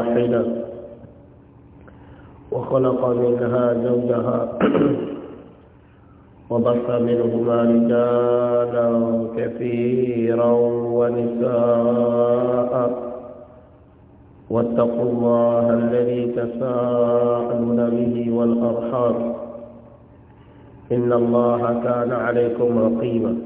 واحدة وخلق منها زوجها وبث منهما رجالا كثيرا ونساء واتقوا الله الذي تساءلون به والأرحام إن الله كان عليكم رقيبا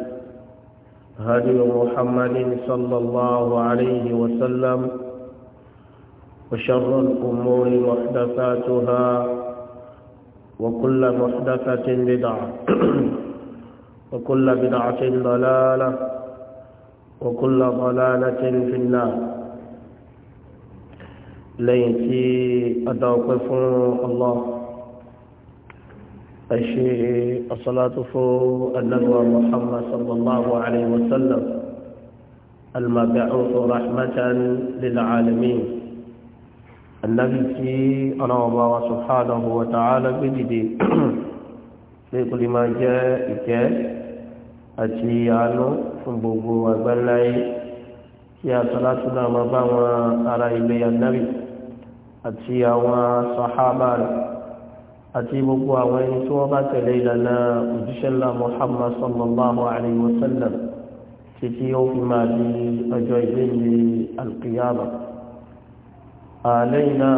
هدي محمد صلى الله عليه وسلم وشر الأمور محدثاتها وكل محدثة بدعة وكل بدعة ضلالة وكل ضلالة في النار ليتي أتوقف الله أشيء الصلاة فو النبوة محمد صلى الله عليه وسلم المبعوث رحمة للعالمين النبي في أنا الله سبحانه وتعالى بجدي لكل ما جاء أتي عنه فنبوبو وبلاي يا صلاتنا مبعوث على إلي النبي أتي عن صحابه àti gbogbo àwọn ẹni tí wọ́n bá tẹ̀lé ìlànà òjíṣẹ́ ńlá Muhammad sallallahu alayhi wa sallam títí ó fi máa di ọjọ́ ìgbéǹde alqiyama àlẹ́yìn náà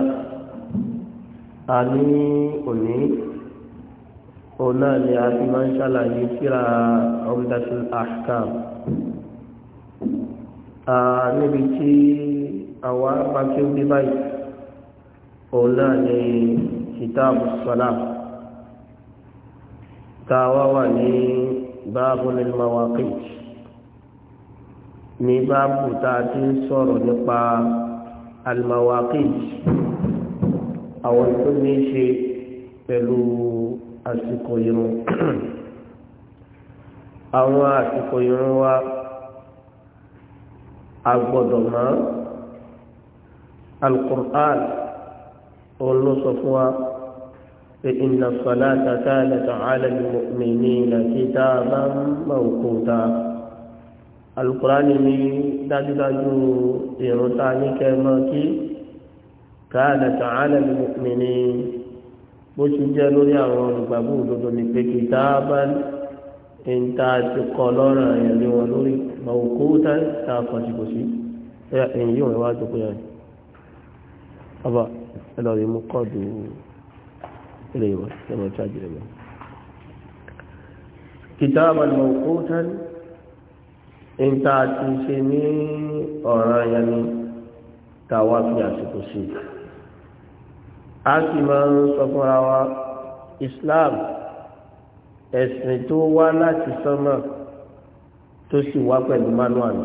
a ní òní òun náà ni a fi máa ń ṣàlàyé síra Umdatul Ahkam níbi tí àwa bá kí ó dé báyìí òun náà ni kìtàbù sọ́lá táwa wà ní báàbù lẹ́lẹ́mọ̀wákì ní báàbù tá a ti ń sọ̀rọ̀ nípa almawakì àwọn tó ní ṣe pẹ̀lú àsìkò irun àwọn àsìkò irun wa a gbọ́dọ̀ mọ̀ alqur'an òun ló sọ fún wa. إن الصلاة كانت على المؤمنين كتابا موقوتا القرآن ni dájúdájú ìrun ta ní kẹmọ́ kí كانت على المؤمنين bó ṣe jẹ́ lórí àwọn olùgbàgbọ́ òdodo ni pé kitaban ń ta ti kọ lọ́rọ̀ ẹ̀yàn lé wọn lórí موقوتا ta kọ̀sìkò sí ẹ̀yìn yóò wájú pé ọba ẹlọ́rin mú kọ́ọ̀dù ilẹ̀ ìwọ̀ lọ́wọ́ chájì rẹ̀ bẹ̀rẹ̀ kìtàbà mawqutan ìta ti ṣe ní ọ̀ràn yẹni tàwa fi àsìkò sí a sì máa wa Islam ẹ̀sìn tó wá láti sánmà tó sì wá pẹ̀lú manual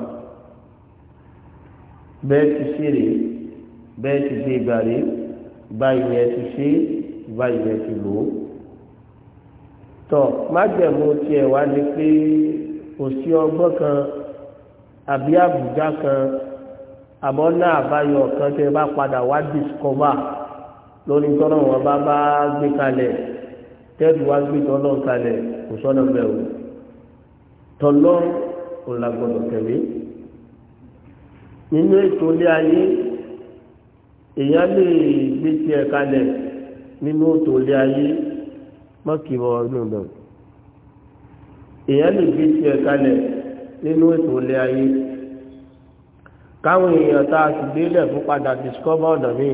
bẹ́ẹ̀ ti ṣe rèé bẹ́ẹ̀ ti ṣe ìgbà rèé báyìí ẹ ti ṣe báyìí lẹ ti lò ó tọ májẹ̀mú tiẹ̀ wá ni pé kò sí ọgbọ́n kan àbí àbùjá kan àmọ́ náà àbáyọ kan tẹ́ bá padà wá discover lórí tọ́nà wọn bá bá gbé kalẹ̀ tẹ́ẹ̀dù wá gbé tọ́nà kalẹ̀ kò sọ́nà bẹ́ẹ̀ o tọ́lọ́ ò tẹ̀lé nínú ètò ilé ayé èèyàn lè gbé tiẹ̀ kalẹ̀ nínú òtò ilé ayé mọ́kìbọ̀ inú bẹ̀. èèyàn lè gbé tiẹ̀ kalẹ̀ nínú ètò ilé ayé káwọn èèyàn tá a sì gbélẹ̀ fún padà discover ọ̀nà míì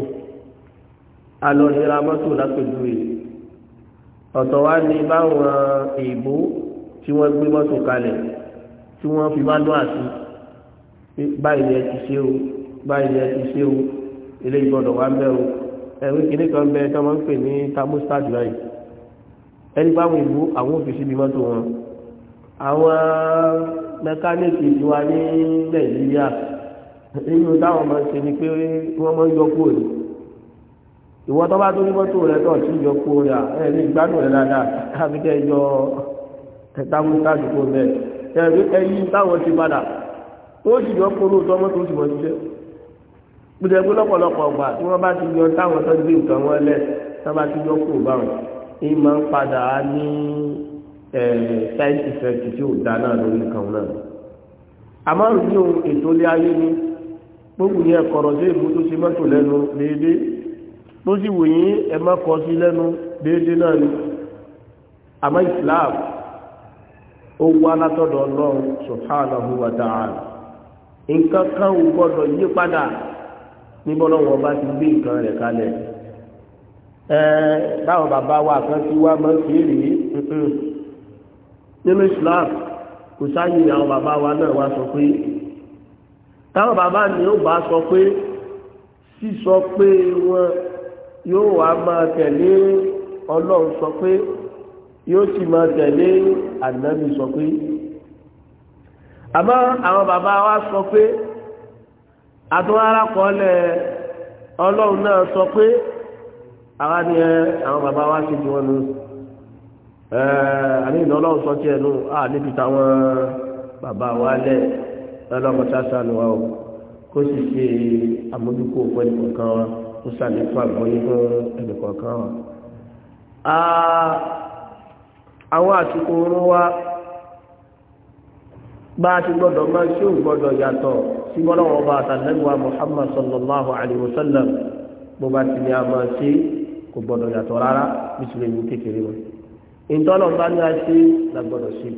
alọ́nira mọ́tò lápẹ̀júwe ọ̀tọ̀ wá ní báwọn èèbó tí wọ́n gbé mọ́tò kalẹ̀ tí wọ́n fi bá dún àti báyìí ẹ ti ṣe o báyìí ẹ ti ṣe o eléyìí gbọ́dọ̀ wá bẹ́ẹ̀ o ẹ̀rí kìíní kan bẹ tí wọ́n ń pè ní thermostat láì ẹni báwọn ìlú àwọn òfìsí bí mọ́tò wọn àwọn mẹkáníìkì tí wà ní nàìjíríà nínú táwọn máa ń ṣe ni pé wọ́n máa ń yọ kúrò ní ìwọ tó bá tó ní mọ́tò rẹ tó ti yọ kúrò rà ẹ̀ ní ìgbádùn rẹ dáadáa àfi kẹ́ ẹ yọ thermostat kúrò bẹ́ẹ̀ ẹ̀rí ẹyin táwọn ti padà ó sì yọ kúrò tó mọ́tò ó ṣiṣẹ́ gbọdọ̀ ẹgbẹ́ lọ́pọ̀lọpọ̀ ọgbà tí wọ́n bá ti yọ táwọn tó gbé nǹkan wọn lẹ̀ tó bá ti yọ kúrò báwọn máa ń padà ní side effect tí ò dá náà lórí nǹkan náà àmọ́ ní ohun ètò ilé ayé ni gbogbo yẹn kọ̀rọ̀ sí tó ṣe mọ́tò lẹ́nu déédéé tó sì wò yín ẹ má sí lẹ́nu déédéé náà ni àmọ́ Islam ó wá látọ̀dọ̀ Ọlọ́run nǹkan kan ò gbọ́dọ̀ yí padà níbọ̀lọ́ wọn bá ti gbé nǹkan rẹ̀ kalẹ̀ ẹ̀ẹ́ báwọn bàbá wa kan ti wá máa ń fi rèé nínú Islam kò sáyé àwọn bàbá wa náà wá sọ pé táwọn bàbá mi ó bá sọ pé sísọ pé wọn yóò wá máa tẹ̀lé Ọlọ́run sọ pé yóò sì máa tẹ̀lé ànábì sọ pé àmọ́ àwọn bàbá wa sọ pé àtúwárá kọ́lẹ̀ ọlọ́run náà sọ pé àwa ni ẹ àwọn bàbá wa ṣe jù wọn nù ẹ àní ìlú ọlọ́run sọ tiẹ̀ nù à níbi táwọn bàbá wa lẹ̀ ọlọ́run ṣáṣá wa o kó sì ṣe àmójúkó òkú ẹnì kọ̀ọ̀kan wa kó sàlékún àgbọ́yé fún ẹnì kọ̀ọ̀kan wa. àwọn àsìkò oorun wa bá a ti gbọ́dọ̀ máa ṣe ò gbọ́dọ̀ yàtọ̀ sí bọ́lọ́wọ́ bá àtàlẹ́gbà Muhammad sallallahu alayhi wa sallam bó bá ti ní a máa ṣe kò gbọ́dọ̀ yàtọ̀ rárá bí ti lè ní kékeré wọn. ìtọ́nà bá ní a ṣe la gbọ́dọ̀ ṣe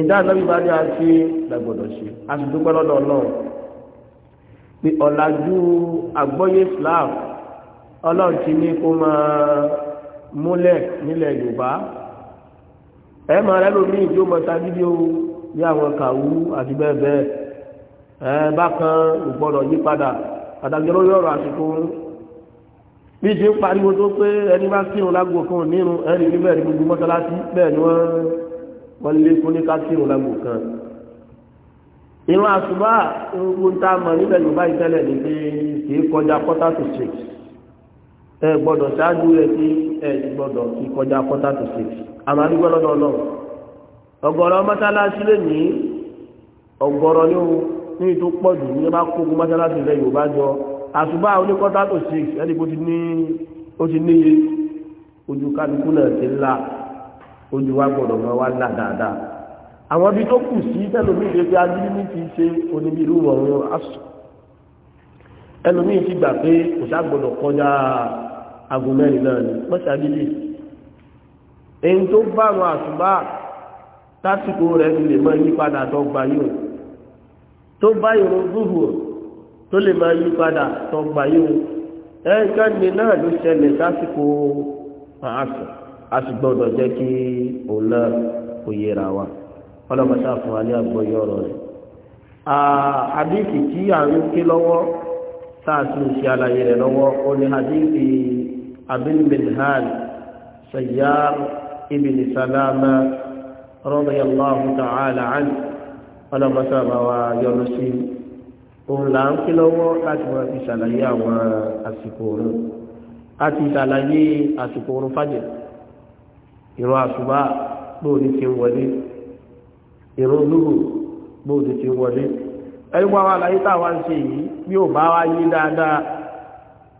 ìdá ànábì bá ní a ṣe la gbọ́dọ̀ ṣe a sì dúpẹ́ lọ́dọ̀ náà pé ọ̀làjú àgbọ́yé Islam ọlọ́run ti ní kó máa múlẹ̀ nílẹ̀ Yorùbá ẹ̀ máa rẹ́ lómi ìjó bí àwọn kàwú àti bẹ́ẹ̀ bẹ́ẹ̀ ẹ bákan ògbọ́dọ̀ yí padà àdàgbẹ́rọ yọ̀rọ̀ àsìkò bí ti ń pariwo tó pé ẹni bá kírun lágbo kan nírun ẹni ní ni gbogbo mọ́sálásí bẹ́ẹ̀ ni wọ́n wọ́n lé fún ní ká kírun lágbo kan ìrun àsùbá gbogbo ń tá a mọ̀ níbẹ̀ yorùbá ìtẹ́lẹ̀ ní pé kì í kọjá quarter to six ẹ gbọ́dọ̀ ṣáájú rẹ̀ sí ẹ gbọ́dọ̀ kì í kọjá quarter to six àmàlí gbọ́dọ̀ lọ́wọ́ ọ̀gọ̀rọ̀ mọ́sálásí lè ní ọ̀gọ̀rọ̀ ní ohun ní ìtò pọ̀jù ní bá kókó mọ́sálásí ilẹ̀ Yorùbá jọ àṣùbá oníkọ́tà tó six ẹni kó ti níye ojú kálukú náà ti ńlá ojú wa gbọ́dọ̀ mọ́ wá ńlá dáadáa àwọn ibi tó kù sí tẹlomi ìdè pé adúlímí ti ṣe oníbirú ọ̀run aṣọ ẹlòmíì ti gbà pé kò sá gbọ́dọ̀ kọjá aago náà ni mọ́sálásí èyí tó bá àwọn àṣùbá tásìkò rẹ̀ fi lè máa yípadà tọgbà yóò tó bá ìrun zuhur tó lè máa yípadà tọgbà yóò ẹ̀ẹ́ká ni náà ló ṣẹlẹ̀ tásìkò àásùn a sì gbọ́dọ̀ jẹ́ kí òun náà kò yẹra wa ọlọ́mọṣá fún wa ní àgbọ́yé ọ̀rọ̀ rẹ̀ àdéhìkì tí à ń ké lọ́wọ́ tá a tún ṣe àlàyé rẹ̀ lọ́wọ́ ó ní àdéhìkì abin bin hal sayyar ibn salama رضي الله تعالى ọlọ́mọṣẹ́ bàbá wa yọnu sí òun là ń kí lọ́wọ́ láti wọ́n ti ṣàlàyé àwọn àsìkò òun a ti ṣàlàyé àsìkò òun fàjẹ̀ ìrun àṣùbà bóòdì ti ń wọlé ìrun lúrù bóòdì ti ń wọlé ẹgbẹ́ wa ṣe yìí bí ò bá wá yí dáadáa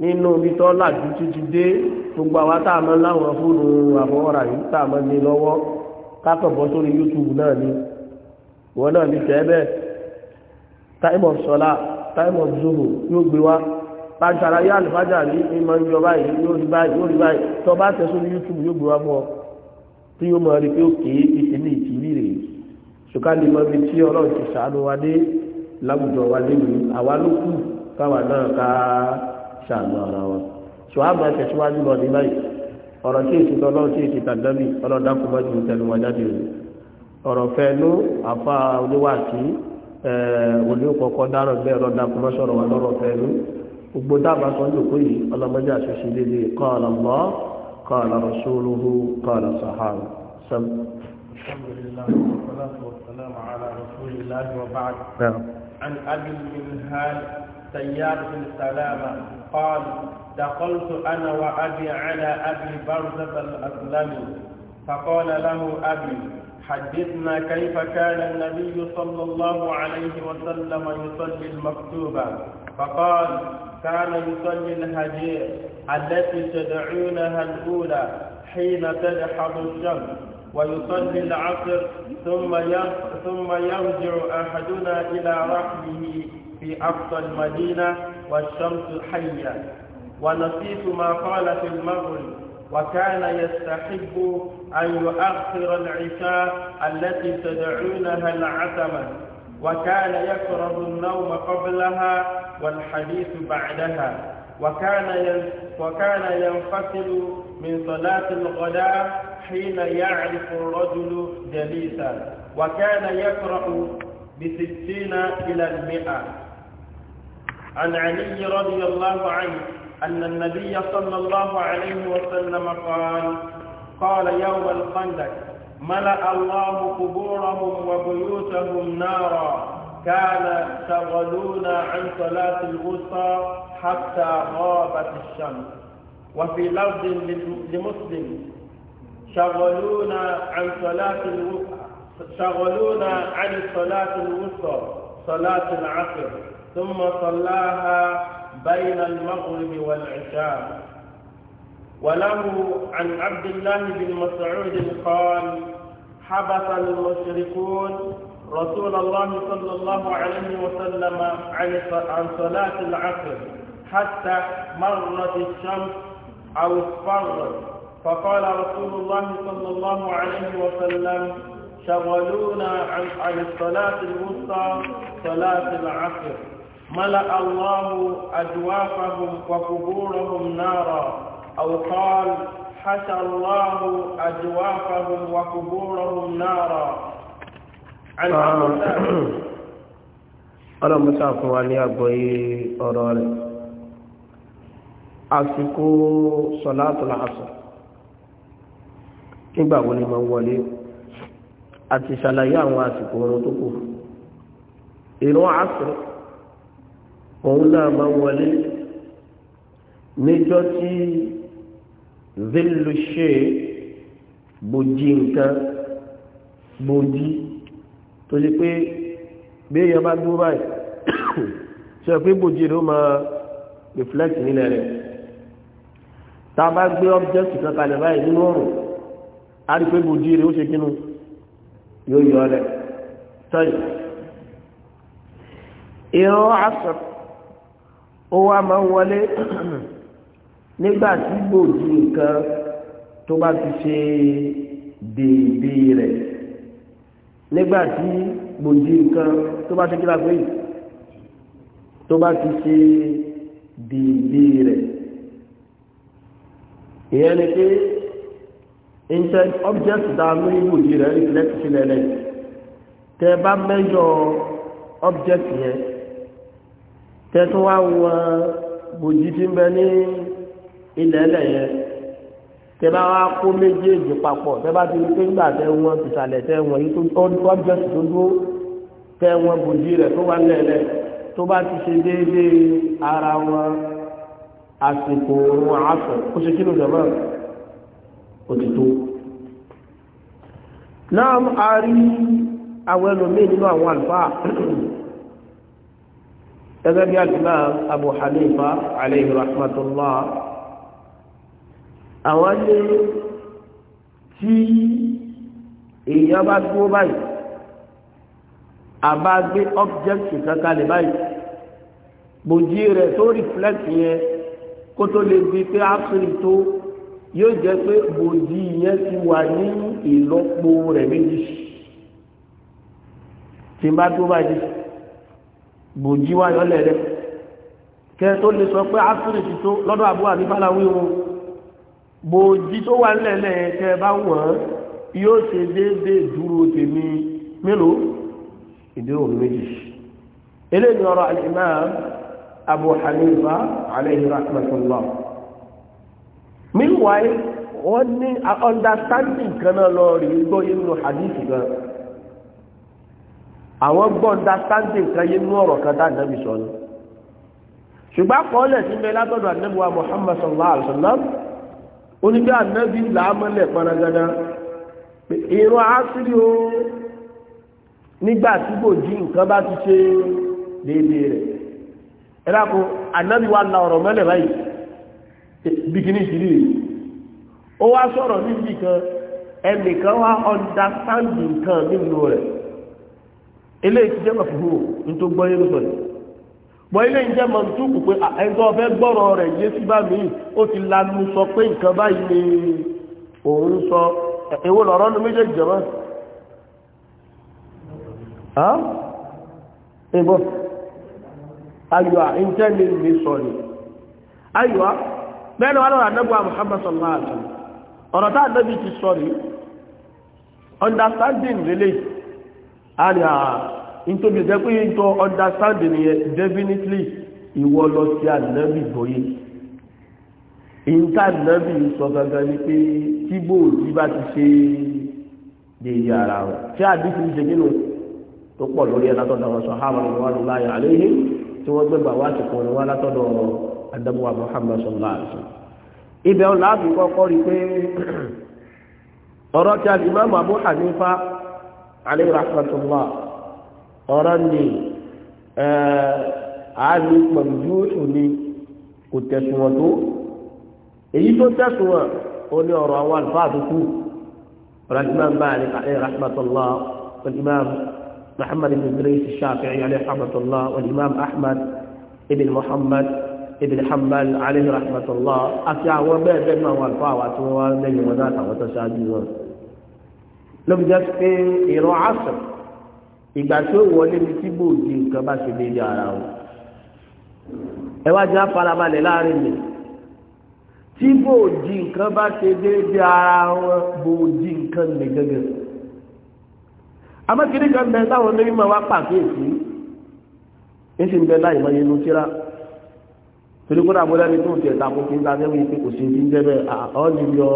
nínú ibi tó làjú títí dé gbogbo àwa tá a mọ láwọn fóònù àfọwọ́ra yìí tá a mọ ní lọ́wọ́ kákọ̀bọ̀ sórí youtube náà ni wọ́n náà ní tẹ́ẹ̀bẹ̀ time of sola time of zuhu yóò gbé wá pàṣàrà yá àlùfájà ní ìmọ̀ ń yọ báyìí yóò rí báyìí yóò rí báyìí tó bá tẹ̀ sórí youtube yóò gbé wá mọ́ tí yóò mọ̀ rí pé ó kéé ìṣẹ̀lẹ̀ ìtìlí rèé sùkàlì mọ̀ bí tí ọlọ́run ti sàánú wa dé láwùjọ wa léwu àwa ló kù káwa náà ká sàánú ara wa sọ àmọ́ tẹ̀síwájú lọ ní báyìí ọ̀rọ̀ tí èsì tọ́lọ́ tí èsì tàdábì ọlọ́dàkùn bá ju tẹnu wọn jáde rẹ̀ ọ̀rọ̀ fẹ́nu àfa oníwàásí olùkọ́kọ́ dárọ̀ bẹ́ẹ̀ ọlọ́dàkùn bá sọ̀rọ̀ wà lọ́rọ̀ fẹ́nu gbogbo dábàá sọ lóko yìí ọlọ́mọdé àṣẹṣe lédè qala Allah qala rasuluhu qala sahaba sẹ́mu. alhamdulillah wa salatu wa salam ala rasulillah wa ba'd an abi minhal سيارة السلامة قال دخلت أنا وأبي على أبي برزة الأسلمي فقال له أبي حدثنا كيف كان النبي صلى الله عليه وسلم يصلي المكتوبة فقال كان يصلي الهجير التي تدعونها الأولى حين تدحض الشمس ويصلي العصر ثم ثم يرجع أحدنا إلى رحله في أقصى المدينة والشمس حية ونسيت ما قال في المغرب وكان يستحب أن يؤخر العشاء التي تدعونها العتمة وكان يكره النوم قبلها والحديث بعدها وكان وكان ينفصل من صلاة الغداء حين يعرف الرجل جليسا وكان يقرأ بستين إلى المئة عن علي رضي الله عنه أن النبي صلى الله عليه وسلم قال قال يوم الخندق ملأ الله قبورهم وبيوتهم نارا كان شغلونا عن صلاة الوسطى حتى غابت الشمس وفي لفظ لمسلم شغلونا عن صلاة شغلونا عن الصلاة الوسطى صلاة العصر ثم صلاها بين المغرب والعشاء وله عن عبد الله بن مسعود قال حبس المشركون رسول الله صلى الله عليه وسلم عن صلاة العصر حتى مرت الشمس أو اصفرت فقال رسول الله صلى الله عليه وسلم شغلونا عن الصلاة الوسطى صلاة العصر ملأ الله أجوافهم وقبورهم نارا أو قال حشى الله أجوافهم وقبورهم نارا عن ọlọ́run mọ́ta wa ní àgbọ́yé ọ̀rọ̀ rẹ̀ àsìkò sọ̀látọ̀lá àsọ̀ nígbàwó ni ma wọlé àti ṣàlàyé àwọn àsìkò ọ̀rọ̀ tó òun náà máa ń wọlé níjọ́ tí zillu ṣe bòjì nǹkan bòjì tó ṣe pé bí èèyàn bá dúró báyìí ṣe pé bòjì ló máa reflect nílẹ̀ rẹ̀ tá a bá gbé object kan kalẹ̀ báyìí nínú ọ̀rùn a rí pé bòjì rẹ̀ ó ṣe kínú yóò yọ rẹ̀ tọ́yì ìran asọ̀tọ̀ ó wá máa ń wọlé nígbà tí gbòòjì nǹkan tó bá ti ṣe déédéé rẹ̀ nígbà tí gbòòjì nǹkan tó bá ṣe kí lápẹ́ yìí tó bá ti ṣe déédéé rẹ̀ ìyẹn ni pé inter object tá a rẹ̀ reflect sílẹ̀ lẹ́yìn tẹ́ bá mẹ́jọ object yẹn tẹ́tún wá wọn bòjì tí ń bẹ ní ilẹ̀ ẹlẹ̀ yẹn tẹ́ bá wá kó méjèèjì papọ̀ tẹ́ bá ti rí pé ńgbà tẹ́ wọn ìsàlẹ̀ tẹ́ wọn yìí tó ọjọ́sì tó dúró tẹ́ wọn bòjì rẹ̀ tó wá lẹ̀lẹ̀ tó bá ti ṣe déédéé ara wọn àsìkò òun àásọ̀ ó ṣe kí ló dẹ̀ mọ́ òtítọ́ náà a rí àwọn ẹlòmíì nínú àwọn àlùfáà gẹ́gẹ́ bí alimam abu hanifa alayhi rahmatullah àwọn lé tí èèyàn bá dúró báyìí àbá gbé ọ́bjẹ́kìtì kankan lè báyìí bòjì rẹ̀ tó rìflẹ́kì yẹn kó tó lè di pé áfírí tó yóò jẹ́ pé bòjì yẹn ti wà ní ìlọ́po rẹ̀ méjì tí n bá dúró báyìí gbòjí wá yọ́lẹ̀ rẹ̀ kẹ́ tó lè sọ pé áfírí ti tó lọ́dọ̀ àbúwà ní fáláwí wọn gbòjí tó wà nílẹ̀ kẹ́ bá wọ́n yóò ṣe déédéé dúró tèmi mélòó ìdúró méjì eléyìí ọ̀rọ̀ al Abu Hanifa alayhi rahmatullah meanwhile wọ́n ní understanding kan náà lọ rí gbọ́ inú hadith gan àwọn gbọ́ǹda sáńtì nǹkan yé nú ọ̀rọ̀ kan tá ànábì sọ ni ṣùgbọ́n àkọọ́lẹ̀ sí mẹ́ látọ̀dọ̀ ànábì Muhammad sallallahu alaihi wasallam onígbà ànábì làámọ́lẹ̀ paragada ìrun àásìrì o nígbà tí kò jí nǹkan bá ti ṣe déédéé rẹ̀ ẹ dákun ànábì wa la ọ̀rọ̀ mẹ́lẹ̀ báyìí bikini ṣìlì ó wá sọ̀rọ̀ níbi kan ẹnìkan wá ọ̀ndàstáǹdì nǹkan nínú rẹ̀ eléyìí ti jẹ́ màfúhù ní tó gbọ́ yẹn sọ̀rọ̀ bọ́ ilé ń jẹ́ mọ̀túkù pé ẹ̀ńtọ́ fẹ́ gbọ́rọ̀ rẹ̀ yé sí bá mi ó ti lanu sọ pé nǹkan báyìí ni òun sọ èwo lọ̀rọ̀ ní méjèèjì jọba ìbọn ayọ̀à ìntẹ́ni mi sọ ni ayọ̀à bẹ́ẹ̀ ni wọ́n lọ́rọ̀ anábọ̀ Muhammad sallallahu alaihi wasallam ọ̀rọ̀ tá ànábì ti sọ ni understanding relate àrí àà nítorí jẹ́ pé ìtọ́ understanding yẹn definitely ìwọ lọ sí ànábì gbọ́yé ìta ànábì sọ gangan ni pé tí bòòdì bá ti ṣe déédé ara wọn ṣé àdìsí ṣe nínú tó pọ̀ lórí ẹ̀ látọ̀dọ̀ àwọn sàhábà wọn ló láyà àléhìn tí wọ́n gbẹ̀gbà wá ti adamuwa Muhammad ibẹ̀ rí pé ọ̀rọ̀ tí a lè alayhi rahmatullah ọ̀rọ̀ ni ààrí pẹ̀lú oṣù ni kò tẹ̀sùn wọn tó èyí tó tẹ̀sùn wọn ó ní ọ̀rọ̀ àwọn àlùfáà tó kù ọ̀rọ̀ tí máa ń alayhi rahmatullah wal-imam محمد بن إدريس الشافعي عليه رحمة الله والإمام أحمد ابن محمد ابن حنبل عليه رحمة الله أفيا وما بين ما والفاوة وما بين وذاك lóbi jẹ́ pé ìran asọ̀ ìgbà tí ó wọlé ní tí bòòjì nǹkan bá ṣe déédé ara o ẹ wá jẹ́ afárabalẹ̀ láàrin mi tí bòòjì nǹkan bá ṣe déédé ara wọn bòòjì nǹkan lè gẹ́gẹ́ amákiri kan bẹ táwọn onímọ̀ wá pàkíyèsí ní sì ń bẹ láì mọye inú tíra torí kó dàbọ̀ lẹ́ni tó ń tiẹ̀ ta kó kí n ta sẹ́wọ́n yìí pé kò sí ní jẹ́ bẹ́ẹ̀ ọ́ níbi ọ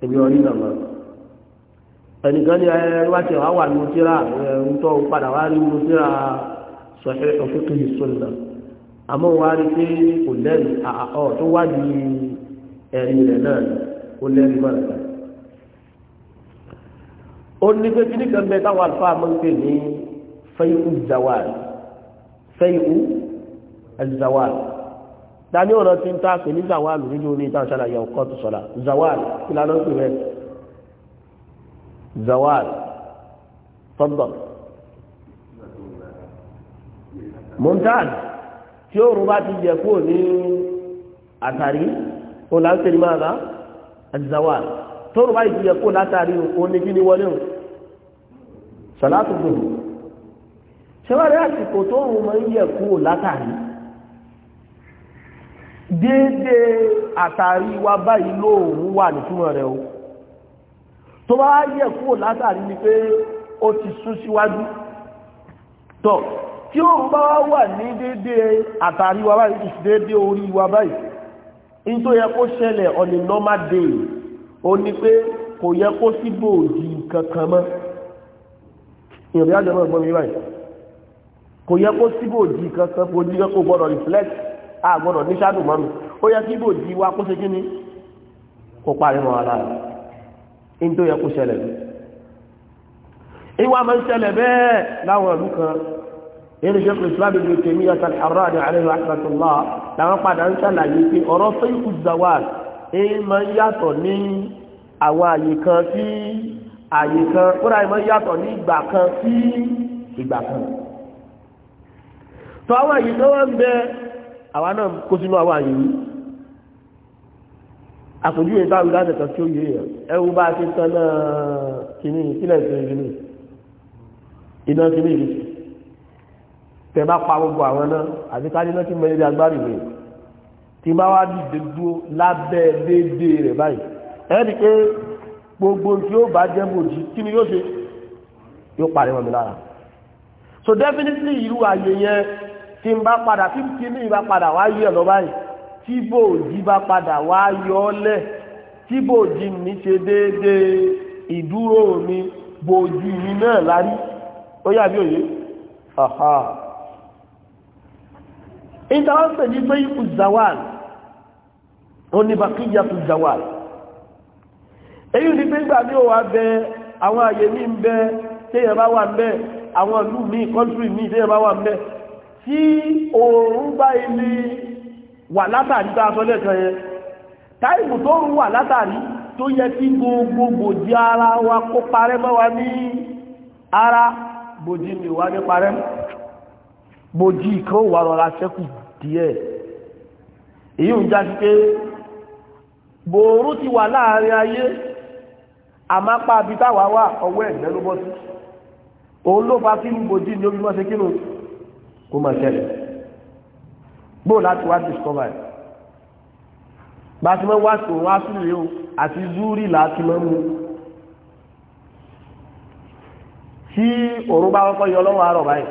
níbi ọ rí nàmọ́ ẹnìkan ní eh, ẹwàtí ọ̀há wà ní tíra ẹ̀rùn eh, tó padà wá rí ní tíra sọ̀hẹ́ ọ̀fẹ́kẹ́ ìṣòlùdà àmọ́ wá rí pé kò lẹ́rìí àọ̀ tó wá di ẹ̀rí rẹ̀ náà ó lẹ́rìí mọ́ ẹ̀ka ó ní pé kí nìkan bẹ táwọn àlùfáà máa ń pè ní fẹ́yìkú zawal fẹ́yìkú zawal dání ọ̀rọ̀ tí ń ta pè ní zawal nínú orí ìtàn ṣàlàyé ọkọ̀ tó sọ̀la zawal kí lánàá pè bẹ́ẹ̀ زوال تفضل ممتاز tí ó rúbá ti jẹ kúrò ní àtàrí o là ń tẹ̀lé máa bá àdìsáwà tó rúbá ti jẹ kúrò látàrí òun ní kí ni wọlé òun sàlátù gbòòrò ṣẹwàrí àsìkò tó rùn mọ́ yẹ kúrò látàrí déédéé àtàrí wa báyìí lóòrùn wà nítumọ̀ rẹ̀ o tó bá yẹ kúrò látàrí ni pé ó ti sún síwájú tọ̀ tí ó bá wà ní dédé àtàrí wa báyìí tó sì dédé orí wa báyìí in tó yẹ kó ṣẹlẹ̀ on a normal day ó ní pé kò yẹ kó sí bòòjì kankan mọ́ ìrìn àjọ náà gbọ́n mi báyìí kò yẹ kó sí bòòjì kankan kò ní kó gbọ́dọ̀ reflect a gbọ́dọ̀ ní ṣáàdùn mọ́nu ó yẹ kí bòòjì wa kó ṣe kí ni kó parí mọ́ wa lára ní tó yẹ kó ṣẹlẹ̀ lọ ìwà máa ń ṣẹlẹ̀ bẹ́ẹ̀ láwọn ìlú kan nínú ṣe pé islam ibi tèmi yàtọ̀ àrùn àlejò àtàtúmọ̀ làwọn padà ń ṣàlàyé pé ọ̀rọ̀ fẹ́yìkù zawal èyí máa ń yàtọ̀ ní àwọn àyè kan sí àyè kan kódà ìmọ̀ yàtọ̀ ní ìgbà kan sí ìgbà kan tó àwọn àyè tó wọ́n ń bẹ àwa náà kó sínú àwọn àyè yìí àpèjúwe bá wù láti kan tí ó yé yẹn ẹwú bá ti tán náà kìíní ìpínlẹ̀ ìpínlẹ̀ ìpínlẹ̀ iná kìíní ìlú tẹ bá pa gbogbo àwọn náà àti ká níná tí mo ní agbárí rẹ̀ tí bá wá dìde dúró lábẹ́ déédéé rẹ̀ báyìí ẹni pé gbogbo tí ó bá jẹ́ bòjì kí ni yóò ṣe yóò parí wọn mi lára so definitely irú àyè yẹn tí n bá padà tí kìíní ìbá padà wá ẹ̀ lọ báyìí tí bòòjì bá padà wá yọ ọ́ lẹ̀ tí bòòjì mi ṣe déédéé ìdúró mi bòòjì mi náà lárí ó yà bí òye ìdáwọ́sẹ̀ ní pé ikú zawal ó ní bàkíyà tó zawal èyí ni pé ìgbà ní ó wà bẹ àwọn àyè ní ń bẹ téèyàn bá wà ń bẹ àwọn ìlú mi kọ́ntírì mi téèyàn bá wà bẹ tí òòrùn bá ilé wà látàrí tó aṣọ lẹ́ẹ̀kan táìmù tó wà látàrí tó yẹ kí gbogbo ara wa kó parẹ́ wa ní ara bòjì mi wà ní parẹ́ bòjì kan wà rọra díẹ̀ èyí ń já sí ti wà láàrin ayé wà ọwọ́ ẹ̀gbẹ́ ló bọ́ sí òun ló fa gbóò láti wá discover ẹ̀ bá ti mọ́ wá sí òun ásìlè o àti zúrì láti mọ́ mú tí òru bá kọ́kọ́ yọ lọ́wọ́ àárọ̀ báyìí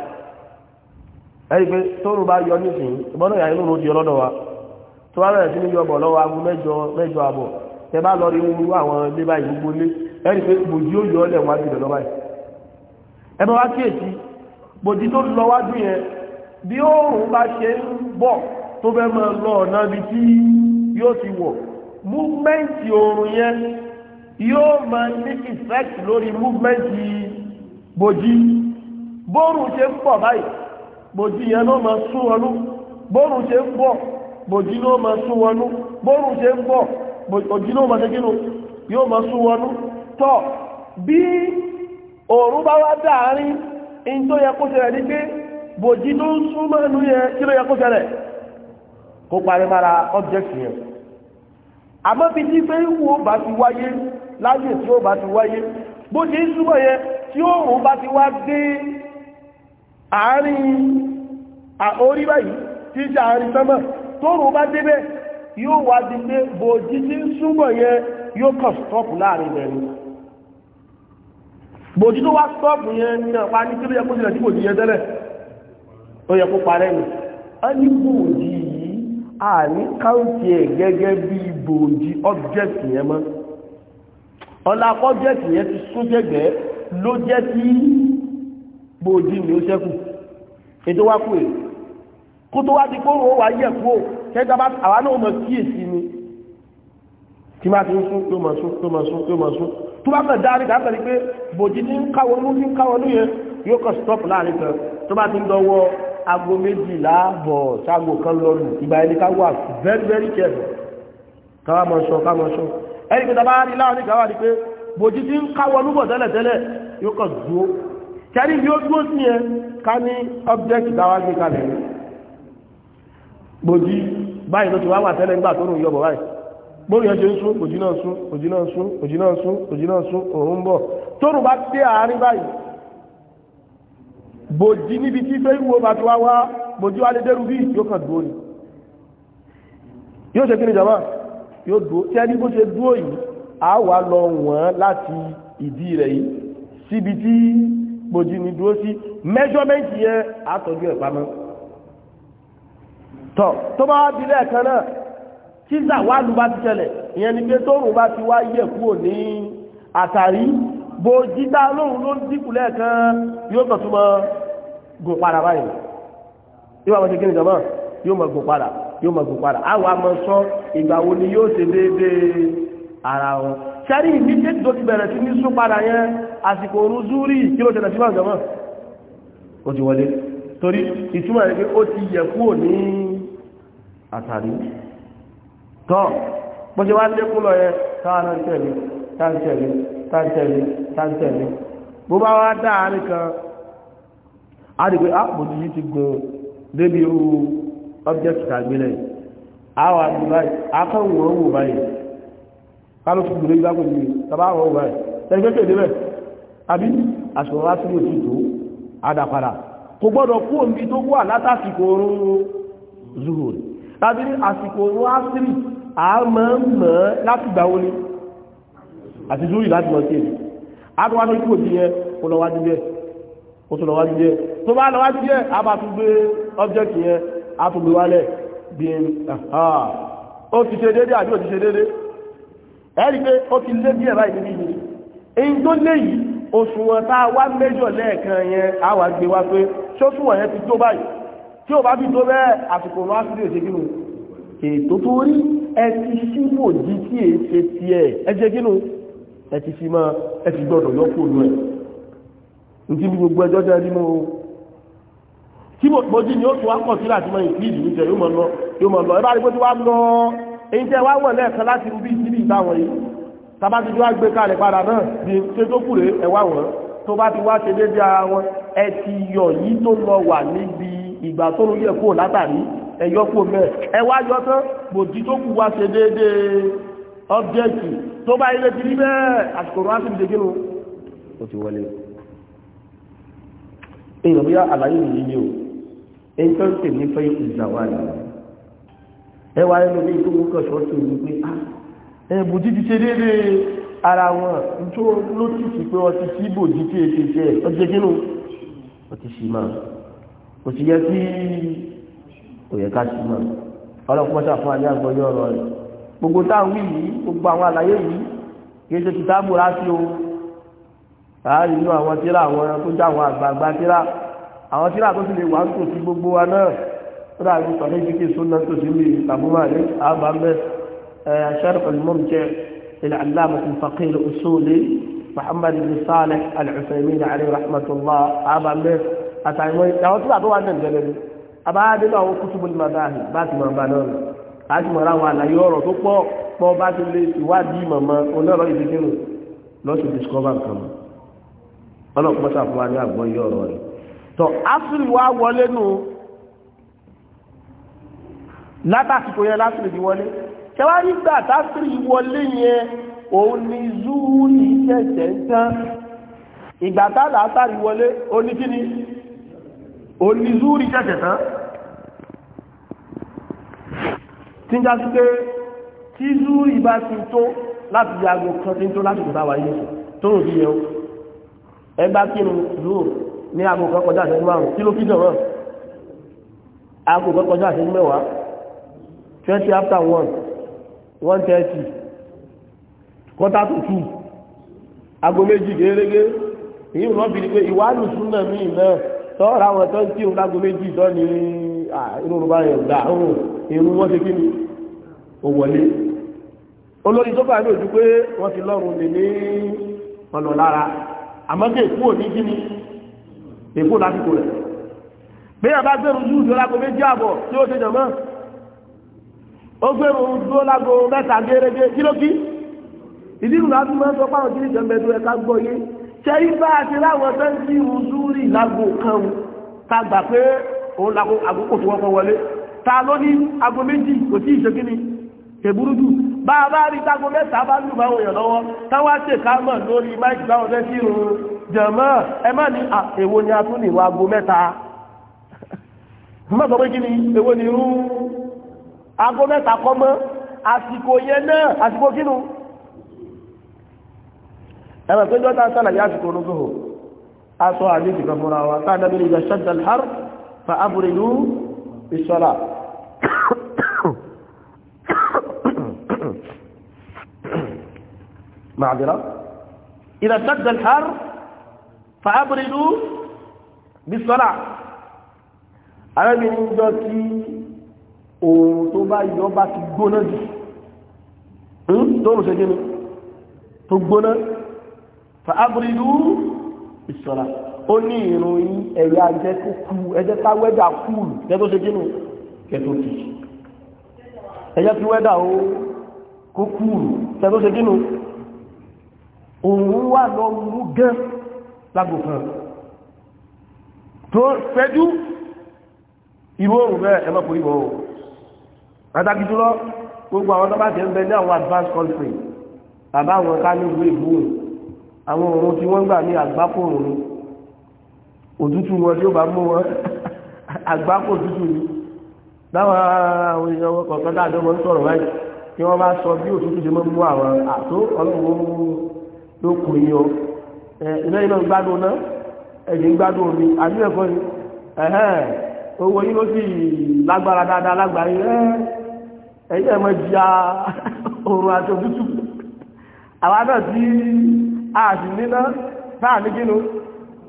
ẹ̀rí pé tóru bá yọ nísìnyí ìbọ́nà ìyá inú ló di ọlọ́dọ̀ wa tó wá bẹ̀rẹ̀ sí ní yọbọ̀ lọ́wọ́ aago mẹ́jọ mẹ́jọ àbọ̀ tẹ bá lọ rí wúru àwọn ilé báyìí gbogbo lé ẹ̀rí pé bòjí ó yọ ọlẹ̀ wájú ìdọ̀lọ́ báyìí ẹ bá wá kíyèsí bòjí tó lọ wájú yẹn bí oòrùn bá ṣe ń bọ̀ tó fẹ́ máa lọ ọ̀nà bí tí yóò ti wọ̀ múvmẹ́ǹtì oòrùn yẹn yóò máa ní effect lórí múvmẹ́ǹtì bòjí bóòrùn ṣe ń bọ̀ báyìí bòjí yẹn ló máa sún wọnú bóòrùn ṣe ń bọ̀ bòjí ló máa sún wọnú bóòrùn ṣe ń bọ̀ bòjí ló máa ṣe kínú yóò máa sún wọnú tó bí oòrùn bá wá dáàárín in tó yẹ kó ṣẹlẹ̀ ní pé bòjí tó ń súnmọ́ ẹnu yẹn kí ló yẹ kó ṣẹlẹ̀ kó parí mara object yẹn àmọ́ bí tí fẹ́ wo bá ti wáyé láyé tí ó bá ti wáyé bó ṣe ń súnmọ́ yẹn tí òòrùn bá ti wá dé àárín àórí báyìí tí í ṣe àárín sánmọ̀ tóòrùn bá débẹ̀ yóò wá di pé bòjí tí ń súnmọ́ yẹn yóò kàn stọ́ọ̀pù láàrin bẹ̀rù bòjí tó wá stọ́ọ̀pù yẹn ní àpá ní kí ló yẹ kó ṣẹlẹ̀ tí bòjí yẹn tẹ́lẹ̀ ó yẹ kó parẹ́ nù a ní bòòjì yìí a ní káùntì ẹ̀ gẹ́gẹ́ bí bòòjì ọ́bjẹ́tì yẹn mọ́ ọlá ọ́bjẹ́tì yẹn ti sún jẹ́gbẹ́ ló jẹ́ tí bòòjì ni ó ṣẹ́kù ètò wá kú èrè kó tó wá di pé òun wá yẹ̀ kú kẹta bá àwa náà mọ̀ kíyèsí ni tí máa ti ń sún tó mọ̀ sún tó mọ̀ sún tó mọ̀ sún tó bá kàn dárí kà kàn ní pé bòòjì ní ń káwọ́ ló ń káwọ́ lóye yóò kàn stop láàrin kan tó bá ti ń dọwọ́ aago méjìlá bọ̀ sáàgò kan lọ́rùn ìgbà ẹni ká wà very very careful káwà mọ̀ sọ káwà mọ̀ sọ ẹni pẹ̀tà bá rí láàrin káwà rí pé bòjì tí ń káwọ lúbọ̀ tẹ́lẹ̀tẹ́lẹ̀ yóò kàn dúó kẹrí bí ó dúó sí object dáwà gbé kalẹ̀ bòjì báyìí ló ti wá wà tẹ́lẹ̀ nígbà tó rùn yọbọ̀ báyìí bóyá ṣe ń sún òjì náà sún òjì náà sún bòjì níbi tí fẹ́ ìwò bá ti wá wá bòjì wá lè dẹ́rù bí yóò kàn dúó ni yóò ṣe kí ni jama yóò dúó tí ẹni bó ṣe dúó yìí a wà lọ wọ́n láti ìdí rẹ̀ yìí síbi tí bòjì ni dúó sí measurement yẹn àtọ́jú ẹ̀ pamọ́ tọ́ tó bá wá bilẹ̀ kan náà tí zàwálù bá ti ṣẹlẹ̀ ìyẹn ni pé tóòrùn bá ti wá yẹ̀ kúrò ní àtàrí bòjì dá lóhùn ló ń dínkù lẹ́ẹ̀kan yóò kàn tún mọ gùn padà báyìí yóò máa ṣe kí ni jọmọ yóò máa gùn padà yóò máa gùn padà àwọn àmọ sọ ìgbà wo ni yóò ṣe déédéé ara wọn sẹ́rí ìmídéjì tó ti bẹ̀rẹ̀ sí ní sún padà yẹn àsìkò orun zúrí kí ló ṣẹlẹ̀ sí máa jọmọ o ti wọlé torí ìtumọ̀ rẹ̀ pé ó ti yẹ kúrò ní àtàrí tọ́ bó ṣe wá lékún lọ yẹn káà náà ń tẹ̀lé táńtẹ̀lé táńtẹ̀lé bó bá wá dá àárín kan á rí pé àpòtù ah, yìí ti gùn débi irú object tàgbélẹ̀ àwọn àdìbáyì akọ̀wò wọn wò báyìí kálọ̀ fún gbèrè ìgbà pẹ̀lú tàbá wọn wò báyìí tẹ̀gbẹ́ kéde bẹ́ẹ̀ àbí àṣọ wá sí òtún tó àdàpadà kò gbọ́dọ̀ kú òmí tó wà látàsìkò oorun zuhur tàbí àsìkò oorun asiri àmọ́ mọ́ láti gbà wọlé àti zúrì láti lọ sí èdè àtúwá ní kò sí yẹ kó lọ wájú yẹ kó tó lọ wájú yẹ tó bá lọ wájú yẹ a bá tún gbé ọ́bjẹ́kì yẹn a tún gbé wálẹ̀ bí i ó ti ṣe déédé àbí ó ti ṣe déédé ẹ̀rí pé ó ti lé díẹ̀ báyìí níbi yìí èyí tó lé yìí òṣùwọ̀n tá a wá méjọ̀ lẹ́ẹ̀kan yẹn a wà gbé wá pé ṣóṣùwọ̀n yẹn ti tó báyìí tí ó bá fi tó bẹ́ẹ̀ àsìkò lọ́wọ́ sí èdè kínú ètò tó rí ẹ ti síbò jí kí èé tiẹ̀ ẹ ṣe kínú ẹ ti fi máa ẹ ti gbọ́dọ̀ yọ́kù òun ẹ̀ nítí bí gbogbo ẹjọ́ jẹ́ nínú tí mojí ni ó tún wá kọ̀ sí láti mọ ìpínlẹ̀ ìlú jẹ yóò mọ̀ lọ yóò mọ̀ lọ ẹ bá rí pé tí wá lọ èyí tẹ́ wá wọ̀ lẹ́ẹ̀kan láti rú bí ìsíbí ìtàwọn yìí tàbá ti wá gbé kalẹ̀ padà náà ní ṣe tó kù rèé ẹ wá wọ̀n tó bá ti wá ṣe déédéé ara wọn ẹ ti yọ yìí tó lọ wà níbi ìgbà tó lórí ẹ̀kọ́ látàrí ẹ̀yọ́kù mẹ́ẹ̀ ẹ wá yọ tán gbòdì tó kù wá ṣe déédéé ọ́bjẹ́kì tó bá ilé ti rí bẹ́ẹ̀ àsìkò rán sí ìdíje nù o ti wọlé èèyàn bí àlàyé yìí ni o èyí tó ń tè ní fẹ́ ìjàwá ni ẹ wá ẹnu bí tó wúkọ̀ ṣọ́ọ̀tì ní ah, ẹ bùjí ti ṣe déédéé ara wọn tó ló ti sì pé ọtí sí bòjí tí èsì jẹ ọtí ṣe kínú ọtí sì máa kò sì yẹ kí òyẹ̀ká sì máa ọlọ́pọ̀ sàfún alẹ́ àgbọ̀yọ́ ọ̀rọ̀ rẹ̀ gbogbo táwọn yìí gbogbo àwọn àlàyé yìí kìí ṣe kìtà múra sí o láàrin inú àwọn tíra àwọn tó já àwọn àgbààgbà tíra àwọn tíra tó sì lè wà ń tò sí gbogbo wa náà tó dà ní sọ̀rọ̀ ìfikì súnà tó sì lè tàbúmà ní àbámẹ́ شرح المرجع للعلامة الفقيه الأصولي محمد àjùmọ̀ra àwọn àlàyé ọ̀rọ̀ tó pọ̀ pọ̀ bá ti lè ìwádìí mọ̀mọ́ onírọ̀ ìdíkínù lọ́sùn discover nǹkan mọ̀ ọlọ́pọ̀ sàfún wa ní àgbọ́yé ọ̀rọ̀ rẹ̀ tọ́ asiri wa wọlé nù látàsìkò yẹn lásìrì ti wọlé ṣẹwàá nígbà tásìrì wọlé yẹn òun ni zúú ní ṣẹ̀ṣẹ̀ ń tán ìgbà tá làásàrì wọlé oníkíni òun ni zúú ní ṣẹ̀ṣẹ̀ tán tí ń já sí pé tí zúrì bá ti tó láti yàgò kan tí ń tó láti gbà wáyé tó rò bí yẹn o ẹ bá kí ni zúrì ní aago kan kọjá àṣẹjú márùn kí ló kí jọ̀rọ̀ aago kan kọjá àṣẹjú mẹ́wàá twenty after one one thirty quarter to two aago méjì gẹ́gẹ́ èyí ò lọ́ọ́ fi ni pé ìwádìí súnmọ́ mi náà tọ́ ọ̀rọ̀ àwọn tó ń kírun láago méjì ìjọ nìyí inú ló bá yẹn gbà ọ̀hún irú wọ́n ṣe kí ni ó wọlé olórí tó bá lójú pé wọ́n ti lọ́rùn lè ní ọ̀nà lára àmọ́ kí èkú òní kí ni èkú lásìkò rẹ̀ bí yàrá gbẹ̀rù jù jọ lágbo méjì àbọ̀ tí ó ṣe jọ̀mọ́ ó gbẹ̀rù jọ lágbo mẹ́ta gẹ́gẹ́ kí ló kí ìdí ìrùlá tó máa ń sọ fáwọn jíríjọ mẹ́tò ẹ̀ka gbọ́ yé ṣe òun lakó àkókò tó wọ́pọ̀ wọlé ta ló ní ago méjì kò sí ìṣe kíni tèbúrú jù bá a bá rí tago mẹ́ta bá lù bá wòyàn lọ́wọ́ táwa ṣe kámọ̀ lórí máìkì báwọn fẹ́ sí irun jẹ̀mọ́ ẹ má ní èwo ni a tún ní ìwà mẹ́ta mọ́ sọ pé kí ni èwo ni irú ago mẹ́ta kọ́ mọ́ àsìkò yẹn náà àsìkò kínú ẹ̀rọ pé jọ́ta sálàyé àsìkò olóṣòwò aṣọ àdéjì kan fúnra wa tá a dábìlì ìgbà ṣẹ́dàlhárù fa abúrìlú ìṣọ́lá معذرة إذا اشتد الحر فأبردوا بالصلاة arábìnrin jọ tí oòrùn tó bá yọ bá ti gbóná jù tóòrùn ṣe gínú tó gbóná fa abúrídú ìṣọ́lá ó ní irun yín ẹ̀rọ ajẹ́ tó kú ẹjẹ́ tá wẹ́dà kúùlù jẹ́ tó ṣe kínú kẹtó kì í ẹjẹ́ tí wẹ́dà ó kó kúùlù jẹ́ tó ṣe kínú òun wà lọ mú gán lágbo kan tó fẹ́jú ìró òun bẹ́ẹ̀ ẹ mọ́pọ̀ ìwọ̀ o pàtàkì jùlọ gbogbo àwọn tó bá ti ń bẹ ní àwọn advanced country bàbá àwọn ká ní ìlú ìgbóhùn àwọn òun tí wọ́n gbà ní àgbákòrò ni òtútù wọn tí ó bá mú wọn àgbákò òtútù ni táwọn àwọn èèyàn wọn kọ̀ọ̀kan àjọ wọn sọ̀rọ̀ báyìí kí wọ́n bá sọ bí òtútù ṣe máa mú àwọn àtó ọlọ́run ló kù yín o iná gbádùn náà gbádùn omi àbí ni owó ló sì lágbára dáadáa ẹ̀yìn àti òtútù àwa náà tí a sì níná ní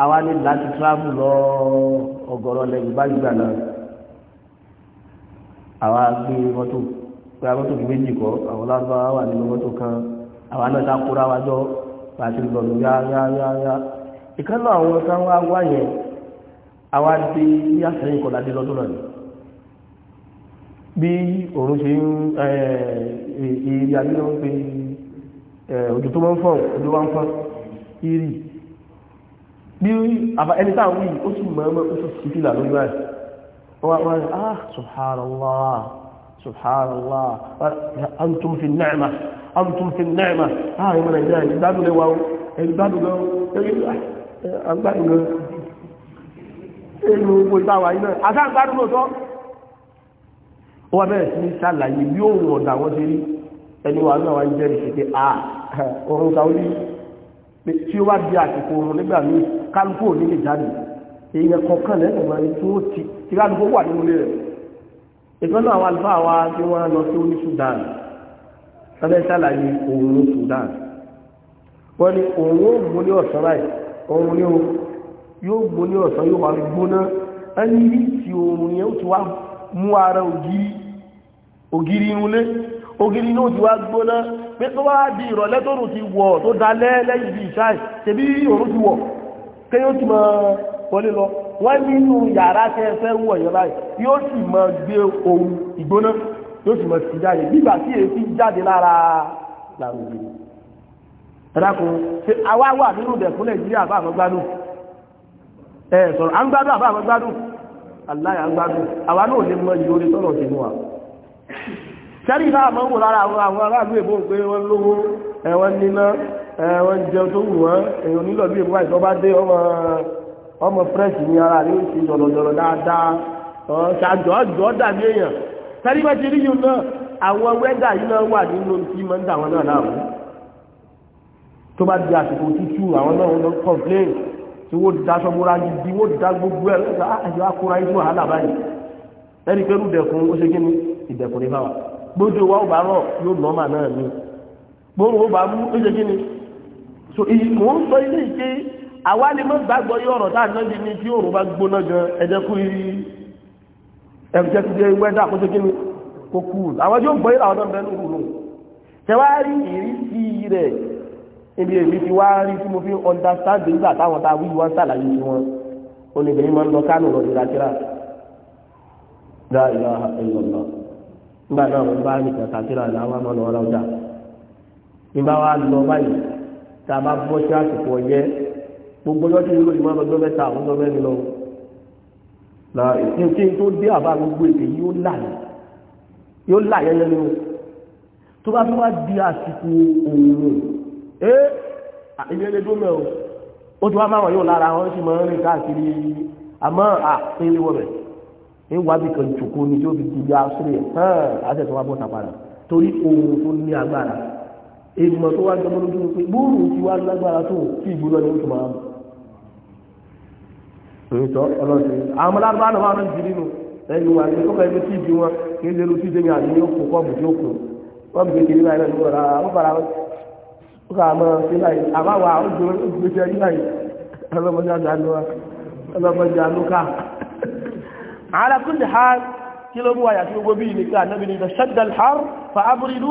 àwa ní láti tíráàmù lọ ọgọ́rọ̀ lẹ́yìn bá gbà náà àwa gbé mọ́tò pé àwọn mọ́tò méjì kọ́ àwọn lábáwá wà nínú mọ́tò kan àwa náà ta kóra wa jọ láti lọ lọ yá yá yá yá ìkànnà àwọn kan wá wá yẹn àwa dé ní àsẹ̀yìn kọ́ládé lọ́dún náà bí òun ṣe ń ìrìn àbí ló ń pe ojú tó máa ń fọ̀ ojú wa ń fọ̀ ìrì bí àbá ẹni táà wí ó sì mọ̀ọ́mọ́ ó sì sí fìlà lórí rẹ̀ wọ́n wọ́n rẹ̀ ah subhanallah subhanallah antum fi ni'ma antum fi ni'ma ah ìmọ̀ nàìjíríà ìgbádùn lẹ́wà ó ìgbádùn gan agbádùn ah, gan ẹnu gbogbo ìtawà iná àṣà àgbádùn lóòótọ́ ó wà bẹ̀rẹ̀ sí ní ṣàlàyé bí òun ọ̀dà wọn ṣe rí ẹni wà náà wá ń jẹ́rìí sí pé ah ọ̀run kàwé pé tí ó wá di àsìkò oorun nígbà míì kálukú ò ní lè jáde èèyàn kọ̀ọ̀kan lẹ́yìn ọ̀mọ̀ ẹni tí ó ti tí kálukú wà nínú ilé rẹ̀ ìgbọ́n náà àwọn àlùfáà wa tí wọ́n lọ sí ní Sudan sábẹ́ sàlàyé oorun Sudan wọ́n ní oorun ó gbó ọ̀sán báyìí oorun ní o yóò gbó ní ọ̀sán yóò wá gbóná ẹni tí oorun yẹn ó ti wá mú ara ògiri ògiri irun lé ògiri inú ti wá gbóná pé tó wá di ìrọ̀lẹ́ tó rùn ti wọ̀ tó dalẹ́ lẹ́yìn bí ìṣáì tẹ̀bí òrùn ti wọ̀ pé yóò ti máa wọlé lọ wọ́n nínú yàrá tẹ́ fẹ́ wọ̀ yẹn báyìí yóò sì máa gbé ohun ìgbóná yóò sì máa ti jáde nígbà tí èyí ti jáde lára làwọn òbí ẹ̀dàkùn ṣe àwa wà nínú ìdẹ̀kùn nàìjíríà bá àwọn gbádùn ẹ̀ sọ̀rọ̀ à ń gbádùn àbá àwọn gbádùn àwa náà lè mọ ìyóore tọ́lọ̀ sínú wa sẹ́rí ìlà àmọ́ wò lára àwọn àwọn aráàlú èbó pé wọ́n lówó ẹ̀wọ́n níná ẹ̀wọ́n jẹun tó wù wọ́n èèyàn nílò bí èbó àìsàn bá dé ọmọ ọmọ pírẹ́sì ní ara rẹ̀ ti jọ̀lọ̀jọ̀lọ̀ dáadáa ṣàjọ́ àjọ́ dàbí èèyàn sẹ́rí bá ti rí yìí náà àwọn wẹ́dà yìí náà wà nínú tí máa ń dà wọn náà láàmú tó bá di àsìkò tútù complain tí wọ́n daṣọ múra gidi wọ́n da gbogbo ẹ̀ lọ́sàá àjọ akóra ah, yìí tó wàhálà báyìí ẹ̀rí pẹ́rù dẹ̀kun ó ṣe kí ni ìdẹ̀kun ní báwa gbójú wa ó bá rọ̀ yóò nọ́mà náà ni gbóhùn ó bá mú ó ṣe kí ni so mò ń sọ ilé ìké àwa lè má gbàgbọ́ yí ọ̀rọ̀ táà náà di ní tí òòrùn bá gbóná gan ẹ̀jẹ̀ kú yí ẹ̀jẹ̀ kú yẹ wẹ́dà kó ṣe kí kó kú àwọn tí ó gbọ́ yí làwọn náà bẹ́ẹ̀ lóru lòun tẹwárí ìrísí rẹ̀ ibi èmi ti wá rí tí mo fi understand nígbà táwọn tá a wí wọn ṣàlàyé sí wọn oníbẹ̀rẹ̀ máa ń lọ kánò lọ ìlàkíra dáadáa nígbà náà mo bá nìkan kàkírà làwọn àmọ́ lọ́wọ́ lọ́jà nígbà wa lọ báyìí tá a bá bọ́ sí àsìkò ọyẹ́ gbogbo ọjọ́ tí olóyìn máa gbọ́ mẹ́ta àwọn ọmọ mẹ́rin lọ na ìpínpín tó dé àbá gbogbo èdè yóò là yóò là yẹyẹ ni o tó bá fi wá di àsìkò òòrùn ẹ ilé ilé tó mẹ o ó ti wá máa wọn yóò lára wọn sì máa ń rìn káàkiri àmọ́ àpínlẹ̀ wọ̀bẹ̀ ń wá bí kan jòkó ni tí ó fi gbogbo asúrè hàn àtẹ̀tọ́ wa bọ́ta padà torí ohun tó ní agbára èèmọ̀ tó wá jọmọ́ lójú pé bóòlù ti wá lágbára tó kí ìgbóná ni ó tún máa mú òyìnbó ọlọ́sìn àwọn ọmọlábá náà wà lọ́sìn nínú ẹ̀yìn wa ní kọ́kọ́ ẹgbẹ́ tí ìdí wọn kí ń lélu tí ìdí mi àti ní òkú kọ́ọ̀bù tí ó kù wọ́n bèèrè kiri báyìí lọ́sìn wọn àwọn bàrà ó kà mọ́ sí báyìí àbáwọ̀ àwọn gbèsè yìí báyìí ala kulli hal kí ló mú àyàtí gbogbo bí ìlú ànábì ní ìdàṣẹ́dà har fa abúrídú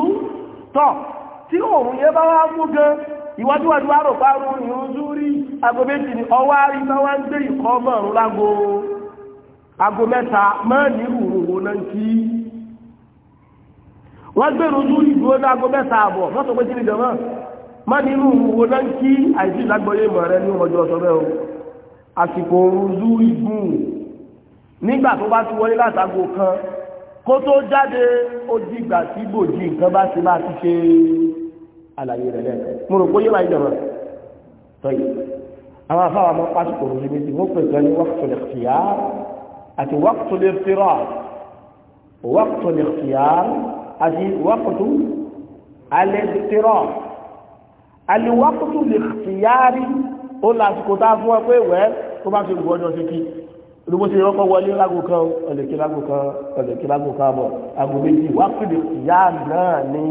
tọ́ tí òun yẹ bá wá mú gan ìwájúwájú àrò párún ìrún zúrí agomẹ́jì ni ọwá rí bá wá ń gbé ìkọ́ mọ̀rún lágo ago mẹ́ta mẹ́rin rúrùwò náà kí wọ́n gbé ìrún zúrí dúró ní ago mẹ́ta àbọ̀ lọ́sọ̀ pé kíni jọmọ́ mẹ́rin rúrùwò náà kí àìsí ìlágbọ́yé mọ̀ rẹ ní ọjọ́ ọ̀sọ̀ bẹ́ẹ̀ o àsìkò òun zúrí gùn nígbà tó bá ti wọlé látago kan kó tó jáde ó dìgbà tí bòjì nǹkan bá ti máa ti ṣe àlàyé rẹ̀ lẹ́nu mo rò pé yóò máa jọ̀rọ̀ tọ́yì àwọn afáwọn ọmọ pásítọ̀ òun níbi tí wọ́n pè sọ ní waqtu al-ikhtiyar àti waqtu al-iftirad waqtu al-ikhtiyar àti waqtu al-iftirad al-waqtu al-ikhtiyari ó lásìkò tá a fún ẹ pé wẹ́ẹ́ tó bá ti gbọ́dọ̀ sí kí olùkó ṣe wọ́n kọ́ wọlé lágò kan ọ̀lẹ̀kí lágò kan ọ̀lẹ̀kí lágò kan àbọ̀ àgò méjì wákùtù lè kíyà náà ní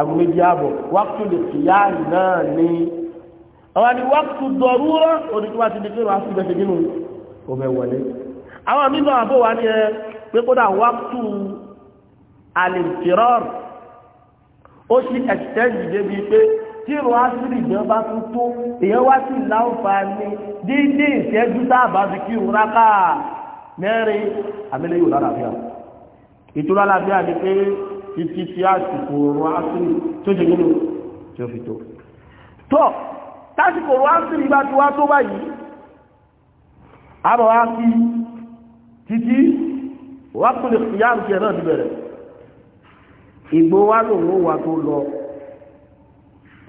àgò méjì àbọ̀ wákùtù lè kíyà náà ní àwọn àti wákùtù dọ̀rúrọ̀ oníkíwá ti di kéwàá sí ìgbẹ́sẹ̀ nínú òfé wọlé àwọn mímọ àbọ̀ wà ní ẹ pé kódà wákùtù àlè tìrọ̀rù ó sì ẹ̀sìtẹ́ǹdì débi pé tí ìrọ̀ àṣírí ìjọ bá tún tó èèyàn wá sí láǹfààní dídí ìṣẹ́jú sáàbà fi kí òun rákà mẹ́rin àmẹ́lẹ́ yóò lálàáfíà ìtura lálàáfíà ni pé títí tí àsìkò òun àṣírí tó ṣe nínú tí ó fi tó. tọ́ tásìkò òun àṣírí bá ti wá tó báyìí àbọ̀ wá kí títí wákùnrin ìyá àrùkẹ́ náà ti bẹ̀rẹ̀ ìgbó wá lòun ó wà tó lọ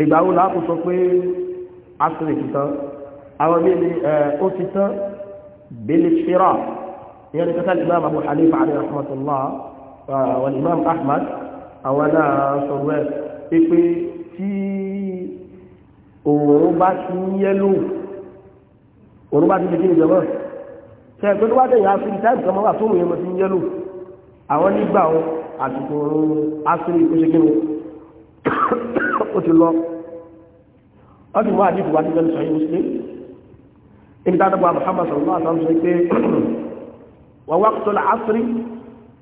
ìgbàwó láàpù sọ pé asìrì ti tán àwọn bí ní ó ti tán bèlè ṣíra ìyẹn ni kẹta imam abu hanifa ali rahmatullah wọn imam ahmad àwọn náà sọ̀rọ̀ ẹ̀ pé tí òun bá ti yẹ́lò òun bá ti lè kí ìjọba ṣe pé tó bá tẹ̀yà sí ìtàìsì kan mọ́gbà tó òun yẹn ti yẹ́lò àwọn nígbà wọn àsìkò asìrì ìpèsè kí ó ti lọ ọdún wá àdìbò wá nígbẹ́ sọ yìí muslim ibi tá a dọ́gba muhammad sallallahu alaihi wasallam sọ pé wà waqtul asri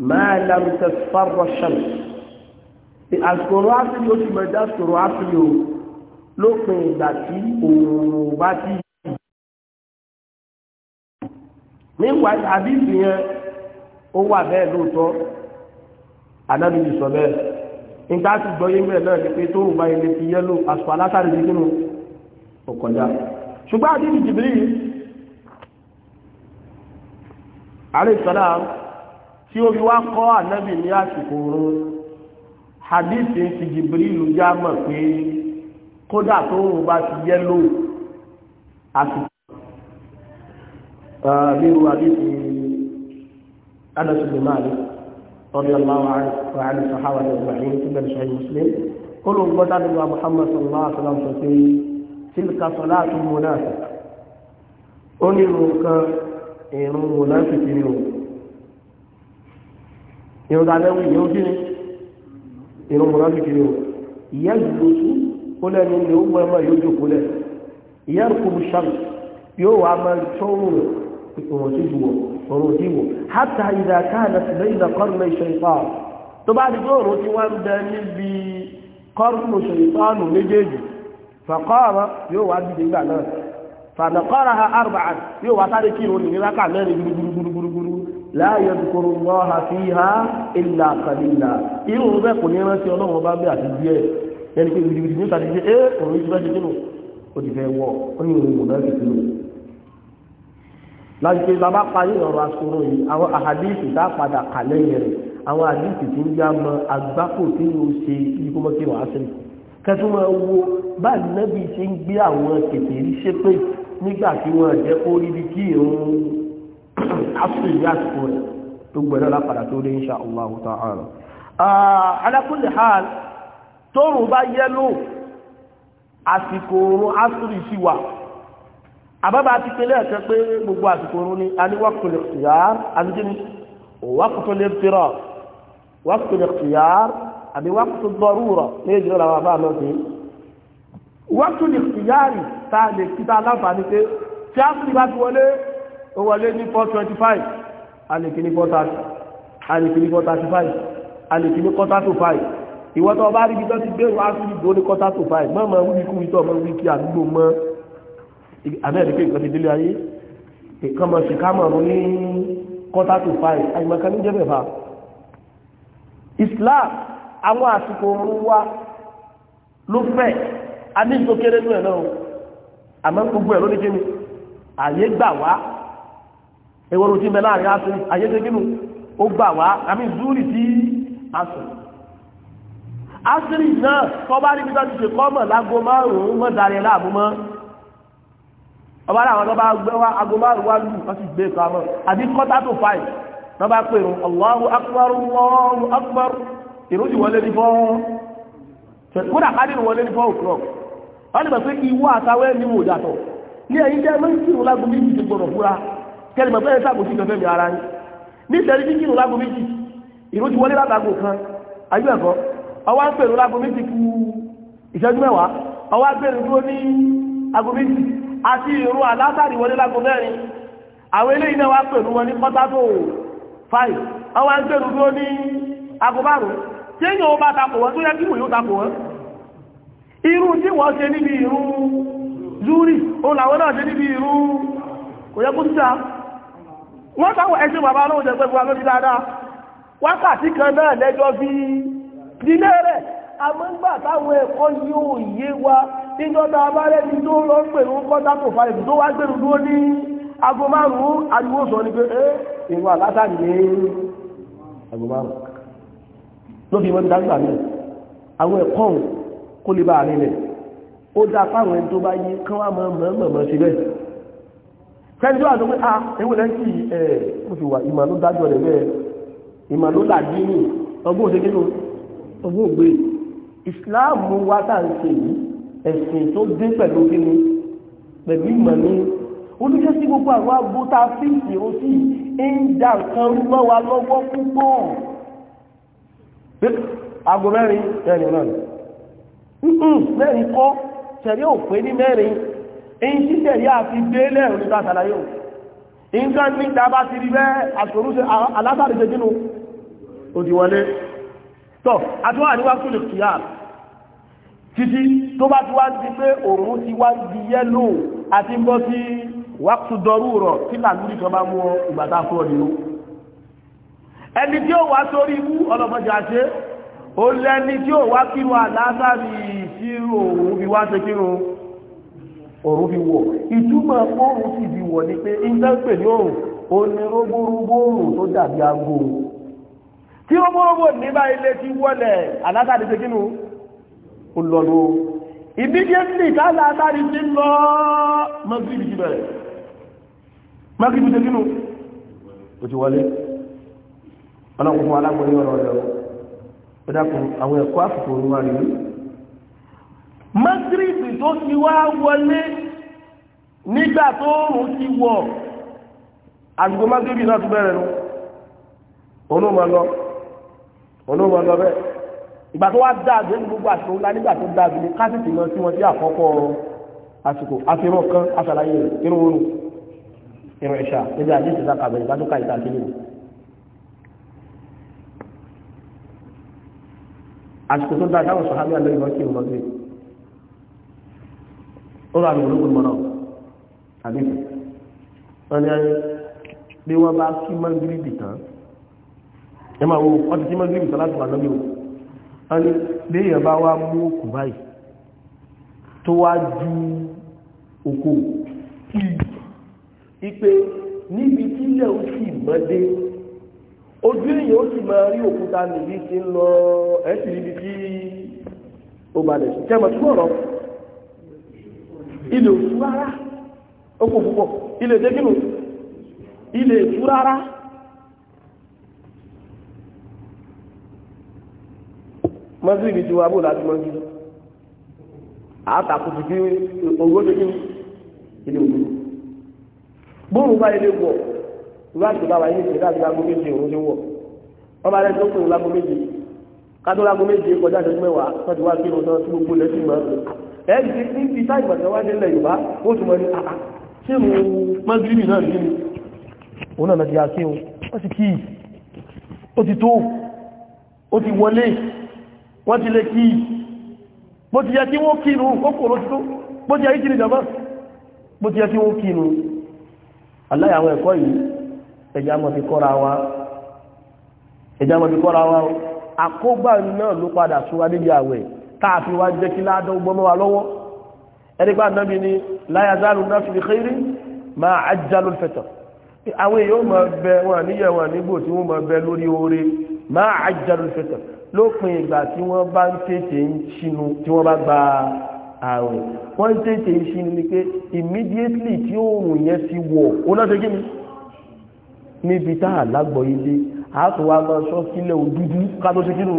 ma lam tasfarra shams ní àsìkòrò asri ó ti mẹ́ta àsìkòrò asri o lópin ìgbà tí òòrùn bá ti ní wà àdìbò yẹn ó wà bẹ́ẹ̀ lóòótọ́ anábìyí sọ bẹ́ẹ̀ nígbà tí gbọ́yé mẹ́rin náà ni pé tóun bá yẹn lè fi yẹ́lò àsìkò alásàrè ó kọjá ṣùgbọ́n àdínì jìbìrì àrísọ́lá tí ó fi wá kọ́ ànábì ní àsìkò oorun hadithi ti jìbìrì ló já mọ̀ pé kódà tó ń bá ti yẹ́ ló àsìkò nínú àdífi adásùgbò máa ní ọdún aláwọ̀ àárín sàháwà ní ọgbà ní ìbẹ̀rẹ̀ sọ́yìn muslim ó lóun gbọ́dá nínú Muhammad sallallahu alaihi wasallam sọ pé tilka salatu munafiq ó ní irun kan irun munafiq kiri o irun dalẹ́wì irun kiri irun munafiq kiri o ìyá ìlú ó lẹ́nu ni ó mọ ẹmọ yóò jókòó lẹ̀ ìyá ìkùrù sàmù yóò wá máa tọ́rùn ìwọ̀n sí ìwọ̀ ọ̀rọ̀ sí ìwọ̀ hátà ìdàkà àti lẹ́yìn ìdàkọ́rùn di pé ọ̀rọ̀ tí wọ́n ń bẹ níbi kọ́rùn mẹ́ṣẹ̀ ìfà fàkọ́ọ̀mọ́ yóò wá dìde ìgbà náà fàdàkọ́ra ha arba'a yóò wá kí ìròyìn ní ha fi ha ní rántí ọlọ́run bá bí àti díẹ̀ ẹni pé gbìdìgbìdì ní eh, asoro a padà kà lẹ́yìn rẹ̀ ti ń já mọ agbáko tí kẹtù máa wo bá nẹ́bí ṣe ń gbé àwọn kèfèrí ṣépè nígbà tí wọ́n jẹ́ kó rí bí kí òun áṣù ìyá àsìkò rẹ̀ tó gbẹ̀rẹ̀ lápadà tó dé insha Allah ta'ala. ala kulli hal tóòrùn bá yẹ́lò àsìkò oorun áṣù ìṣì wà àbábá ti pé lẹ́ẹ̀kẹ́ pé gbogbo àsìkò oorun ni a ní waqtul ikhtiyar àti jẹ́ni waqtul àbí wákùtù dọrúrọ̀ méjì lọ́la wà bá lọ sí wákùtù ní ìyáàrí tá a lè kíta aláǹfààní pé tí a sì bá ti wọlé ó wọlé ní 425 alèkì ní 430 alèkì ní 435 alèkì ní 425 ìwọ́tọ̀ bá rí ibi tó ti gbèrò á sí ní 425 mọ́mọ́ wíkú ìtọ́ mọ́ wíkí àdúgbò mọ́ amẹ́rìkẹ́ ìkan ti délé ayé ìkan mọ̀ ṣìkámọ̀ ní kọ́tà tó fàì àìmọ̀kan ní jẹ́bẹ̀fà Islam àwọn àsìkò òru wa ló fẹ́ a ní tó kéré ní ẹ̀ àmọ́ gbogbo ẹ̀ ló kíni àyè gbà wá ewúro tí mẹ láàrin aṣọ àyè tó kínú ó gbà wá àmì zúrì tí aṣọ náà ti ṣe kọ́mọ̀ lágo márùn-ún mọ́ darí ẹ̀ láàbù mọ́ ọba làwọn tó bá wá ago márùn-ún wá lù wọ́n sì gbé e àbí kọ́tà ìrúsì wọlé ní fọ́n kódà kádìrì wọlé ní fọ́n òkúrọ̀ wọ́n ti bẹ̀ pé ìwọ àtàwẹ́ ní wò dàtọ̀ ní ẹ̀yìn jẹ́ mọ́ ìkírun lágùn méjì ti gbọ́dọ̀ fúra kẹ́lì mọ̀ bẹ́ẹ̀ sàkóso ìfẹ́ mi ara yín nítorí bí kírun lágùn méjì ìrúsì wọlé látàgò kan ayú ẹ̀kọ́ ọwọ́ ń pèrò lágùn méjì ku ìṣẹ́jú mẹ́wàá ọwọ́ gbèrò dúró ní agùn méjì àti ìrú alásàrì wọlé lágùn mẹ́rin àwọn eléyìí náà wá pèrò wọn ní pọ́tátò 5 ọwọ́ ń pèrò dúró ní agùn márùn-ún téèyàn ọba bá tapò wọn tó yẹ kí wọ́n yóò tapò wọn irú tí wọ́n ṣe níbi irú zúrì ó náà ṣe níbi irú kò yẹ kó wọ́n táwọn ẹṣin bàbá lóhùn dáadáa wákàtí kan náà lẹ́jọ́ fi dílé rẹ̀ táwọn ẹ̀kọ́ yóò yé wa ní ló fi mọ́tí dágbà náà àwọn ẹ̀kọ́ kó lè bá àárín rẹ̀ ó dá fáwọn ẹni tó bá yí kán wá mọ̀ọ́mọ̀ọ́mọ̀ sí bẹ́ẹ̀ kẹ́ni tó wà sọ pé a ah, ewu lẹ́ sí ẹ̀ ó fi wà ìmọ̀ ló dájọ́ rẹ̀ bẹ́ẹ̀ ìmọ̀ ló là dín ní ọgbọ́n òṣèké ló ọgbọ́n ògbé ìsìláàmù wa tá à ń ṣe yìí ẹ̀sìn tó dé pẹ̀lú kíni pẹ̀lú ìmọ̀ ní olùjẹ́ sí gbogbo àwọn agbóta fíìsì ó sì ń dà nǹkan mọ́ wa lọ́wọ́ púpọ̀ aago mẹ́rin mẹ́rin náà mẹ́rin kọ́ tẹ̀lé òpé ní mẹ́rin èyí tí tẹ̀lé àfi délẹ̀ onígbà àtàlàyé o nǹkan ní ìdábá ti rí bẹ́ẹ̀ àṣòrúṣe alásàrí ṣe jínú òdìwọlé tọ́ àtúwà ní wákùn lè kìíyà títí tó bá ti wá di pé òun ti wá di yẹ́lò àti ń bọ́ sí wákùn dọrú rọ̀ tí làlúrí kan bá mú ìgbàtà ẹni tí ó wá sórí ibú ọlọ́mọdé àṣẹ ó lẹ́ni tí ó wá kírun àlásàrì ìṣirò òun fi wá ṣe kírun òun fi wọ̀ ìtumọ̀ oòrùn sì fi wọ̀ ni pé ìdánpè ní òòrùn ó ní tó dàbí aago tí rógbórógbó nígbà ilé ti wọlẹ̀ àlásàrì ṣe kírun ó lọ lọ immediately ká àlásàrì ti lọ mọ́gìrì ti bẹ̀rẹ̀ mọ́gìrì ti kírun ó ti wọlé ọlọ́run fún alágbóyé ọ̀rọ̀ rẹ̀ ó dákun àwọn ẹ̀kọ́ àsìkò olúwa rèé mọ́gírìbì tó ti wá wọlé nígbà tó rùn ti wọ̀ àdúgbò mọ́gírìbì náà tún bẹ̀rẹ̀ nù onóòmọ̀ lọ onóòmọ̀ lọ bẹ́ẹ̀ ìgbà tó wá dáàbò ní gbogbo àsìkò ńlá nígbà tó dáàbò ní kásìtì lọ sí wọn sí àkọ́kọ́ àsìkò àfihàn kan àṣàlàyé irun orun irun ìṣà níbi àdéhùn ìṣàkàbẹ̀ ìgbà tó ká àsìkò tó dáa dáwọn sọ̀hábí àlọ́yìn wọ́n kí wọ́n gbé ó rà mí ológun mọ́nà àbí wọ́n ní ayé bí wọ́n bá kí mọ́gírìbì tán ẹ máa wo ọtí tí mọ́gírìbì tán láti wà lọ́bí o wọ́n ní bí èèyàn bá wá mú òkú báyìí tó wá ju òkú ipe níbi tí ilẹ̀ ó sì mọ́ dé ojú èèyàn ó sì máa rí òkúta nìyí ti ń lọ ẹ sì ríbi tí ó balẹ̀ sí kẹmọ̀ tí wọ́n rọ ilé òṣù rárá ó kò púpọ̀ ilé dégínú ilé èṣù rárá mọ́sílì ti wá bó láti mọ́sílì àtàkùn ti fi owó dégínú ilé òṣù bóòrùn bá ilé wọ̀ ìwà àti bàbá yìí ṣe láti lágbo méje òun ṣe wọ̀ wọ́n bá lẹ́nu tó kún lágbo méje kátó lágbo méje kọjá ìṣẹ́jú mẹ́wàá tó ti wá kí o tán tí gbogbo lẹ́sìn máa ń lò ẹ̀ẹ́dì tí ní ti táì gbàgbọ́ wá nílẹ̀ Yorùbá ó tún mọ ní àá ah, ah, ṣé mo mọ́gírìmì náà ní ní òun náà ti yá sí òun wọ́n ti kíì ó ti tó ó ti wọlé wọ́n ti lè kíì bó ti yẹ kí wọ́n kí irun ó kòrò tó bó ti yẹ kí ìjọba bó ti yẹ kí wọ́n kí irun aláyàwó ẹ̀kọ́ yìí ẹjá mọ̀ fi kọ́ra wa ẹjá mọ̀ fi kọ́ra wa àkógbà náà ló padà sún wa níbi àwẹ̀ táàfi wá jẹ́ kí ládọ́ gbọ́mọ́ wa lọ́wọ́ ẹnigbà náàbí ni láyàzárù náà fi kéré ma àjálù fẹ̀tọ̀ àwọn èèyàn máa bẹ wọn níyẹ̀ wọn nígbò tí wọ́n máa bẹ lórí oore ma àjálù fẹ̀tọ̀ lópin ìgbà tí wọ́n bá ń tètè ń ṣinú tí wọ́n bá gba àwẹ̀ wọ́n tètè ń ṣinú ni pé immediately tí oòrùn yẹn ti wọ̀ níbi tá àlágbọ̀ ilé àátùwà máa sọ sílẹ̀ òdúdú kátó sí kínú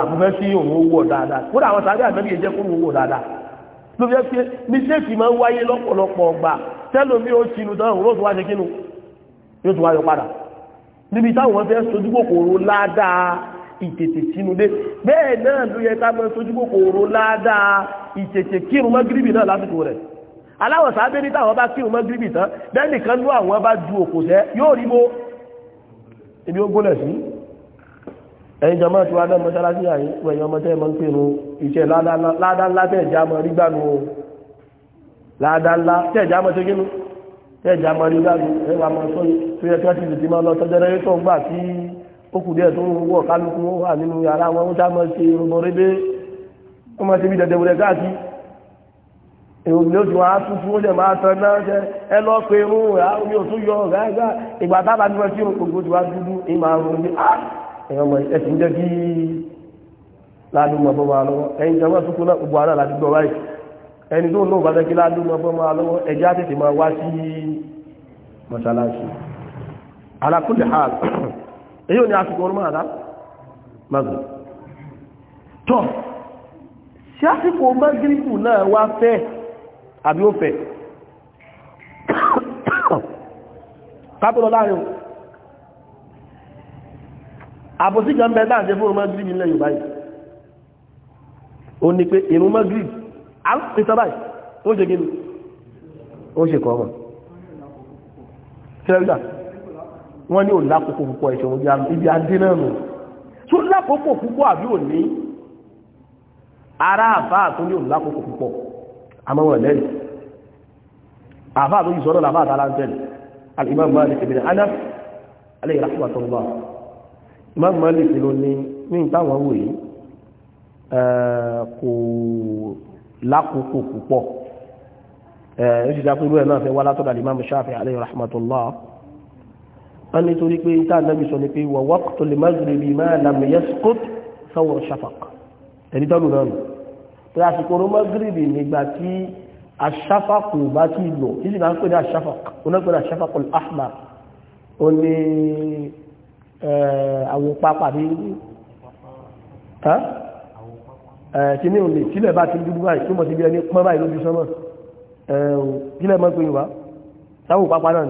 àfúnfẹ́ sí òun owó dáadáa kódà àwọn sàárẹ́ àmẹ́bí ẹjẹ́ kó owó dáadáa ló fẹ́ fi mistake máa ń wáyé lọ́pọ̀lọpọ̀ ọgbà tẹ́lò mi ó sinú tán òun ló tún wá ṣe kínú yóò tún wá yọ padà níbi táwọn fẹ́ sojú kòkòrò ládàá ìtètè sínú dé bẹ́ẹ̀ náà ló yẹ ká máa sojú kòkòrò ládàá ìtètè kírun mọ́ gíríbì náà lásìkò rẹ̀ aláwọ̀ sábẹ́ ní táwọn bá kí o mọ́gíríbì tán lẹ́nìkan ló àwọn bá ju òkòṣẹ́ yóò rí bó ibi ó gólẹ̀ sí ẹ̀yìn jọmọ́ tí wá náà mọ́ṣálásí àyí wẹ̀yìn ọmọdé mọ́ ń pè nù iṣẹ́ ládánlá tẹ̀jámọ́ rígbánu ládánlá tẹ̀jámọ́ tó gínú tẹ̀jámọ́ rígbánu ẹwà mọ́ sọ́yí tó yẹ kí wọ́n ti lè ti máa lọ tọ́jọ́rẹ́ yóò tó ń gbà tí ó kù díẹ̀ tó ń wọ̀ kálukú wà nínú yàrá wọn ó sá mọ́ ṣe rúbọ rébé ó mọ́ ṣe bí dẹ̀dẹ̀ wọlé káàkiri èrò mi ó ti wá tuntun ó lè máa tán náà ṣe ẹ lọ pé irun rà omi ò tún yọ ọ̀gá ẹ̀gá ìgbà tábà tí wọ́n ti rún gbogbo ti wá dúdú ẹ máa rún ní ah! ẹ̀yàn ọmọ ẹ̀ ti ń jẹ́ kí ládùúgbò bọ́ máa lọ́wọ́ ẹ̀yin jẹ́ wọ́n tún kún náà gbogbo ara ládùúgbò báyìí ẹni tó lóun bá fẹ́ kí ládùúgbò bọ́ máa lọ́wọ́ ẹ̀jẹ̀ á tètè máa wá sí mọ́ṣáláṣí. ala àsìkò orúmọ́ náà wá fẹ́ẹ́ àbí ó fẹ̀ kápẹ́lọ láàrin àbòsí kan bẹ láàrin fún ọmọ gírí nílẹ̀ Yorùbá yìí ó ní pé ìrún mọ́ gírí a ń pè sọ́bàá ó ṣe gírí ó ṣe kọ́ ọmọ tẹ́lá wọ́n ní ò lákòókò púpọ̀ ìṣòwò ibi adé náà nù tó lákòókò púpọ̀ àbí ò ní ara àbá àtúndì ò lákòókò púpọ̀ amáwọn lẹ́rì àfáà tó yìí sọ́rọ̀ làbá àtàlá ń tẹ̀lé al-imam malik ibn anas alayhi rahmatullah imam malik ló ní ní ìtàwọn wò yìí kò lákòókò púpọ̀ ó sì dákúrú ẹ̀ náà fẹ́ wá látọ̀dọ̀ al-imam shafi alayhi rahmatullah wọ́n ní torí pé ìta nàbì sọ ni pé náà pé àsìkò rọmọgírìbì nígbà tí aṣáfàkù bá ti lọ tí sì máa ń pè ní aṣáfàkù onágbèrè aṣáfàkù ahmar ó ní àwọn pápá ní kí ní òní tílẹ̀ bá ti dúdú báyìí tí mo ti bí ẹni pọ́n báyìí lójú sọ́mọ̀ tílẹ̀ mọ́ pé yorùbá sáwò pápá náà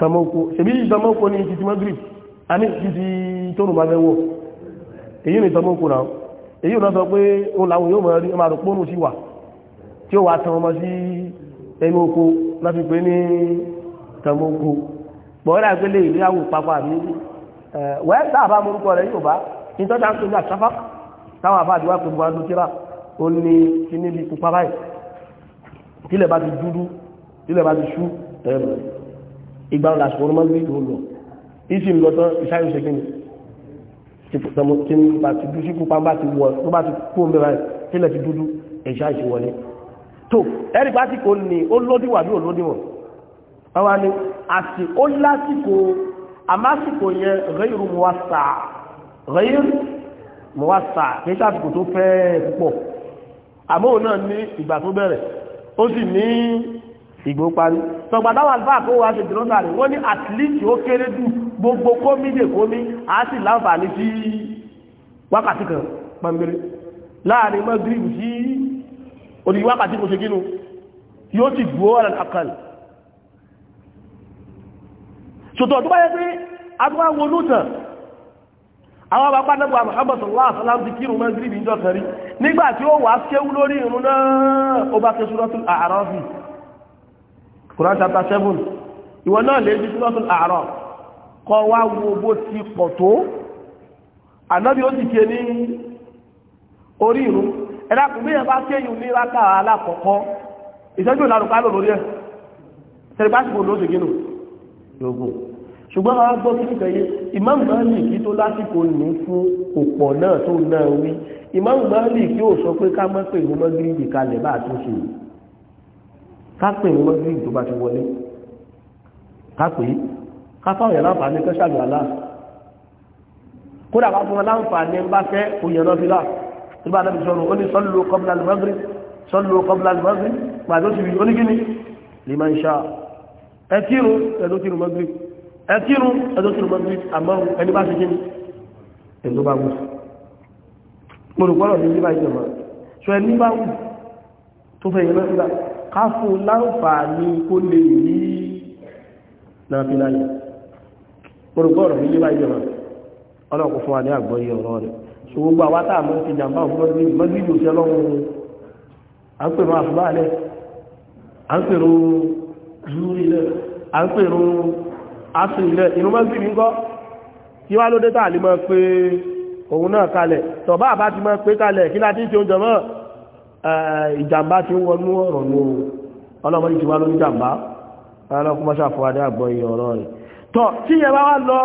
tọmọ́kó ṣèbí tọmọ́kó ní títí mọ́gírì àmì títí tó èyí lọ sọ pé ó làwọn yóò mọ̀ rí ọmọ àrùpónù sí wà tí ó wà tán ọmọ sí ẹnu oko láti pé ní tàmó oko bọ̀ọ́rẹ́ àgbélé ìléyàwó pápá mi wẹ́ẹ́ tá àbá morúkọ rẹ̀ yóò bá ìtọ́jà ń pè ní àṣàfà táwọn àbá àdúrà pé buhari ló kíra ó ní kí níbi pupa báyìí tílẹ̀ bá ti dúdú tílẹ̀ bá ti ṣú ẹ̀rọ ìgbà ọ̀làṣọ̀ ọmọ tí ń bá ti dúdú pupa bá ti wọ tó bá ti kó mẹ́ra tílẹ̀ ti dúdú ẹ̀ṣá ìṣìwọlé tó ẹ̀rí pásíkò ní ó lódìwà ní olódìwọ̀n ọwá ni àti ó lásìkò àmásìkò yẹn rẹ́yìrù mọ́wásà rẹ́yìrù mọ́wásà kìí sàtìkò tó fẹ́ púpọ̀ àmóhùn náà ní ìgbà tó bẹ̀rẹ̀ ó sì ní ìgbó parí sọgbàdáwà alfa kó wá ṣe jìnnà sáré wọ́n ní àtìlíṣì ó kéré jù gbogbo kómi dè kómi á sì láǹfààní sí wákàtí kan pàmìlẹ láàrin mọ́gírìbù sí òní wákàtí kò ṣe kínú yóò sì dúó àkàlì ṣùtọ̀ tó bá yẹ pé agbá wọnú tàn àwọn bàbá nẹ́gbà Muhammad sallallahu alaihi wasallam ti kírun mọ́gírìbù ìjọ Quran chapter 7 ìwọ náà lè di Suratul A'raf kọ wá wo bó ti pọ̀ tó ànábì ó ti ké ní orí ìrun ẹ̀dá kò bí yẹn bá kéyìn ní rákà alákọ̀ọ́kọ́ ìṣẹ́jú ìlànà lórí ẹ̀ tẹ̀lifásitì kò lóṣèlú nù lógún ṣùgbọ́n àwọn gbọ́ kí nìkan yé Imam Malik tó lásìkò ní fún òpọ̀ náà tó náà wí Imam Malik sọ pé ká mọ́ pé ìlú mọ́gíríjì kalẹ̀ bá tún ṣe ká pè ìlú mọ́gíríjì tó bá ti wọlé ká pè é káfáwọn yẹn láǹfààní kẹ́ ṣàlù àlá kódà káfún wọn láǹfààní ń bá fẹ́ òyìn lọ́bílà tó bá dábì sọ́nù ó ní sọ́lù kọ́bùlà lùmọ́gírí sọ́lù kọ́bùlà lùmọ́gírí pàdé ó sì rí onígíní lè máa ń ṣá ẹ kírun ẹ̀dọ́ kírun mọ́gírí ẹ kírun ẹ̀dọ́ kírun mọ́gírí àmọ́ ẹni bá ṣe kíni ẹ̀dọ́ bá wù mo tó fẹ́ yẹn lọ́bílà káfún láǹfààní kó lè ní nàfìlà yẹn orúkọ ọ̀rọ̀ yìí bá yọ̀ ọlọ́kùn fún wa ní àgbọ́yé ọ̀rọ̀ rẹ̀ so gbogbo àwa tá a mọ̀ ti jàǹbá òfin mọ́tò méjì mọ́tò méjì òsì ọlọ́run à ń pè mọ́ àfúbá alẹ́ à ń pèrò zúrí lẹ́ à ń pèrò asùn ilẹ̀ inú mọ́tò mi kọ́ kí wá ló dé tàà lè mọ́ pé òun náà kalẹ̀ tọ̀bá àbá ti mọ́ pé kalẹ̀ kí láti ṣe oúnjẹ mọ́ ìjàmbá ti ń wọnú ọ̀rọ̀ nù ọlọ́mọdé ti wá lórí jàmbá ọlọ́kùn mọ́ṣàfọwádé àgbọ̀yìn ọ̀rọ̀ rẹ̀ tọ̀ tí yẹ wá lọ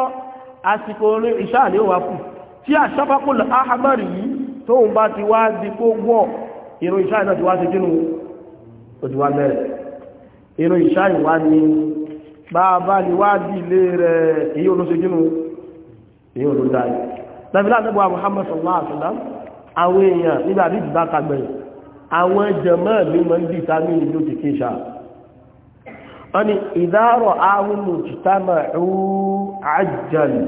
àsìkò orin ìṣàlẹ̀ wà kù tí àṣàpápọ̀lọ̀ ahamari yìí tó ń bá ti wá di kó wọ́ ìrun ìṣàlẹ̀ náà ti wá ṣe jínú òjúwà mẹ́rẹ̀ ìrun ìṣàlẹ̀ wá ní bàbá ni wá di ilé rẹ̀ èyí olóṣe jínú èyí olódáyì lábílá àdẹ́gbà Muhammad sallallahu alaihi wasallam wọ́n ni ìdárọ̀ ahun mùtútàmà ẹ̀hú àjàlù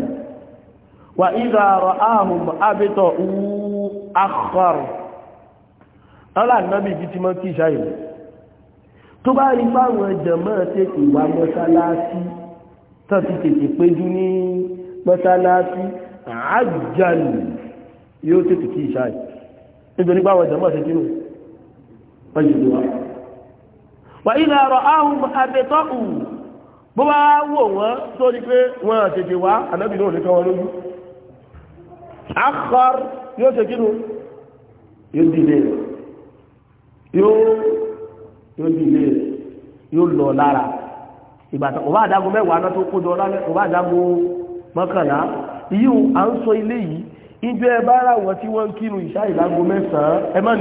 wà ìdárọ̀ ahun abẹ́tọ̀ ẹ̀hú àkọrọ̀ ọlá nàbí ibi tí mọ́ kí ṣáyẹ̀ tó bá rí fáwọn ẹjẹ̀ mọ́ ṣe ìwà mọ́sálásí tó ti tètè péjú ní mọ́sálásí àjàlù yóò tètè kí ṣáyẹ̀ wà ilà ọ̀rọ̀ ahùn abẹ́tọ́ ù bó bá wò wọ́n tó ní pé wọ́n àtẹ̀tẹ̀ wá ànábì náà lè kọ́ wọn lójú akọ́r yóò ṣe kínú yóò dìde rẹ̀ yóò yóò dìde rẹ̀ yóò lọ lára ìgbàtà ọba àdágo mẹ́wàá náà tó kójọ lálẹ́ ọba àdágo mọ́kànlá yíò à ń sọ ilé yìí ìjọ ẹ bá tí wọ́n ń ìṣá ìlágo mẹ́sàn-án ẹ má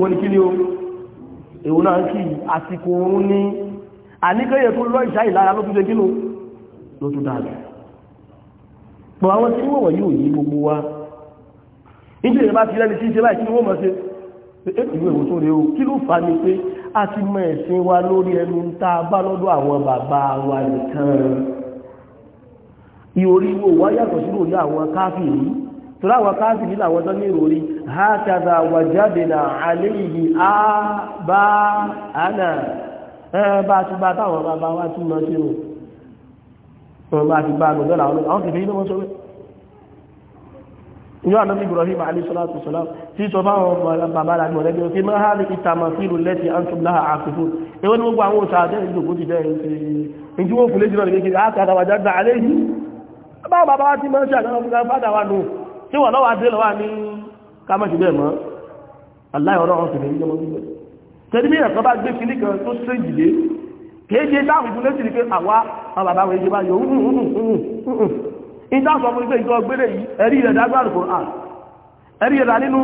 wọn ní kí ni o èwo náà kí àsìkò oorun ní àníkẹ́yẹ tó lọ ìṣá ìlara ló tún ṣe kínú ló tún dáadọ̀ pọ̀ àwọn tí wọ́n yóò yí gbogbo wa nítorí ìrìnbá ti rẹ́ni tí ṣe láì wọ́n mọ̀ sí ìwé ìwò tó rẹ̀ o kí ló fà ní pé a ti mọ ẹ̀sìn wa lórí ẹnu ń tá a bá lọ́dọ̀ àwọn bàbá wa nìkan ìorí wo wá sí lórí àwọn káfìrí torí àwọn káfìrí làwọn tán ní ìròrí hákàdà wàjádìnà àléyìí àbá àná bá ti bá táwọn bàbá wá tí mọ́ sí o wọ́n bá ti bá gbogbo àwọn kìfẹ́ inú wọ́n sọ́wẹ́ ìjọ́ ànábì Ibrahim alayhisalatu salam tí sọ bá wọn bàbá rà gbọ́n lẹ́gbẹ̀ẹ́ fi máa hàbí ìtàmàfíìrù lẹ́tì àǹtùbláhà àkùkù ewé ní gbogbo àwọn òṣàdẹ́ ìjòkó ti bẹ́ẹ̀ ṣe ìjú wọn kùlé jùlọ nìkejì tí wọ́n lọ́wọ́ adé lọ́wọ́ ní ká mọ̀ sí bẹ́ẹ̀ mọ́ aláìọ̀rọ̀ ọ̀hún sì lè yọmọ nígbẹ̀ tẹ́lẹ̀ mìíràn kan bá gbé kiri kan tó sẹ́yìn lé kéèké táwọn ìfúnlẹ̀ sì rí pé àwa àwọn bàbá wọn ìjọba yóò hùn hùn hùn hùn ìta sọ fún ìgbẹ́ ìjọ gbélé yìí ẹ̀rí rẹ̀ dágbàrù kò hàn ẹ̀rí rẹ̀ nínú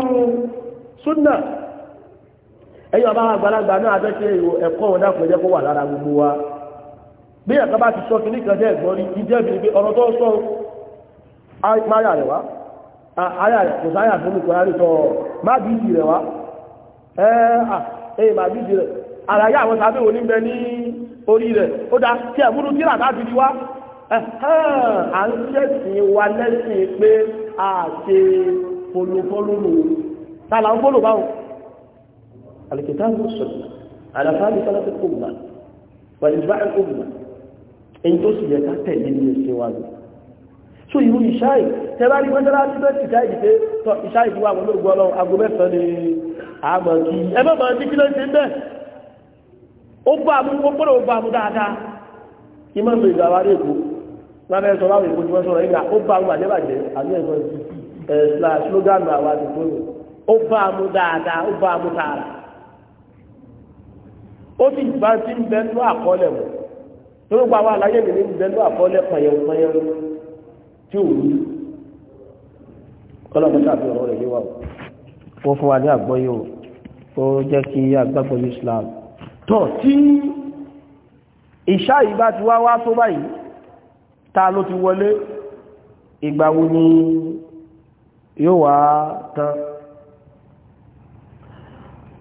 ẹ̀yọ́ bá àgbàlagbà náà abẹ́ṣe ẹ̀kọ́ wọn dákùn kó wà lára gbogbo wa bí ẹ̀ka bá ti sọ kiri kan jẹ́ ẹ̀gbọ́n rí ìjẹ́ ìbí ọ̀rọ̀ tó sọ máyà rẹ̀ kò sáyà fún ìkọ̀ láti sọ má bí ìdí rẹ̀ wá ẹ́ má bí ìdí rẹ̀ àlàyé àwọn sábẹ́ òní bẹ ní orí rẹ̀ ó dá tí ẹ̀múrú tí ràtà ti di wá à ń ṣẹ̀sìn wa lẹ́sìn pé a ṣe folofólónù tààlà ń fólò báwọn alìkìtà ń sọ àlàfáàlì sọ́lọ́tì kò mọ̀ pẹ̀lú ìbára kò mọ̀ èyí tó sì yẹ ká tẹ̀lé ní ẹ̀sìn wa lọ tó ìrú ìṣáì tẹ́bá rí mọ́sálásí tó ti ṣáì dìde tọ ìṣáì fún àwọn olóògbé ọlọ́run aago mẹ́sàn-án ni àmọ̀ kí ẹ bá máa ní kí ló ń ṣe bẹ́ẹ̀ ó bá mú ó gbọ́dọ̀ ó bá mú dáadáa kí má sọ ìgbà wa rí èkó lábẹ́ sọ láwọn èkó tí ìgbà ó bá mú àdébàjẹ́ àbí ẹ̀kọ́ slogan àwa ti tó lò ó bá mú dáadáa ó bá mú tààrà ó sì bá ti ń bẹ́ẹ̀ lọ́ àkọọ́lẹ̀ mọ́ torí pa àwọn àlàyé mi ní bẹ́ẹ̀ lọ́ tí ò ní kọ́lọ́mọ́sá àti ọ̀rọ̀ rẹ̀ léwà ó fún wa ní àgbọ́yé ó jẹ́ kí agbágbọ́ Islam tọ̀ tí ìṣá yìí bá ti wá wá tó báyìí ta ló ti wọlé ìgbà wo ni yóò wá tán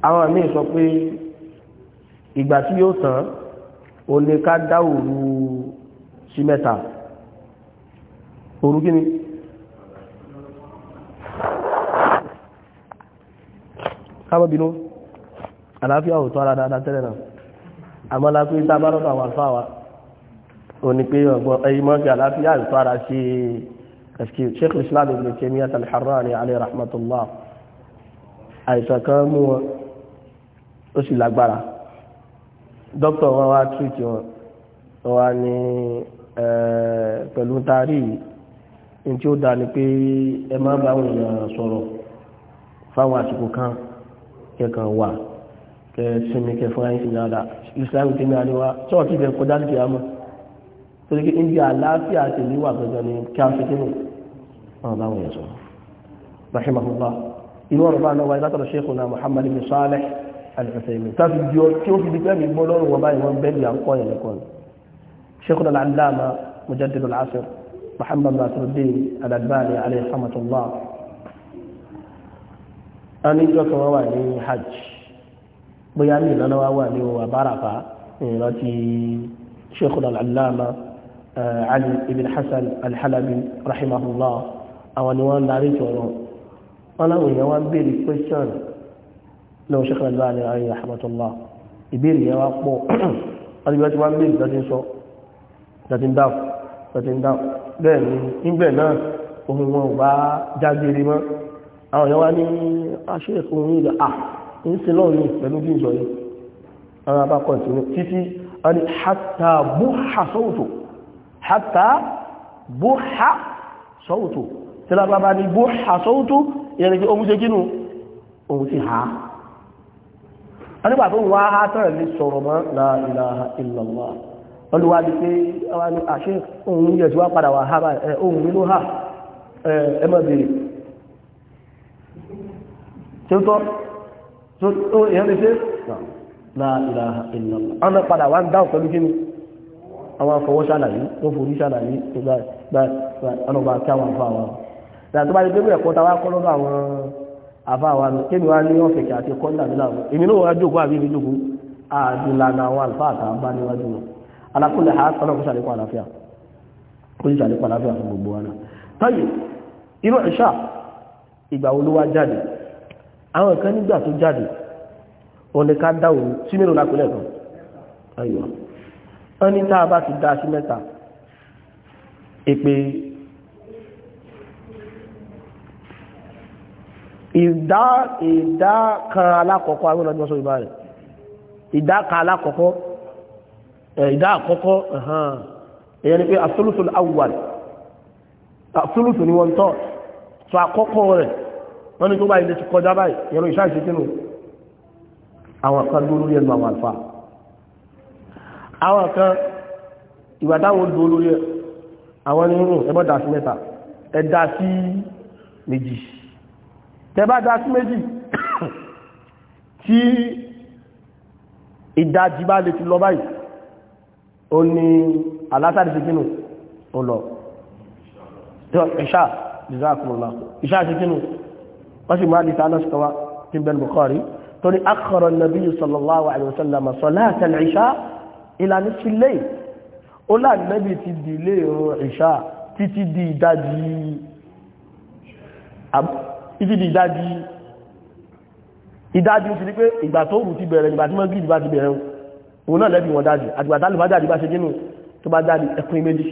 àwọn míì sọ pé ìgbà tí yóò tán ò ní ká dá sí mẹ́ta òru kí ni káàmọ́ bínú àlàáfíà ò tó ara dáadáa tẹ́lẹ̀ náà àmọ́ lápé tá a bá rọ́pàá wà fáwa ò ní pé ọgbọ́n ẹ̀yìn mọ́ sí àlàáfíà ò tó ara ṣe ẹ̀ṣkì sheikh islam ibn Taymiyyah al-Harrani alayhi rahmatullah àìsàn kan mú wọn ó sì lágbára dókítà wọn wá tírìtì wọn wọn wá ní pẹ̀lú tarí ní tí ó dáa ni pé ẹ má bá àwọn èèyàn sọ̀rọ̀ fáwọn àsìkò kan kẹkàn wà kẹ sinmi kẹ fún àyíṣe dáadáa Islam ti ní àríwá ṣọ́ọ̀tì fẹ́ kọjá lókè àmọ́ torí pé níbi àlàáfíà àti ìníwà gbẹ̀gbẹ̀ ni kí a fi kínú àwọn bá wọ̀nyẹ̀ sọ̀rọ̀ rahimahullah inú ọ̀rọ̀ bá náà wáyé látọ̀rọ̀ Sheikhuna Muhammad bin Salih al tàbí di tí ó fi di pẹ́ gbọ́ lọ́rùn wọn báyìí wọn bẹ́ẹ̀ bí à ń kọ́ yẹn lẹ́kọ̀ọ́ ni Sheikhuna al-Allama Mujaddid al-Asr محمد ناصر الدين الألباني عليه رحمة الله أنا جوك وواني حج بيامي لنا وواني وبرفة التي شيخنا العلامة علي بن حسن الحلبي رحمه الله أو نوان لاريت أنا ويوان بيري كويشن لو شيخنا الألباني عليه رحمة الله ìbéèrè yẹn wá pọ̀ wọ́n ti bí wọ́n ti wá ọ̀tẹ̀ndà bẹ́ẹ̀ ni nígbẹ̀ náà ohun wọn ò bá jágere mọ́ àwọn èèyàn wá ní aṣọ ẹ̀kọ́ orin ilẹ̀ à ń se lọ́ọ̀ ní pẹ̀lú bí ìjọ yìí àwọn abákọ̀ tí wọ́n títí wọ́n ni hátà bóhà sọ́wọ́tò hátà bóhà sọ́wọ́tò tí lábá bá ní bóhà ha a nígbà tó wá la ilaha illallah olùwà bí pé àṣẹ òun yẹ̀ tí wá padà wà ha ohun mi ló hà ẹ mọ̀ bèèrè tí ó tọ́ tó èèyàn lè ṣe láàrín ìlànà ọ̀nà padà wá ń dáhùn pẹ̀lú kí ni àwọn afọwọ́ ṣàlàyé tó forí ṣàlàyé ìgbà ọlọ́ba kí àwọn afọ àwọn ni wá ní ọ̀fẹ̀kẹ̀ àti kọ́ńdà nílànà èmi ló wọ́n á jókòó àbí ibi jókòó àdìlànà àwọn àlùfáà tá alákùnlẹ̀ ha sọ́lọ́ kó sàlékún àlàáfíà kó sì sàlékún àlàáfíà fún gbogbo wọn tọ́yì irú ìṣà ìgbà wo ló wá jáde àwọn kan nígbà tó jáde òun ni ká dá òun sí mélòó lápẹ́lẹ̀ kan ayọ̀ wọ́n ní tá a bá ti dá sí mẹ́ta èpè ìdá ìdá kan alákọ̀ọ́kọ́ àwọn ọlọ́dún ọ̀sọ̀ ìbá rẹ̀ ìdá kan alákọ̀ọ́kọ́ Eh, ìdá àkọ́kọ́ èyàn ni pé asolusul awwal asolusul ni wọ́n tọ́ tó àkọ́kọ́ rẹ̀ wọ́n ni tó bá ilé ti kọjá báyìí yẹnu ìṣá ìṣẹ́kínú àwọn kan dúró lórí ẹnu àwọn àlfà àwọn kan ìgbà táwọn dúró lórí ẹ àwọn ni rùn hmm, ẹgbọ́n dá sí mẹ́ta ẹ dá sí méjì tẹ bá dá sí méjì tí ìdajì bá lè ti lọ báyìí ó ní alásàdì sí kínú ó lọ ìṣà ìzákùnlá ìṣà sí kínú wọ́n sì máa di tánà sí kọwa tí bẹ́ẹ̀ Bukhari tó ní akọrọ nàbí sallallahu alaihi wasallam salata al-isha ila nisfi al-layl ó láàgbẹ́bì ti di ilé ìrun ìṣà títí di ìdájí ìdájí ti ní pé ìgbà tó rù ti bẹ̀rẹ̀ ìgbà tí wọ́n gíjì bá ti bẹ̀rẹ̀ òun náà lẹ́bí wọn dájú àdìgbà tálù bá dájú bá ṣe jínú tó bá dájú ẹkùn méjì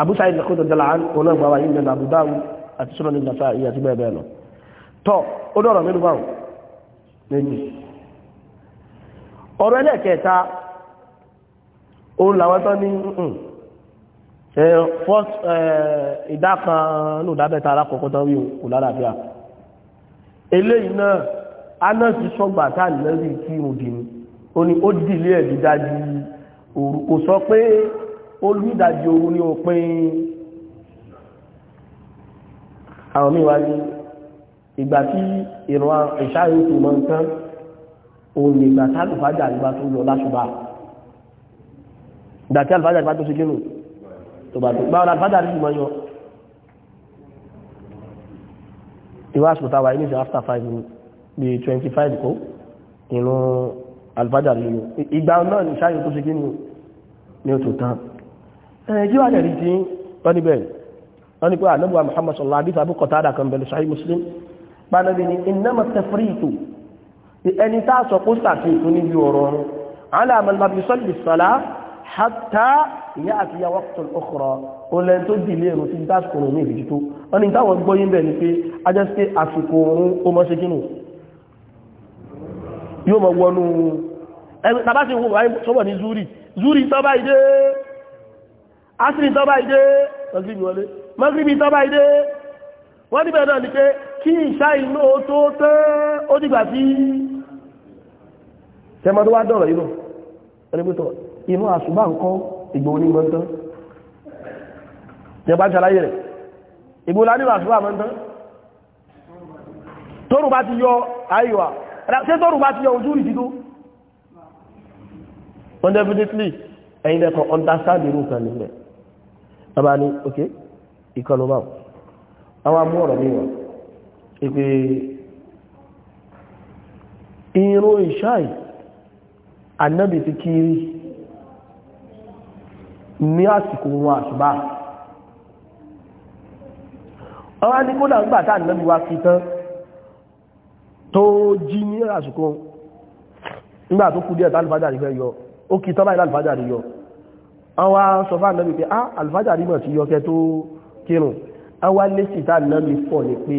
àbúṣà ìdíkòtò jẹ́lá òun náà gbàwà yìí lẹ́nà àbúdáwù àti sọ́nà ní ìgbàsá ìyà tí bẹ́ẹ̀ bẹ́ẹ̀ lọ tọ́ ó dọ̀rọ̀ mẹ́lú báwù méjì ọ̀rọ̀ hmm, eléyìí náà aná ti sọgbà tá àlẹ́rí kí mo dì ní ó ní ó dìlé ẹ̀ dídájú òru kò sọ pé ó lú ìdájí òru ní òpin àwọn míì wá ní ìgbà tí ìran ìṣáyé tó mọ́ nǹkan òun ní ìgbà tá àlùfájà àgbà tó lọ láṣùbà ìgbà tí àlùfájà àgbà tó ṣe kínú tó bá tó báwọn àlùfájà àgbà tó mọ́ yọ ìwà àṣùtàwà after five minutes bí twenty five kó ìrún alifájà lílo ìgbà náà ní ṣáyé tó ṣe kí ni ó tó tán kí wàá lẹ́rìí tí wọ́n níbẹ̀ wọ́n ní pé ànábùwà Muhammad sallallahu alaihi wasallam Qatada kan bẹ̀rẹ̀ ṣáyé Muslim pàdánù ní innama tafritu ẹni tá a sọ kó sàfihàn níbi ọ̀rọ̀ ọ̀run ala man lam yusalli salah hatta ya'ti waqt al-ukhra o lẹ́n tó dìlé ẹ̀rùn tí dásìkò rùn ní ìrìjì tó wọ́n ni táwọn gbọ́yìn bẹ̀ ni pé ajẹ́sí àsìkò òun ó mọ́ ṣe kínú yóò mọ̀ wọnú tàbátí wọ́n wáyé sọ́wọ́ ní zúrì zúrì tọ́bá ìdé asìrì tọ́bá ìdé magribi wọlé magribi tọ́bá ìdé wọ́n ní bẹ̀rẹ̀ náà ní pé kí ìṣá inú tó tẹ́ ó dìgbà tí tẹmọdún wá dọ̀rọ̀ inú ẹnigbẹ́tọ̀ inú àṣùgbà nǹkan ìgbòho ní mọ́ntán yẹn bá ń ṣàlàyé rẹ̀ ìgbòho lá àṣùgbà mọ́ntán tóòrùn bá ti yọ ayíwà ṣé tóòrùn bá ti yọ ojú ìdídó wọ́n definitely ẹ̀yin lẹ́kọ̀ọ́ understand irú nǹkan nílẹ̀ ọba ní ok ìkọlù bá àwọn amú ọ̀rọ̀ mi wọ̀n ìpè irun ìṣáì ànábì ti kiri ní àsìkò wọn àṣùbà ọwá ní kódà ń gbà tá ànábì wa kí tán tó jí ní àsìkò nígbà tó kú díẹ̀ tá alifájà rí fẹ́ yọ ó kí tọ́lá ilé alifájà rí yọ àwọn sọfà náà wípé á ah, alifájà rí mọ̀ sí yọ kẹ tó kírun àwọn lẹ́sì tá náà mi pọ̀ ni pé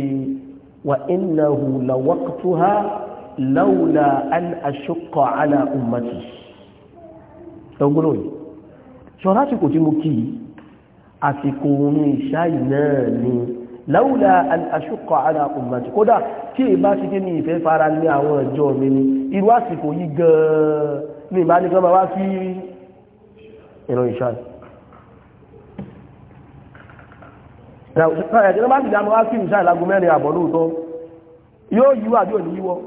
wà innahu lawaqtuha lawla an ashqa ala ummati ẹgbọ́n sọ lásìkò tí mo kí àsìkò orin ìṣáì náà ni lawla an ashqa ala ummati kódà tí èyí bá ṣe kí ní ìfẹ́ fara ní àwọn ọjọ́ mi ni irú àsìkò yìí gan-an ní ìbá ní kan máa wá sí ìran ìṣàn ẹ̀jẹ̀ bá sì dáná wá sí ìṣàn ìlago mẹ́rin àbọ̀ lóòótọ́ yóò yíwọ́ àbí òní yíwọ́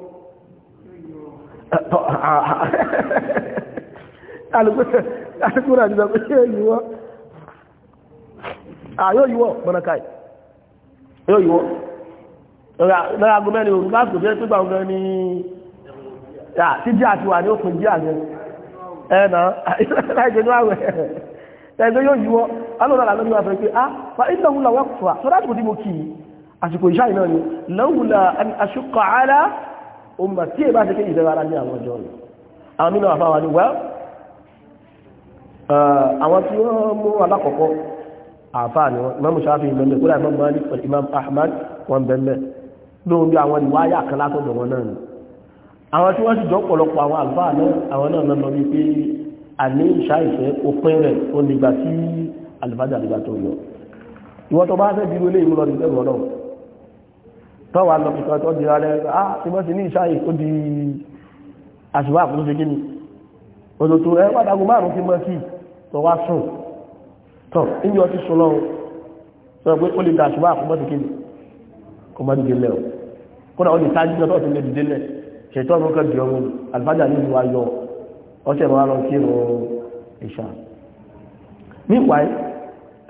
alùpùpù náà ti sọ pé yóò yíwọ́ yóò yíwọ́ bọ́nà káì yóò yíwọ́ lọ́yà aago mẹ́rin òru láti òbí ẹgbẹ́ gbàgbọ́ ní títí àti wà ní òkun jí àgbẹ̀ ẹ̀ nà láìpẹ́ ní àwẹ̀ ẹgbẹ́ yóò yíwọ́ alóòrán àlọ́ ní wà fẹ́ pé a ah, fa ìnáwó làwọn kò fà sọ́dá àtìkò tí mo kì í àsìkò ìṣá ìná ni lọ́wùlà aṣọ́kọ̀ ara òmùbà tí èbá ṣe kéjì dára ní àwọn ọjọ́ rẹ̀ àwọn nínú àfáwà ni eh, ni wọ́n imam ahmad wọn bẹ́mẹ́ lóhun bí àwọn ìwáyà kan látọ̀dọ̀ wọn náà ni àwọn tí wọ́n ti jọ pọ̀lọpọ̀ àwọn àlùfáà náà àwọn náà lọ́nà bí pé àní ìṣá ìfẹ́ òpin rẹ̀ ó nígbà tí àlùfáàjà nígbà tó yọ ìwọ́n tó bá fẹ́ bí wọlé ìmúlọ ní bẹ́ẹ̀ lọ́nà tó wà lọ kìkan tó di ara rẹ̀ á ah, ti mọ́ ní ìṣá ìfẹ́ di àṣùwà àkókò ṣe kíni òdòdó ẹ wádàgùn márùn-ún mọ́ sí tó wá sùn tó níbi ọtí sùn lọ́run sọ pé ó lè dàṣùwà àkókò ṣe kíni kó má dìde lẹ́ọ̀ kódà wọ́n lè sáájú lọ́tọ́ sí lè dìde ṣètò ọmọ kan dìrọ̀ wọn àlùfáàjà ní ìlú ayọ̀ ọ̀sẹ̀ máa lọ sí ìrọ̀ ìṣà nípa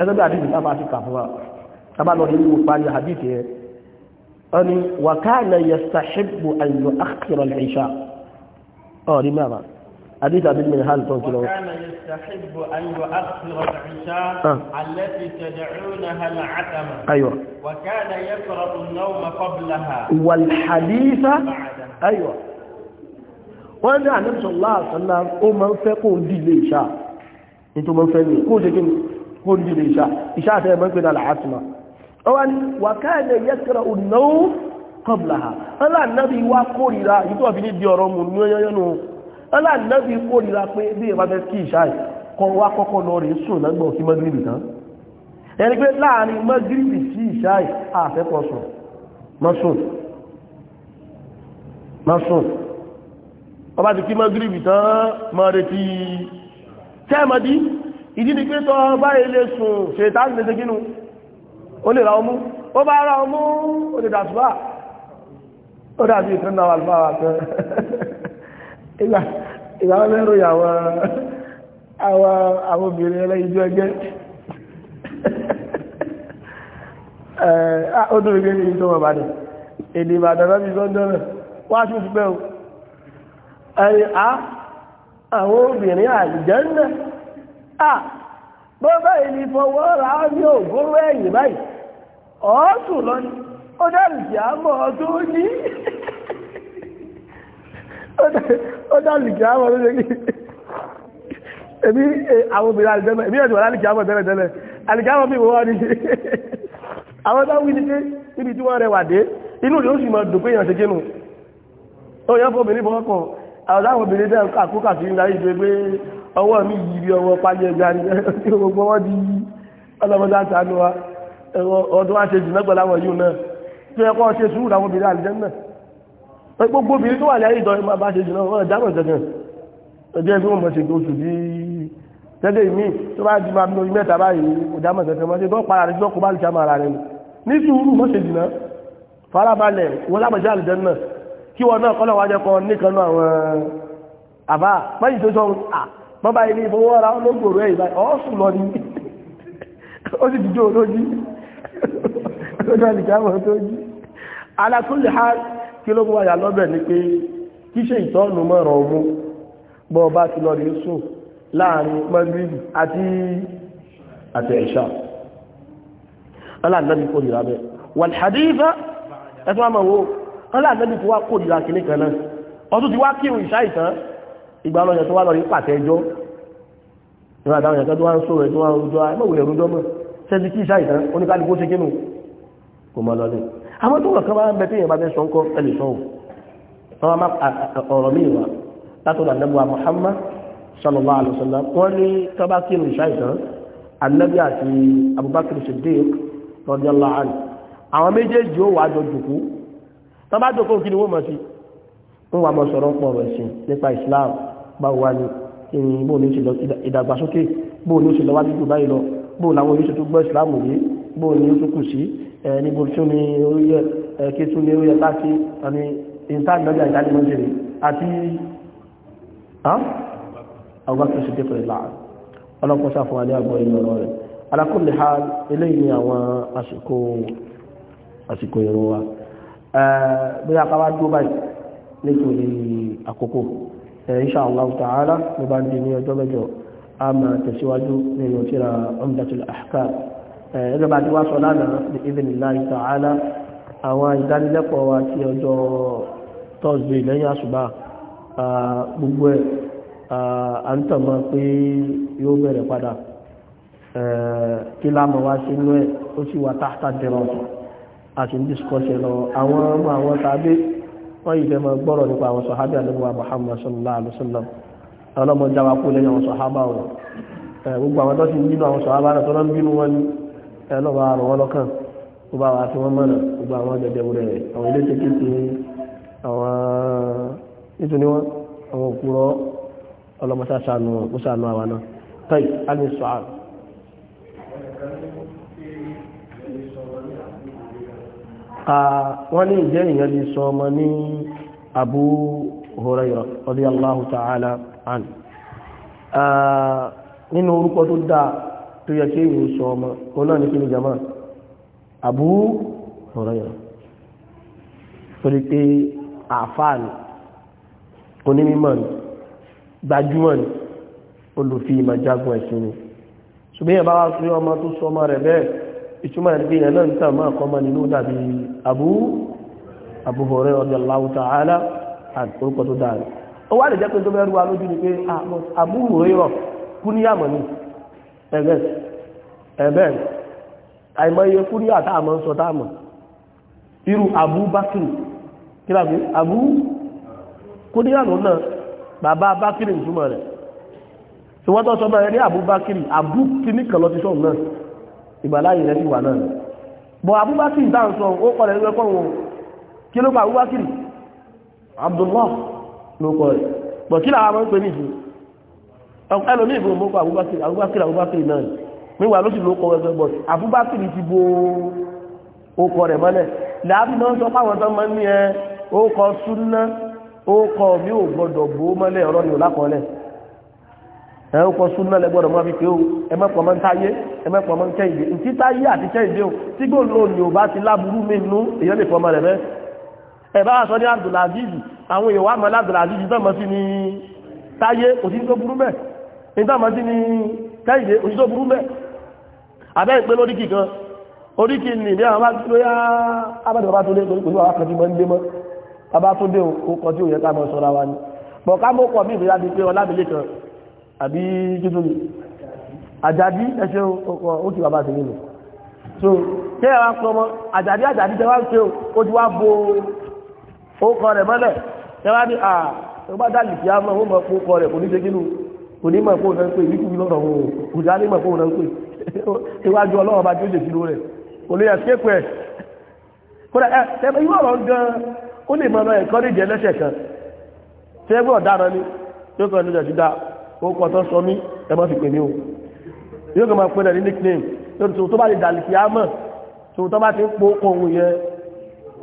ẹgbẹ́ bí àdìsí sábà ti kà fún wa sábà lọ nínú parí àdìsí ẹ wọ́n ni wàkánà yẹ sàṣẹ́bù àkìrọ̀ ìṣà ọ̀rí mẹ́wàá حديث عبد المنهال تنكله وكان يستحب أن يؤخر العشاء آه. التي تدعونها العتمة أيوة وكان يفرط النوم قبلها والحديث بعدها. أيوة wọ́n ní àdébùsọ láàtọ́lá ó máa ń fẹ́ kó ń dìlé ìṣà ní tó máa ń fẹ́ ní kó ṣe kí ní kó ń dìlé ìṣà ìṣà àti ẹ̀mọ́ ìpínlẹ̀ àlàáfíà ó wá ní wàkáàdé yẹ́kẹ̀rẹ̀ ònà ó kọ̀bùlà ha ọlá náà bí wá kórìíra ìtọ́ fi ní di ọ̀rọ̀ mú ní ọyọ́yọ́nù aláàdínábì kórìíra pé bí ìwà fẹ́ kí ìṣáì kọ wá kọ́kọ́ lọ rèé sùn lọ́gbọ̀n sí mọ́gírìbì tán ẹni pé láàrin mọ́gírìbì sí ìṣáì àfẹ́kọ̀ sùn mọ́sùn mọ́sùn ọba ti kí mọ́gírìbì tán mọ́ retí tẹ́ẹ̀mọ́dí ìdí ni pé tọ́ bá ilé sùn ṣètàn lè ṣe kínú ó lè ra ọmú ó bá ra ọmú ó lè dàtúbà ó dàbí ìtẹ́nà wà lọ́wọ́ ìgbà ìgbà wọn àwọn obìnrin ẹlẹ́yinjú ẹgbẹ́ ó dùn ìgbé ní ìjọba ìbàdàn èdè ìbàdàn bá sọ́jọ́ náà wá sí ìfẹ́ o ẹni a àwọn obìnrin àjẹ́ náà bó báyìí ni fọwọ́ ra ní ògóró ẹ̀yìn báyìí ọ̀ọ́sùn lọ ni ó ní ó dá lìkì àmọ́ ló ṣe kí èmi eh, àwọn obìnrin àlìjẹ́mọ̀ èmi ẹ̀dùn àlìkì àmọ́ tẹ́lẹ̀ tẹ́lẹ̀ àlìkì àmọ́ bí wọ́n ní àwọn tó wí ní pé níbi tí wọ́n rẹwà dé inú rẹ̀ ó sì mọ̀ dùn pé èèyàn ṣe kínú ó yẹ fún obìnrin fọwọ́ kan àwọn táwọn obìnrin dẹ́ àkókà sí ìlàrí ìgbé pé ọwọ́ mi yìí bí ọwọ́ pálí ẹja ní gbogbo wọn di ọlọ́mọdé àtàánú wa ọdún wa ṣe jù mẹ́gbẹ̀láwọ̀ yìí náà tó yẹ kọ́ ṣe sùúrù àwọn obìnrin àlìjẹ́ náà gbogbo obìnrin tó wà láyé ìdọ̀ ìmọ̀ bá ṣe jùlọ wọ́n dámọ̀ gẹ̀gẹ̀ ọjọ́ ẹgbẹ́ wọn ṣe gbóṣù bí tẹ́lẹ̀ mi tó bá di máa lórí mẹ́ta báyìí kò dámọ̀ gẹ̀gẹ̀ mọ́ ṣe gbọ́ para rẹ̀ gbọ́ kó bá lè jámọ̀ ara rẹ̀ ní sùúrù mọ́ ṣe jùlọ farabalẹ̀ wọn lábàjá àlùjẹ́ náà kí wọn náà kọ́lọ̀ wájẹ́ kan nìkan náà àwọn àbá mẹ́yìn tó sọ mọ́ báyìí ní ìfowó ara olóògbòrò ẹ̀ kí ló wáyà lọ́bẹ̀ ni pé kíṣẹ́ ìtọ́nù mọ́rọ̀ ọmú bọ́ bá ti lọ rí sùn láàrin mọ́gbìlì àti àti ẹ̀ṣà aláàdínábì kò nìra bẹ́ wal haditha ẹ̀tọ́ àmọ́ wo aláàdínábì tó wá kò nìra kìíní kan náà ọdún ti wá kírun ìṣá ìtàn ìgbà lọ́yẹ̀ tó wá lọ rí pàtẹ ẹjọ́ ìwọ̀n àtàwọn ìyàtọ̀ tó wá ń sọ̀rọ̀ ẹ̀tọ́ àrùjọ àìmọ̀wòrẹ̀ rúdọ́mọ̀ sẹ́ni kí ìṣá ìtàn oníkálukú ṣe kínú kò mọ́ lọ́dún àwọn tó wọ̀ kan bá ń bẹ tí èèyàn bá fẹ́ sọ ńkọ́ ẹlẹ́ sọ́wọ́ wọn máa ọ̀rọ̀ míì wá látọ̀dọ̀ àdẹ́bùwà Muhammad sallallahu alaihi wasallam wọ́n ní tọ́ba kí ní ìṣá ìtàn Ànábì àti Abubakar Siddiq radiyallahu anhu àwọn méjèèjì ó wà jọ jùkú tọ́ba jòkó kí ni wọ́n mọ̀ sí ń wà mọ̀ sọ̀rọ̀ pọ̀ ọ̀rọ̀ ẹ̀sìn nípa Islam báwo wá ní ìrìn bóun ní ṣe lọ ìdàgbàsókè bóun ní ṣe lọ wájú níbo tún ni orí yẹ kí tún ní orí yẹ káàkiri àmì ìntàgbẹ́gbẹ́ ìdánimọ̀ jẹ́rì àti àwọ̀gbàkì ṣe dẹ́kọ̀ ìlà ọlọ́pọ̀sá fún alẹ́ àgbọ̀ ìlú ọ̀rọ̀ rẹ̀ alákùnlé ha eléyìí ni àwọn àsìkò ìrún wa bí a káwá tó báyìí nítorí àkókò insha Allah ta'ala ló bá ń di ní ọjọ́ mẹ́jọ a ẹ̀ẹ́dọ̀ bá ti wá sọ lánàá bí idhnillahi ta'ala àwọn ìdánilẹ́kọ̀ọ́ wa ti ọjọ́ Thursday lẹ́yìn àṣùbà gbogbo ẹ̀ na ń tàn mọ́ pé yóò bẹ̀rẹ̀ padà kí lámọ̀ wá sí inú ẹ̀ ó sì wà táàtà dẹ̀rọ̀ àti ń discourse lọ àwọn ọmọ àwọn tàbí wọ́n yìí fẹ́ mọ́ gbọ́rọ̀ nípa àwọn sọ̀hábì àdúgbò Muhammad sallallahu alaihi wasallam gbogbo àwọn tó ti àwọn tó ẹlọ́wọ́ àrùn wọn lọ́kàn gbogbo àwọn àti wọn mọ̀nà gbogbo àwọn jẹjẹrú rẹ̀ àwọn ilé tẹ́kí ti àwọn nítorí wọn àwọn òkúrọ̀ ọlọ́mọṣá sànù ọ̀pọ̀sànù àwọn náà tọ́yì alẹ́ sọ àrùn. wọ́n ní ìjẹ́ ìyẹn lè sọ ọmọ ní Abu Hurairah radiyallahu ta'ala anhu nínú orúkọ tó dáa tó yẹ kí èyí sọ ọmọ òun náà ní kí ni jama Abu Hurairah torí pé àáfàá ni onímọ̀ ni gbajúmọ̀ ni olùfi ìmọ̀ jagun ẹ̀sìn ni ṣùgbọ́n yẹn bá wá sí ọmọ tó sọ ọmọ rẹ̀ bẹ́ẹ̀ ìtumọ̀ ẹ̀rí yẹn náà ń tàn máa kọ́ ọmọ nínú dàbí Abu Abu Hurairah radiyallahu ta'ala àkókò tó dáa ni ó wá lè jẹ́ pé tó bẹ́ẹ̀ rú wa lójú ni pé Abu ah, Hurairah kú níyàmọ̀ ni ẹ̀bẹ̀ ẹ̀bẹ̀ àìmọye fúrí àtàmọ́ sọ táàmọ̀ irú abúbákìrì kíláàbí abú kúdíyànú náà bàbá bákìrì ìtumọ̀ rẹ̀ tí wọ́n tọ́ sọmọ ẹ̀rí abúbákìrì abú kìíní kan lọ ti sọ náà ìgbàláyè rẹ̀ sì wà náà bọ̀ abúbákìrì dá ń sọ ó kọ̀rẹ̀ ẹgbẹ́ kọ́ wọn kí ló pa abúbákìrì Abdullah ló kọ̀ rẹ̀ bọ̀ kí làwọn máa ń pè ní ìsìn ẹlòmí ìbò mọ́kọ Abubakar Abubakar Abubakar náà níwà ló sì ló kọ ẹgbẹ́ bọ̀ Abubakar ti bo okọ rẹ̀ mọ́lẹ̀ láàbí náà sọ fáwọn tó máa ń ní ẹ ókọ súnná ókọ mi ò gbọdọ̀ bó mọ́lẹ̀ ọ̀rọ̀ ni ò lákọọ́lẹ̀ ẹ ókọ súnná lẹ gbọdọ̀ máa fi pé ó ẹ mẹ́pọ̀ máa ń táyé ẹ mẹ́pọ̀ máa ń kẹ́yìndé ntí táyé àti kẹ́yìndé o tí gbòòlò ni ò bá ti láburú mi nú èyàn lè fọmọ rẹ̀ mẹ́ ẹ bá wà sọ ní Abdulaziz àwọn èèyàn wà mọ́ Abdulaziz tó mọ́ sí ní táyé òtítọ́ burú bẹ́ẹ̀ ìdámọ́sí ni kẹ́ìdé òṣìṣẹ́ burú mẹ́ abẹ́ ìpé lóríkì kan oríkì ní ní àwọn agbóyá abẹ́dọ̀bá tó lé torí pẹ̀lú àwọn akẹ́bí mọ́ ń dé mọ́ bàbá tó dé òkọ tí ò yẹ ká mọ́ sọ́ra wa ni bọ̀ ká mọ́ kọ̀ bí ìbílá di pé ọlábìlé kan àbí títún ni àjàdí ẹṣẹ́ ọkọ̀ ó ti bàbá ti nílò so kẹ́ ẹ̀ wá pọ̀ mọ́ àjàdí àjàdí tẹ́ wá ń ṣe ó ti wá bo ó kọ rẹ̀ mọ́lẹ̀ tẹ́ ní à ó bá dá á mọ́ ó mọ̀ ó rẹ̀ kò ní ṣe kínú kò ní mọ̀ fóun náà ń pè ní kúbi lọ́rọ̀ òun kò já ní mọ̀ fóun náà ń pè iwájú ọlọ́wọ́ bá tí ó lè fi rẹ̀ kò lè ẹ̀sìkéèpù ẹ̀ kódà ẹ tẹ́lẹ̀ irú ọ̀rọ̀ gan ó lè mọ̀ ẹ̀kọ́ ní jẹ́ lẹ́sẹ̀ kan tẹ́gbọ̀n ọ̀daràn ni yóò kọ́ ẹnu jẹ̀dídá ó kọ́ tó sọ mí ẹ má fi pè mí o yóò kọ́ máa pè rẹ̀ ní nickname lórí tó bá lè dàlì sí àmọ̀ tó tó bá ti ń po ohun yẹn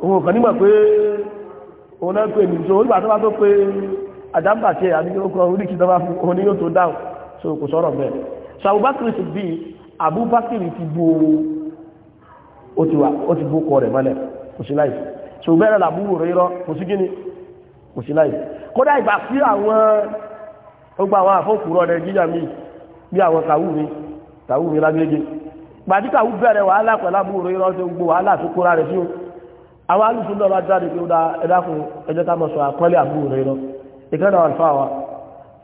òun kàn nígbà pé òun náà pè àdámbà tí a ní yóò kọ oríkì tó bá fún oní yóò tó dáhùn so kò sọ̀rọ̀ bẹ́ẹ̀ so abubakar ti bí abubakar ti bo ó ó ti bó kọ rẹ̀ mọ́lẹ̀ kò sí láì so bẹ́ẹ̀ la búrò rẹ̀ rọ kò sí gíní kò sí láì kódà ìgbà sí àwọn ó àwọn àfọkùrọ̀ rẹ̀ jíjà mi bí àwọn kàwú mi kàwú mi lágbègbè gbàdí kàwú bẹ̀rẹ̀ wàhálà pẹ̀lú àbúrò rẹ̀ rọ tó gbó wàhálà tó kóra rẹ̀ sí o àwọn alùpùpù náà bá jáde pé ó dá ẹ̀dá fún ẹjọ́ àbúrò rẹ̀ rọ ìkẹ́dà alfáwa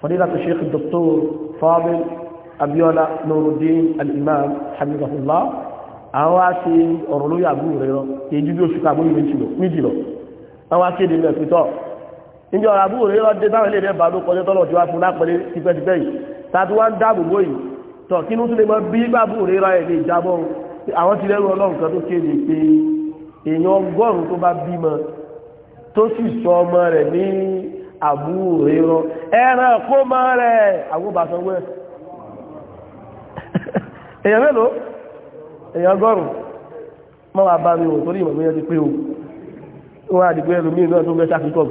fadilatu sheikh dr fadil abiola nuruddin al-imam hamidahullah àwọn wá sí ọ̀rọ̀ lórí àbúrò rẹ̀ lọ kì í ju bí oṣù kàbó ìwé jùlọ méjì lọ àwọn wá kéde ilẹ̀ pítọ̀ níjọ́ àbúrò rẹ̀ lọ dé táwọn ilé rẹ̀ bá ló kọjọ́ tọ́lọ̀ tí wá fún lápẹ̀lẹ́ tipẹ́tipẹ́ yìí tàbí wá ń dáàbò bó yìí tọ̀ kí ló tún lè kan tó kéde pé èèyàn ọgọ́rùn-ún tó bá bímọ tó sì sọ ọmọ rẹ̀ ní àbúrò irọ́ ẹran kó mọ́ rẹ̀ àgbóbàsanwó ẹ̀ èyàn mélòó èyàn gọ́rùn mọ́ wà bá mi ò torí ìmọ̀ mẹ́yàn ti pé o wọ́n àdìgbé ẹlòmí náà tó gbé sáfíkọ̀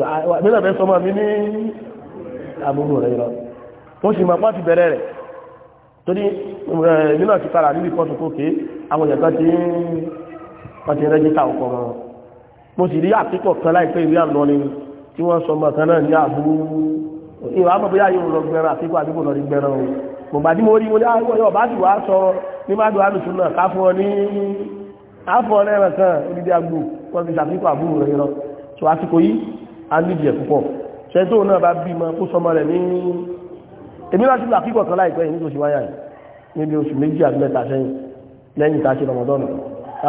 mílẹ̀ fẹ́ ah, sọmọ́ mi ní àbúrò rẹ̀ irọ́ ó sì mọ̀ ti bẹ̀rẹ̀ rẹ̀ torí eh, mílọ̀ ti fara níbi pọ́tù kókè àwọn ìyàtọ̀ ti ń rẹ́jísà ọkọ̀ wọn mo sì rí àfikọ̀ kan láìpẹ́ ìwé àlọ́ ni tí wọ́n sọ ọmọ kan náà ní àbú ìwà àmọ́ bóyá yóò lọ gbẹran àfikún àdúgbò lọ rí gbẹran o mọ̀gbà tí mo rí mo ní àwọn ah, ọba tí wàá sọ ní má dùn àlùsùn náà ká fún ọ ní àfọ ẹran kan odidi agbo wọn fi ṣàfikún àbúrò rẹ lọ tó àsìkò yìí á nídìí ẹ púpọ̀ ṣe tó náà bá bí mọ kó sọmọ rẹ ní èmi láti lọ àkíkọ̀ kan láìpẹ́ yìí nítòsí wáyà yìí níbi oṣù méjì àti mẹ́ta sẹ́yìn lẹ́yìn tá a ṣe rọmọdọ́nù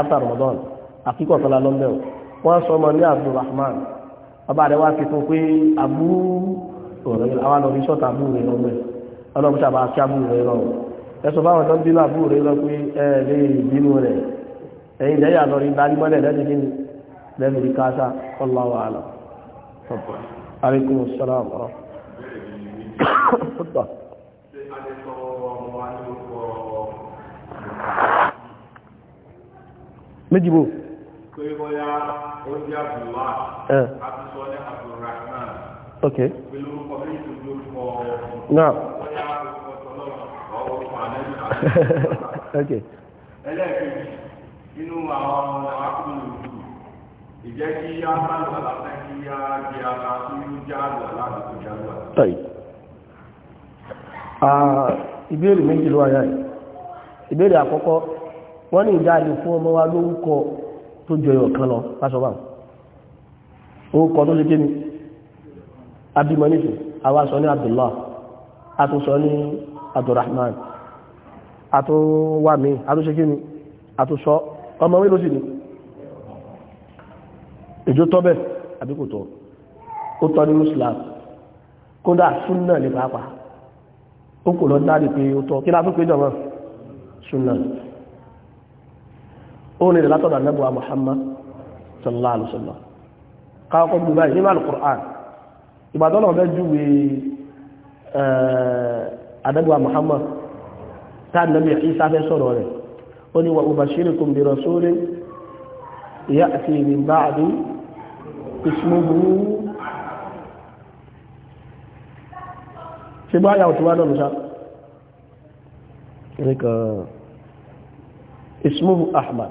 after rọmọdọ́nù àkíkọ̀ kan la lọ́ńbẹ̀ wọ́n sọ ní Abdulrahman ọba rẹ̀ wá fi fún pé àbú ọ̀rẹ́ àwọn lọ fi ṣọ́ta àbú rẹ̀ lọ́wọ́ ọlọ́run ṣàbá kí àbú rẹ̀ lọ́wọ́ ẹ̀sùn báwọn tó ń bínú àbú rẹ̀ lọ pé ẹ lè bínú rẹ̀ ẹ̀yìn ìdẹ́yà lọ rí darí mọ́lẹ̀ lẹ́sìn kí lẹ́nu rí káṣá ọláwà àlọ́ pé bóyá ó jẹ́ àbúrò àtúnṣọ ní àbúrò rahman ok pẹ̀lú orúkọ méjì tó lórúkọ náà bóyá orúkọ tọ́lọ́run ọ̀rọ̀ fún àlẹ́bí ok ẹlẹ́ẹ̀kejì nínú àwọn akúlù ìjẹ́ kí yá bá lọ láti kí yá di ara tí ó já lọ láti tó já lọ. ìbéèrè méjì ló wáyà ìbéèrè àkọ́kọ́ wọ́n ní ìdá àlè fún ọmọ wa lórúkọ tó jọyọ̀ kan lọ fásọ́bà ó kọ tó lé kéni abimọ nífẹ̀ àwa sọ ní Abdullah àtún sọ ní Abdulrahman àtún wà mí àtún ṣe kéni àtún sọ ọmọ wí ló sì ní ìjó tọ́bẹ̀ àbí kò tọ́ ó tọ́ ní Muslim kódà súnà ní pàápàá ó kò lọ dárí pé ó tọ́ kí láfún pé jọmọ́ súnà òun ni látọ̀dọ̀ anábùwà Muhammad sallallahu alaihi wasallam káàkọ́ bí báyìí nínú al-Qur'an ìbàdọ́nà ọ̀fẹ́ júwe anábùwà eh, Muhammad táà nàbí Ìsá fẹ́ sọ̀rọ̀ rẹ̀ ó ní wa ubashirukum bi rasulin ya'ti min ba'di ismuhu ṣe bá yà òtúwà náà nìsá ismuhu Ahmad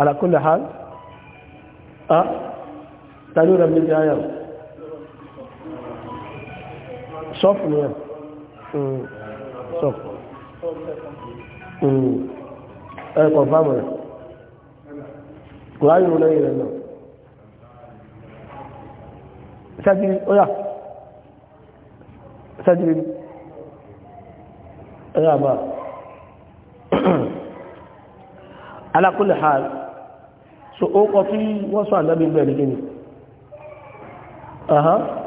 على كل حال أه تنورا من الآية صف نعم صف أي قفامة قرآن منير النوم سجل أولا سجل با على كل حال so o ko fi won so anabi be ni kini aha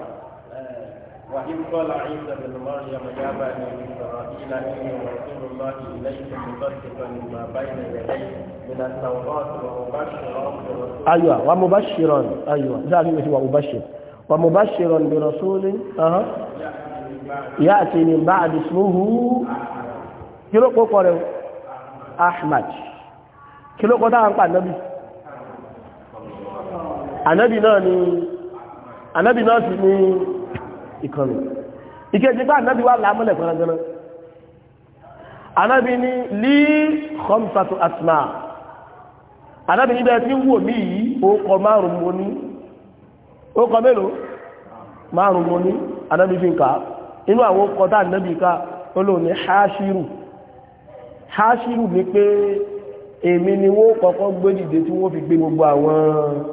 ànábì náà ni ànábì náà sì ní ìkànnì ìkejì bá ànábì wà lámọ́lẹ̀ gbọ́nagbọ́nà ànábì ní lí khamsatu asma ànábì níbẹ̀ tí ń wò mí yìí ó kọ márùn-ún mo ní ó kọ mélòó márùn-ún mo ní ànábì fi ń kà á inú àwọn ọkọ̀ tá ànábì ká olóòní haṣírù haṣírù ni pé èmi ni wọ́n kọ́kọ́ gbé dìde tí wọ́n fi gbé gbogbo àwọn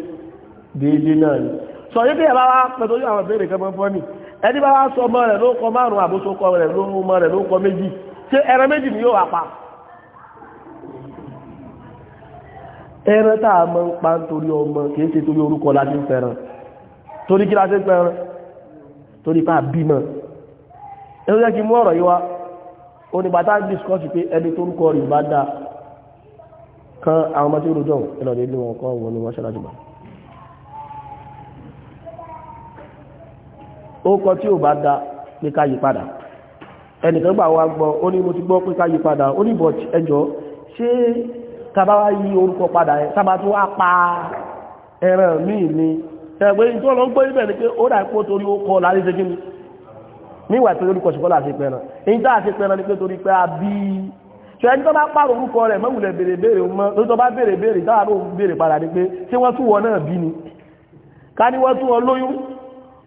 déédéé náà ni sọ yẹ́ bí ẹ̀ bá wá pẹ̀lú àwọn ìbéèrè kan mọ́ fọ́nì ẹni bá wá sọ ọmọ rẹ̀ ló kọ márùn-ún àbóṣokọ rẹ̀ ló mú ọmọ rẹ̀ ló kọ méjì ṣé ẹran méjì ni yóò wá pa ẹran tá a mọ́ ń pa nítorí ọmọ kìí ṣe torí orúkọ láti ń fẹ́ràn torí kí láti ń fẹ́ràn torí pa bímọ ẹni jẹ́ kí mú ọ̀rọ̀ yìí wá onígbàtà ń discuss pé ẹni tó ń kọ rí bá dáa kan àwọn ọmọ tí ó rojọ́ ìlọ̀dẹ̀ ilé wọn kọ́ wọn ni wọ́n ṣe lájùmọ̀ ó kọ tí ò bá da pé ká yí padà ẹnìkan gbà wá gbọ́ ó ní mo ti gbọ́ pé ká yí padà ó ní bọ̀t ẹjọ́ ṣé tábà wá yí orúkọ padà ẹ tábà tó wá pa ẹran míì ni ẹgbẹ́ ìjọ lọ ń gbé ibẹ̀ ni pé ó dà pé torí ó kọ láti ṣe kí ni níwà tó lórúkọ ṣùgbọ́n láti pẹ̀ràn èyí tá àti pẹ̀ràn ni pé torí pé a bí ṣe ẹni tó bá pààrọ̀ orúkọ rẹ̀ mọ́wùlẹ̀ bèrè bèrè mọ́ tó tó bá bèrè bèrè táwọn ló bèrè padà ni pé ṣé wọ́n tún wọn náà bí ni ká ní wọ́n tún wọn lóyún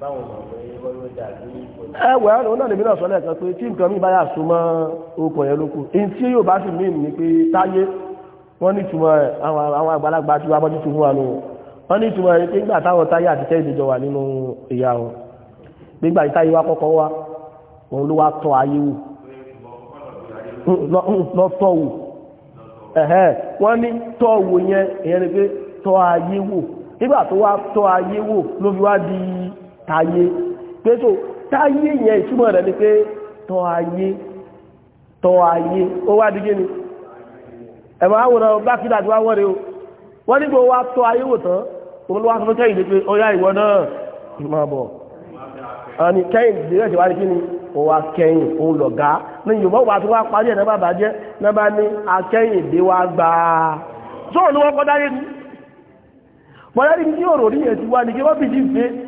ẹ wẹ̀ ẹ́ lóun náà lèmi náà sọ lẹ́ẹ̀kan pé tí nǹkan mi bá yà so mọ́ okùn yẹn lóko èyí tí yóò bá sì mí ni pé táyé wọ́n ní ìtumọ̀ àwọn àgbàlagbà tí wọ́n bá ti tún wà nù wọ́n ní ìtumọ̀ rẹ̀ pé nígbà táwọn táyé àti tẹ́lẹ̀ ìjọ wà nínú ìyá wọn gbígbà ìtáyé wa kọ́kọ́ wá òun ló wá tọ́ ayé wò lọ́tọ̀ wò ẹ̀hẹ́ wọ́n ní tọ́ wò yẹn ìyẹn ni pé tọ́ ayé wò nígbà tó wá tọ́ ayé wò ló fi wá di táyé pé so táyé yẹn ìtumọ̀ rẹ̀ ni pé tọ́ ayé tọ́ ayé ó wá dígé ni ẹ̀mọ̀ àwòrán bá kí dàdú wáwọ́ rẹ̀ o wọ́n nígbò wá tọ́ ayé wò tán òun ló wá sọ kẹ́yìn pé ó yá ìwọ náà ìmọ̀ bọ̀ àni kẹ́yìn ìdílé ṣe wá ní kí ni ó wá kẹ́yìn òun lọ̀gá ní yorùbá wà tó wá parí ẹ̀ náà bàbá jẹ́ náà bá ní akẹ́yìn ìdí wá gbà á sọ́ọ̀ ni wọ́n kọ́ dáyé ni mọ̀lẹ́rìí ní yóò rò ní ti wá ní kí wọ́n bìí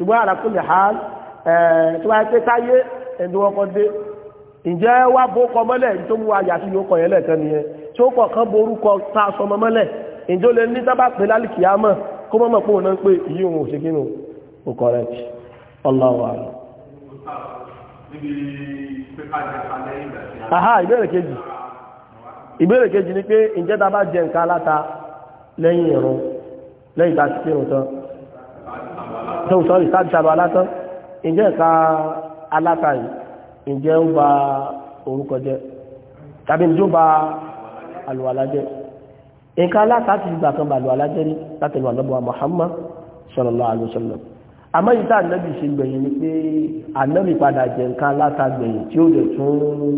ṣùgbọ́n àràkùnlé ha tó wáyé pé táyé ẹni wọ́n kọ́ dé ǹjẹ́ wá bó kọ mọ́lẹ̀ tó mú ayà sí yóò kọ̀ yẹn lẹ́ẹ̀kan nìyẹn tí ó kọ̀ kan borúkọ tá a sọmọ mọ́lẹ̀ ǹjẹ́ ó lè ní sábà pé lálìkìyà mọ̀ kó mọ́mọ́ pé òun náà pé ìyí òun ò kínú ò correct Allahu a'lam. aha ìbéèrè kejì ìbéèrè kejì ni pé ǹjẹ́ tá a bá jẹ nǹkan aláta lẹ́yìn ìrún lẹ́yìn tá a kírun tán tó sọ́rí sáàdìsàbà alátán ǹjẹ́ ẹ̀ka aláta yìí ǹjẹ́ ó ba orúkọ jẹ́ tàbí ǹjẹ́ ó ba àlùwàlá jẹ́ ẹ̀ka aláta ti gbà kan ba àlùwàlá rí láti lọ àlọ́bọ̀ Muhammad sallallahu alaihi wasallam àmọ́ yìí tá ànábì ṣe gbẹ̀yìn ni pé ànábì padà jẹ́ ẹ̀ka aláta gbẹ̀yìn tí ó dẹ̀ tún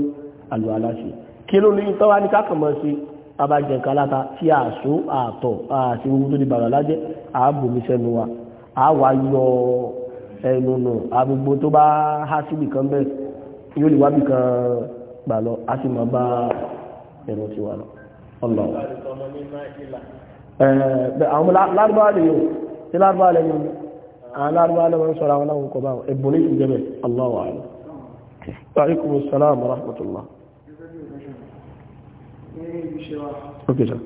àlùwàlá ṣe kí ló ní tọ́wá ní kákàmọ́ sí abájẹ̀ká aláta tí àṣó àtọ̀ àti gbogbo tó di bàrà lájẹ́ àábòmíṣẹ́nu wa a wá yọ ẹnu nù agbogbo tó bá há síbì kan bẹ́ẹ̀ yóò lè wábì kan gbà lọ a sì máa bá ẹnu ti wà lọ ọlọ. àwọn lárúbáwá lè yọ sí lárúbáwá lẹ́nu àwọn lárúbáwá lẹ́nu sọ̀rọ̀ àwọn aláwọ̀ kọ̀ báwọn ẹ̀bùn ní ìjẹ́ bẹ́ẹ̀ Allahu wa alaykum assalam wa rahmatullah. ok sir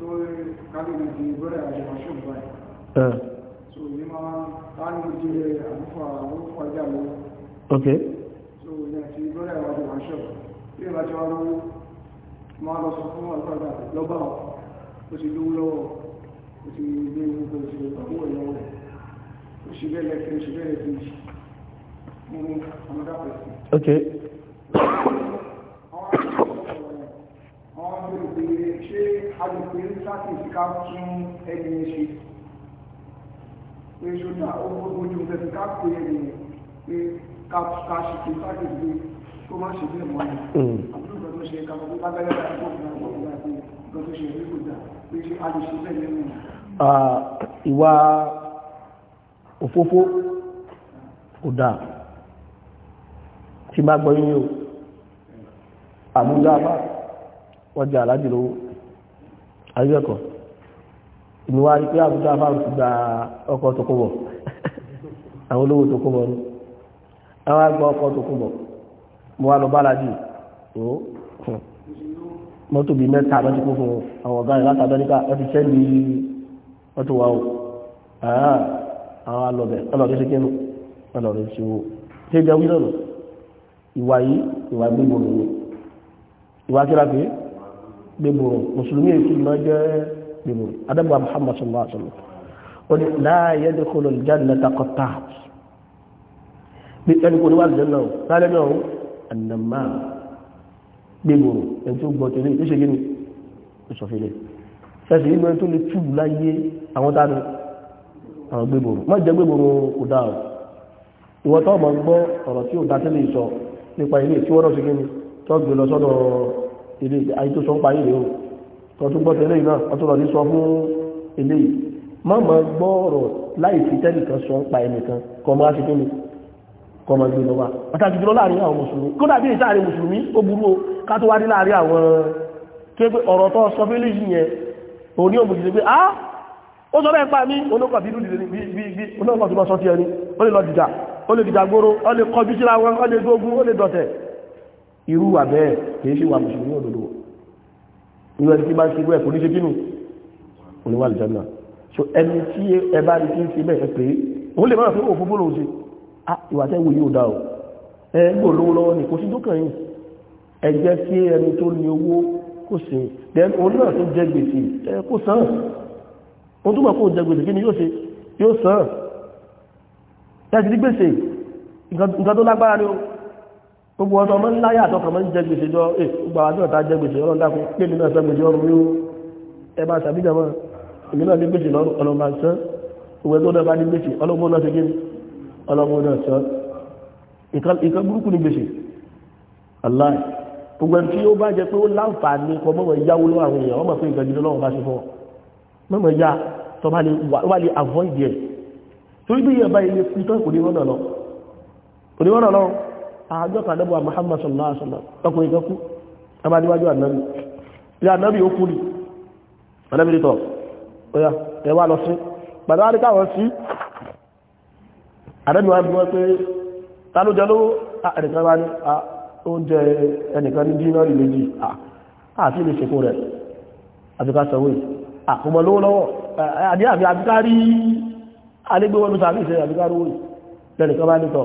tó kábíyèmí ti bọ́dà àjọmọ̀ṣọ́ báyìí so ní máa láàrín jẹ́ àlùfà àlùfà ìjà lọ ok so ní àti bọ́dà àjọmọ̀ṣọ́ bí ìbá ti wá lọ́wọ́ máa lọ sọ fún àlùfà lọ́bà ó ti lówó lọ́wọ́ ó ti gbé gbogbo ìṣẹ̀lẹ̀ àbúrò ìyàwó rẹ̀ ó ṣe bẹ́ẹ̀ lẹ́kẹ̀ẹ́ ṣe bẹ́ẹ̀ lẹ́kẹ̀ẹ́ ṣé agbègbè ń sáfìsì ká tún ẹni ṣe pé ṣọ́jà ó gbogbo ojú ẹ̀sìn ká pè é ní pé ká ṣe kí sáfìsì kó má ṣe bẹ́ẹ̀ mọ́ ni mm. àbúrò ìgbà tó ṣe ká mọ́ bá bẹ́ẹ̀ bá tó fún àwọn ọmọ ìgbà tó ṣe ní kọjá pé ṣe a lè ṣe bẹ́ẹ̀ lẹ́nu. ìwà òfófó kò dáa tí bá gbọ́ yín o àbújá bá wọ́n jẹ́ alájùlówó àríwẹ̀kọ̀ ìlú wa rí pé àbújá fáwọn ti gba ọkọ̀ tó kó bọ̀ àwọn olówó tó kó bọ̀ ní àwọn àgbà ọkọ̀ tó kó bọ̀ mo wá lọ báladì ó mọ́tò bíi mẹ́ta lọ́ti kó fún àwọn ọ̀gá rẹ̀ láti Amẹ́ríkà wọ́n ti sẹ́ni mọ́tò wa o àwọn alọ́bẹ̀ ọlọ́dún ṣe kínú ọlọ́dún ṣe wo ṣé jẹ́ wílọ̀nù ìwà yìí ìwà gbígbó nìyẹn ìwà kíra pé gbẹ̀bùrù mùsùlùmí èkì máa jẹ́ gbẹ̀bùrù adágbà muhammad sallallahu alaihi wasallam ó ní láàyè dẹ́kọ̀ọ́ jannata kọ́tà bí ẹni kò ní wà lẹ́nu náà lálẹ́ náà ànàmá gbẹ̀bùrù ẹni tó gbọ́ tẹ̀lé ìṣe gíní ìṣọ̀fẹ́lẹ̀ fẹsẹ̀ yìí lóyún tó lè túbù láyé àwọn tá àwọn gbẹ̀bùrù má jẹ́ gbẹ̀bùrù kò dáa ìwọ́n tó ọmọ gbọ́ ọ̀rọ̀ tí ò dá tẹ́lẹ̀ ìṣọ nípa ilé tí wọ́n náà ṣe gíní tó gbé lọ sọ́dọ̀ ilé ayé tó sọ ń parí rẹ̀ o tó tún gbọ́tẹ̀ lẹ́yìn náà wọ́n tó lọ ní sọ fún ilé yìí má máa gbọ́ ọ̀rọ̀ láì fi tẹ́nìkan sọ ń pa ẹnìkan kọ́ máa ṣe kíni kọ́ máa gbé lọ wá pàtàkì jùlọ láàrin àwọn mùsùlùmí kó dàbí èyí sáàrin mùsùlùmí ó burú tó wá dé láàrin àwọn képe ọ̀rọ̀ ah ó sọ bẹ́ẹ̀ pa mí onókọ̀ bí lùdìdì bí bí bí onókọ̀ tó lọ sọ ti ẹni ó lè lọ dìjà ó lè dìjà gbóró ó lè irú wà bẹ́ẹ̀ kìí ṣe wà mùsùlùmí òdodo irú ẹni tí bá ń ṣe irú ẹ̀ kò ní ṣe kínú oníwà àlùjánnà so ẹni tí ẹ bá rí kí ń ṣe bẹ́ẹ̀ pé òun lè máa fi òfófó lòun ṣe ìwà tẹ́wò yóò dá o ẹ gbò lówó lọ́wọ́ ní kò sí tó kàn yín ẹ jẹ́ kí ẹni tó ní owó kò sí then òun náà tó jẹ gbèsè ẹ kò sàn òun tó mọ̀ kó jẹ gbèsè kí ni yóò ṣe yóò sàn ẹ ti gbèsè nǹkan tó lágbára ni o gbogbo ọtọ ọmọ ńlá yàtọ̀ kan máa ń jẹ gbèsè jọ ẹ eh, gbogbo àwọn àjọta jẹ gbèsè ọlọ́run dákun pé mi náà sọ gbèsè ọrùn mi ó ẹ bá sàbíjà mọ́ èmi náà ní gbèsè lọ́rùn ọlọ́run bá sọ òwe tó náà bá ní gbèsè Allah gbogbo ẹni tí ó bá jẹ pé ó láǹfààní kọ mọ́mọ́ ìyáwó lọ́wọ́ àwọn èèyàn ọmọ pé ìgbàjúdọ́ lọ́wọ́ bá ṣe fún ọ mọ́mọ́ ìyá tó bá lè avoid yẹ torí bí ìyẹn báyìí lè fi tán àádọ́ta lẹ́bọ̀ Muhammad sallallahu alaihi wasallam ọkùnrin kan kú ọba níwájú ànábì ilé ànábì ó kú rí ànábì rí tọ̀ ọ̀yà ẹwà lọ sí pàdé wá ní káwọn sí ànábì wá bí wọ́n pé ta ló jẹ lówó ah, ẹnìkan wá ní ah, oúnjẹ ẹnìkan ní dínárì méjì àti ilé ìṣèkú rẹ̀ àfikà sọ̀wé àkùmọ̀ ah, lówó lọ́wọ́ àdí àfi àfikárí alégbéwọ́n mi sàbí ìṣẹ́ àfikárí owó lẹ́nìkan bá ní tọ̀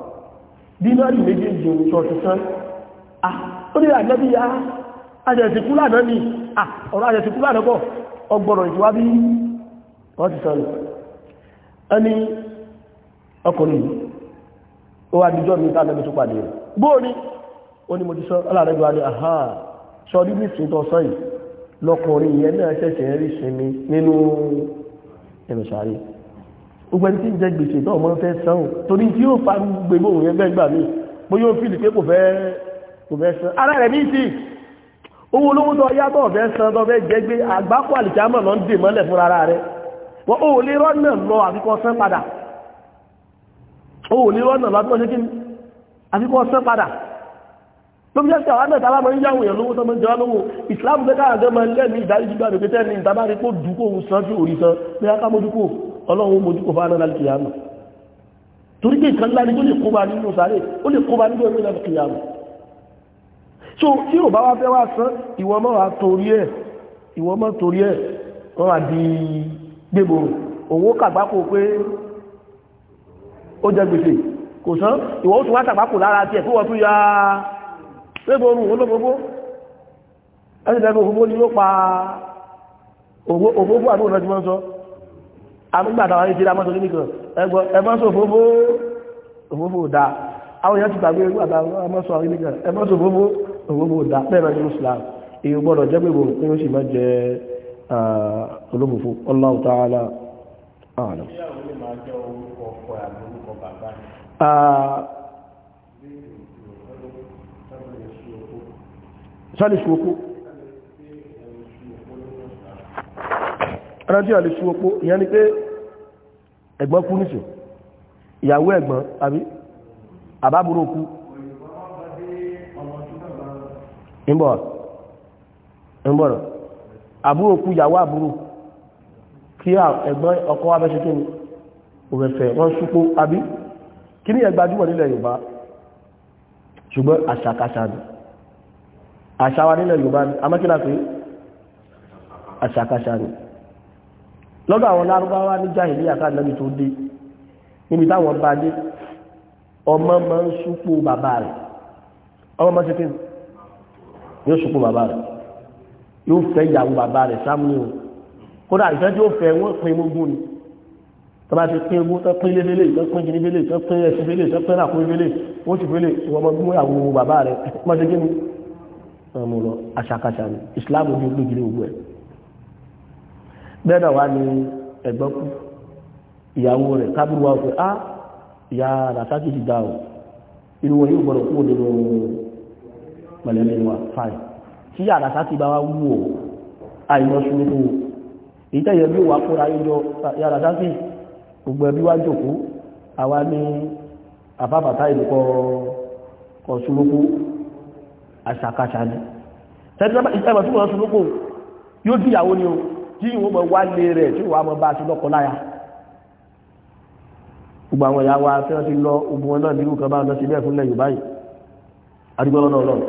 dínárì méjèèjì òun ṣọ̀ṣù tán ó ní àjẹ́bí ya ajẹ̀sìnkú lànà ni ọ̀rọ̀ ajẹ̀sìnkú lànà pọ̀ ọgbọ̀rọ̀ ìjọwá bí wọ́n ti sọ̀rọ̀ ẹni ọkùnrin ó wá díjọ́ mi tá lẹ́gbẹ̀ẹ́ tó pàdé rẹ̀ bóò ni ó ní mo ti sọ aláàrẹ́gbẹ̀ wa ni àhá sọ níbi ìsìntọ́ sọ́yìn lọkùnrin yẹn náà ṣẹ̀ṣẹ̀ rí sinmi nínú ẹ̀mẹ̀sàárì gbogbo ẹni tí ń jẹ gbèsè tó ọmọ fẹ́ san o torí tí yóò fa gbogbo òun yẹn gbẹ́gbà mi bó yóò fìlì pé kò fẹ́ kò fẹ́ san ara rẹ̀ bíi ti owó olówó tó yá tó fẹ́ san tó fẹ́ jẹ gbé àgbákò àlìkámọ̀ lọ ń dè mọ́lẹ̀ fúnra ara rẹ̀ wọ́n ò lè rọ́nà lọ àfikọ́ san padà ò lè rọ́nà lọ àfikọ́ ṣe kí ni àfikọ́ san padà ló fi jẹ́ sí àwọn àgbẹ̀ta bá máa ń yáwò èèyàn lówó tọ́mọ jẹ́ lówó ìsìláàmù tẹ́ká àgbẹ̀ máa ń lẹ́mí ìdáríjì gbàgbé pé tẹ́ni ìdábárí kó dùkú òun san sí òrìṣan pé á ọlọ́run mojú kò fánà láti kìyàmù torí pé nǹkan ńlá ni tó lè kóba nínú sáré ó lè kóba nínú ẹgbẹ́ láti kìyàmù so tí ò bá wá fẹ́ wá sán ìwọ mọ́ wá torí ẹ̀ ìwọ mọ́ torí ẹ̀ wọ́n wá di gbèbò òun ó kàgbákò pé ó jẹ gbèsè kò sán ìwọ ó tún wá kàgbákò lára tiẹ̀ fún wọn tún ya gbèbò òun olóbogbo ẹni àmúgbàtàwà ní ti dá mọ́tò nígbà ẹgbọ́n sọ fófó òfófó dá àwọn èèyàn ti gbàgbé ẹgbọ́sọ nígbà ẹgbọ́n sọ fófó òfófó dá pẹ́ẹ̀rẹ̀ ní Islam èyí gbọ́dọ̀ jẹ́ pé gbogbo yóò sì má jẹ olóbòfó Allahu ta'ala ààlọ́ sọ́lẹ̀ ṣokó rántí àlè sú opó ìyẹn ni pé ẹ̀gbọ́n kú nìṣẹ́ ìyàwó ẹ̀gbọ́n àbí àbábúrò kú ìbọ̀ ìbọ̀rọ̀ àbúrò kú ìyàwó àbúrò kí ẹ̀gbọ́n ọkọ wa bẹ́ṣe kí ni òfẹ́fẹ́ wọ́n súpó àbí kí ní ẹgbàjúmọ̀ nílẹ̀ Yorùbá ṣùgbọ́n àṣàkáṣà ni àṣà wa nílẹ̀ Yorùbá ni amákílá pé àṣàkáṣà ni lọ́dọ̀ àwọn lárúbáwá ní jáìlì àtàlẹ́bí tó dé níbi táwọn bá dé ọmọ ma ń súpò bàbá rẹ̀ ọmọ ma ṣe kí yóò súpò bàbá rẹ̀ yóò fẹ́ ìyàwó bàbá rẹ̀ sámúlẹ̀ o kódà ìfẹ́ tí ó fẹ́ wọ́n pin ogún ni tó bá ti pin ogún tó pin ilé fẹ́lẹ̀ tó pin jìnnì fẹ́lẹ̀ tó pin ẹsẹ̀ fẹ́lẹ̀ tó pin àkóyè fẹ́lẹ̀ ó sì fẹ́lẹ̀ wọ́n mọ bí wọ́n yàwó bàbá rẹ̀ ma ṣe kí ni ọmọ lọ àṣàkáṣà ni ìsìláàmù ní ojú ìgbìlẹ̀ òwú ẹ̀ bẹ́ẹ̀ náà wá ní ẹ̀gbọ́n ìyàwó rẹ̀ kábírù wa pé á ìyá ràṣákì ti dá o inú wọn yóò gbọdọ̀ kúrò nínú mọ̀lẹ́bí wa fáì tí ìyá ràṣákì bá wá wú o àìmọ́sùn nínú ìtẹ́yẹ bí wà kóra yíjọ ìyá ràṣákì gbogbo ẹbí wá jòkó àwa ní àfáfàtà ìlú tí wọ́n súnmọ́kú yóò dìyàwó ni o tí ìwọ́n mọ̀ wá lé rẹ̀ tí ìwọ́n á mọ̀ bá a ti lọ́kọ láya gbogbo àwọn ìyá wa tí wọ́n ti lọ ogun wọn náà nínú kan bá lọ sí ilé ẹ̀fúnlẹ̀ yorùbá yìí adigbọ́lọ́dọ̀ ọlọ́run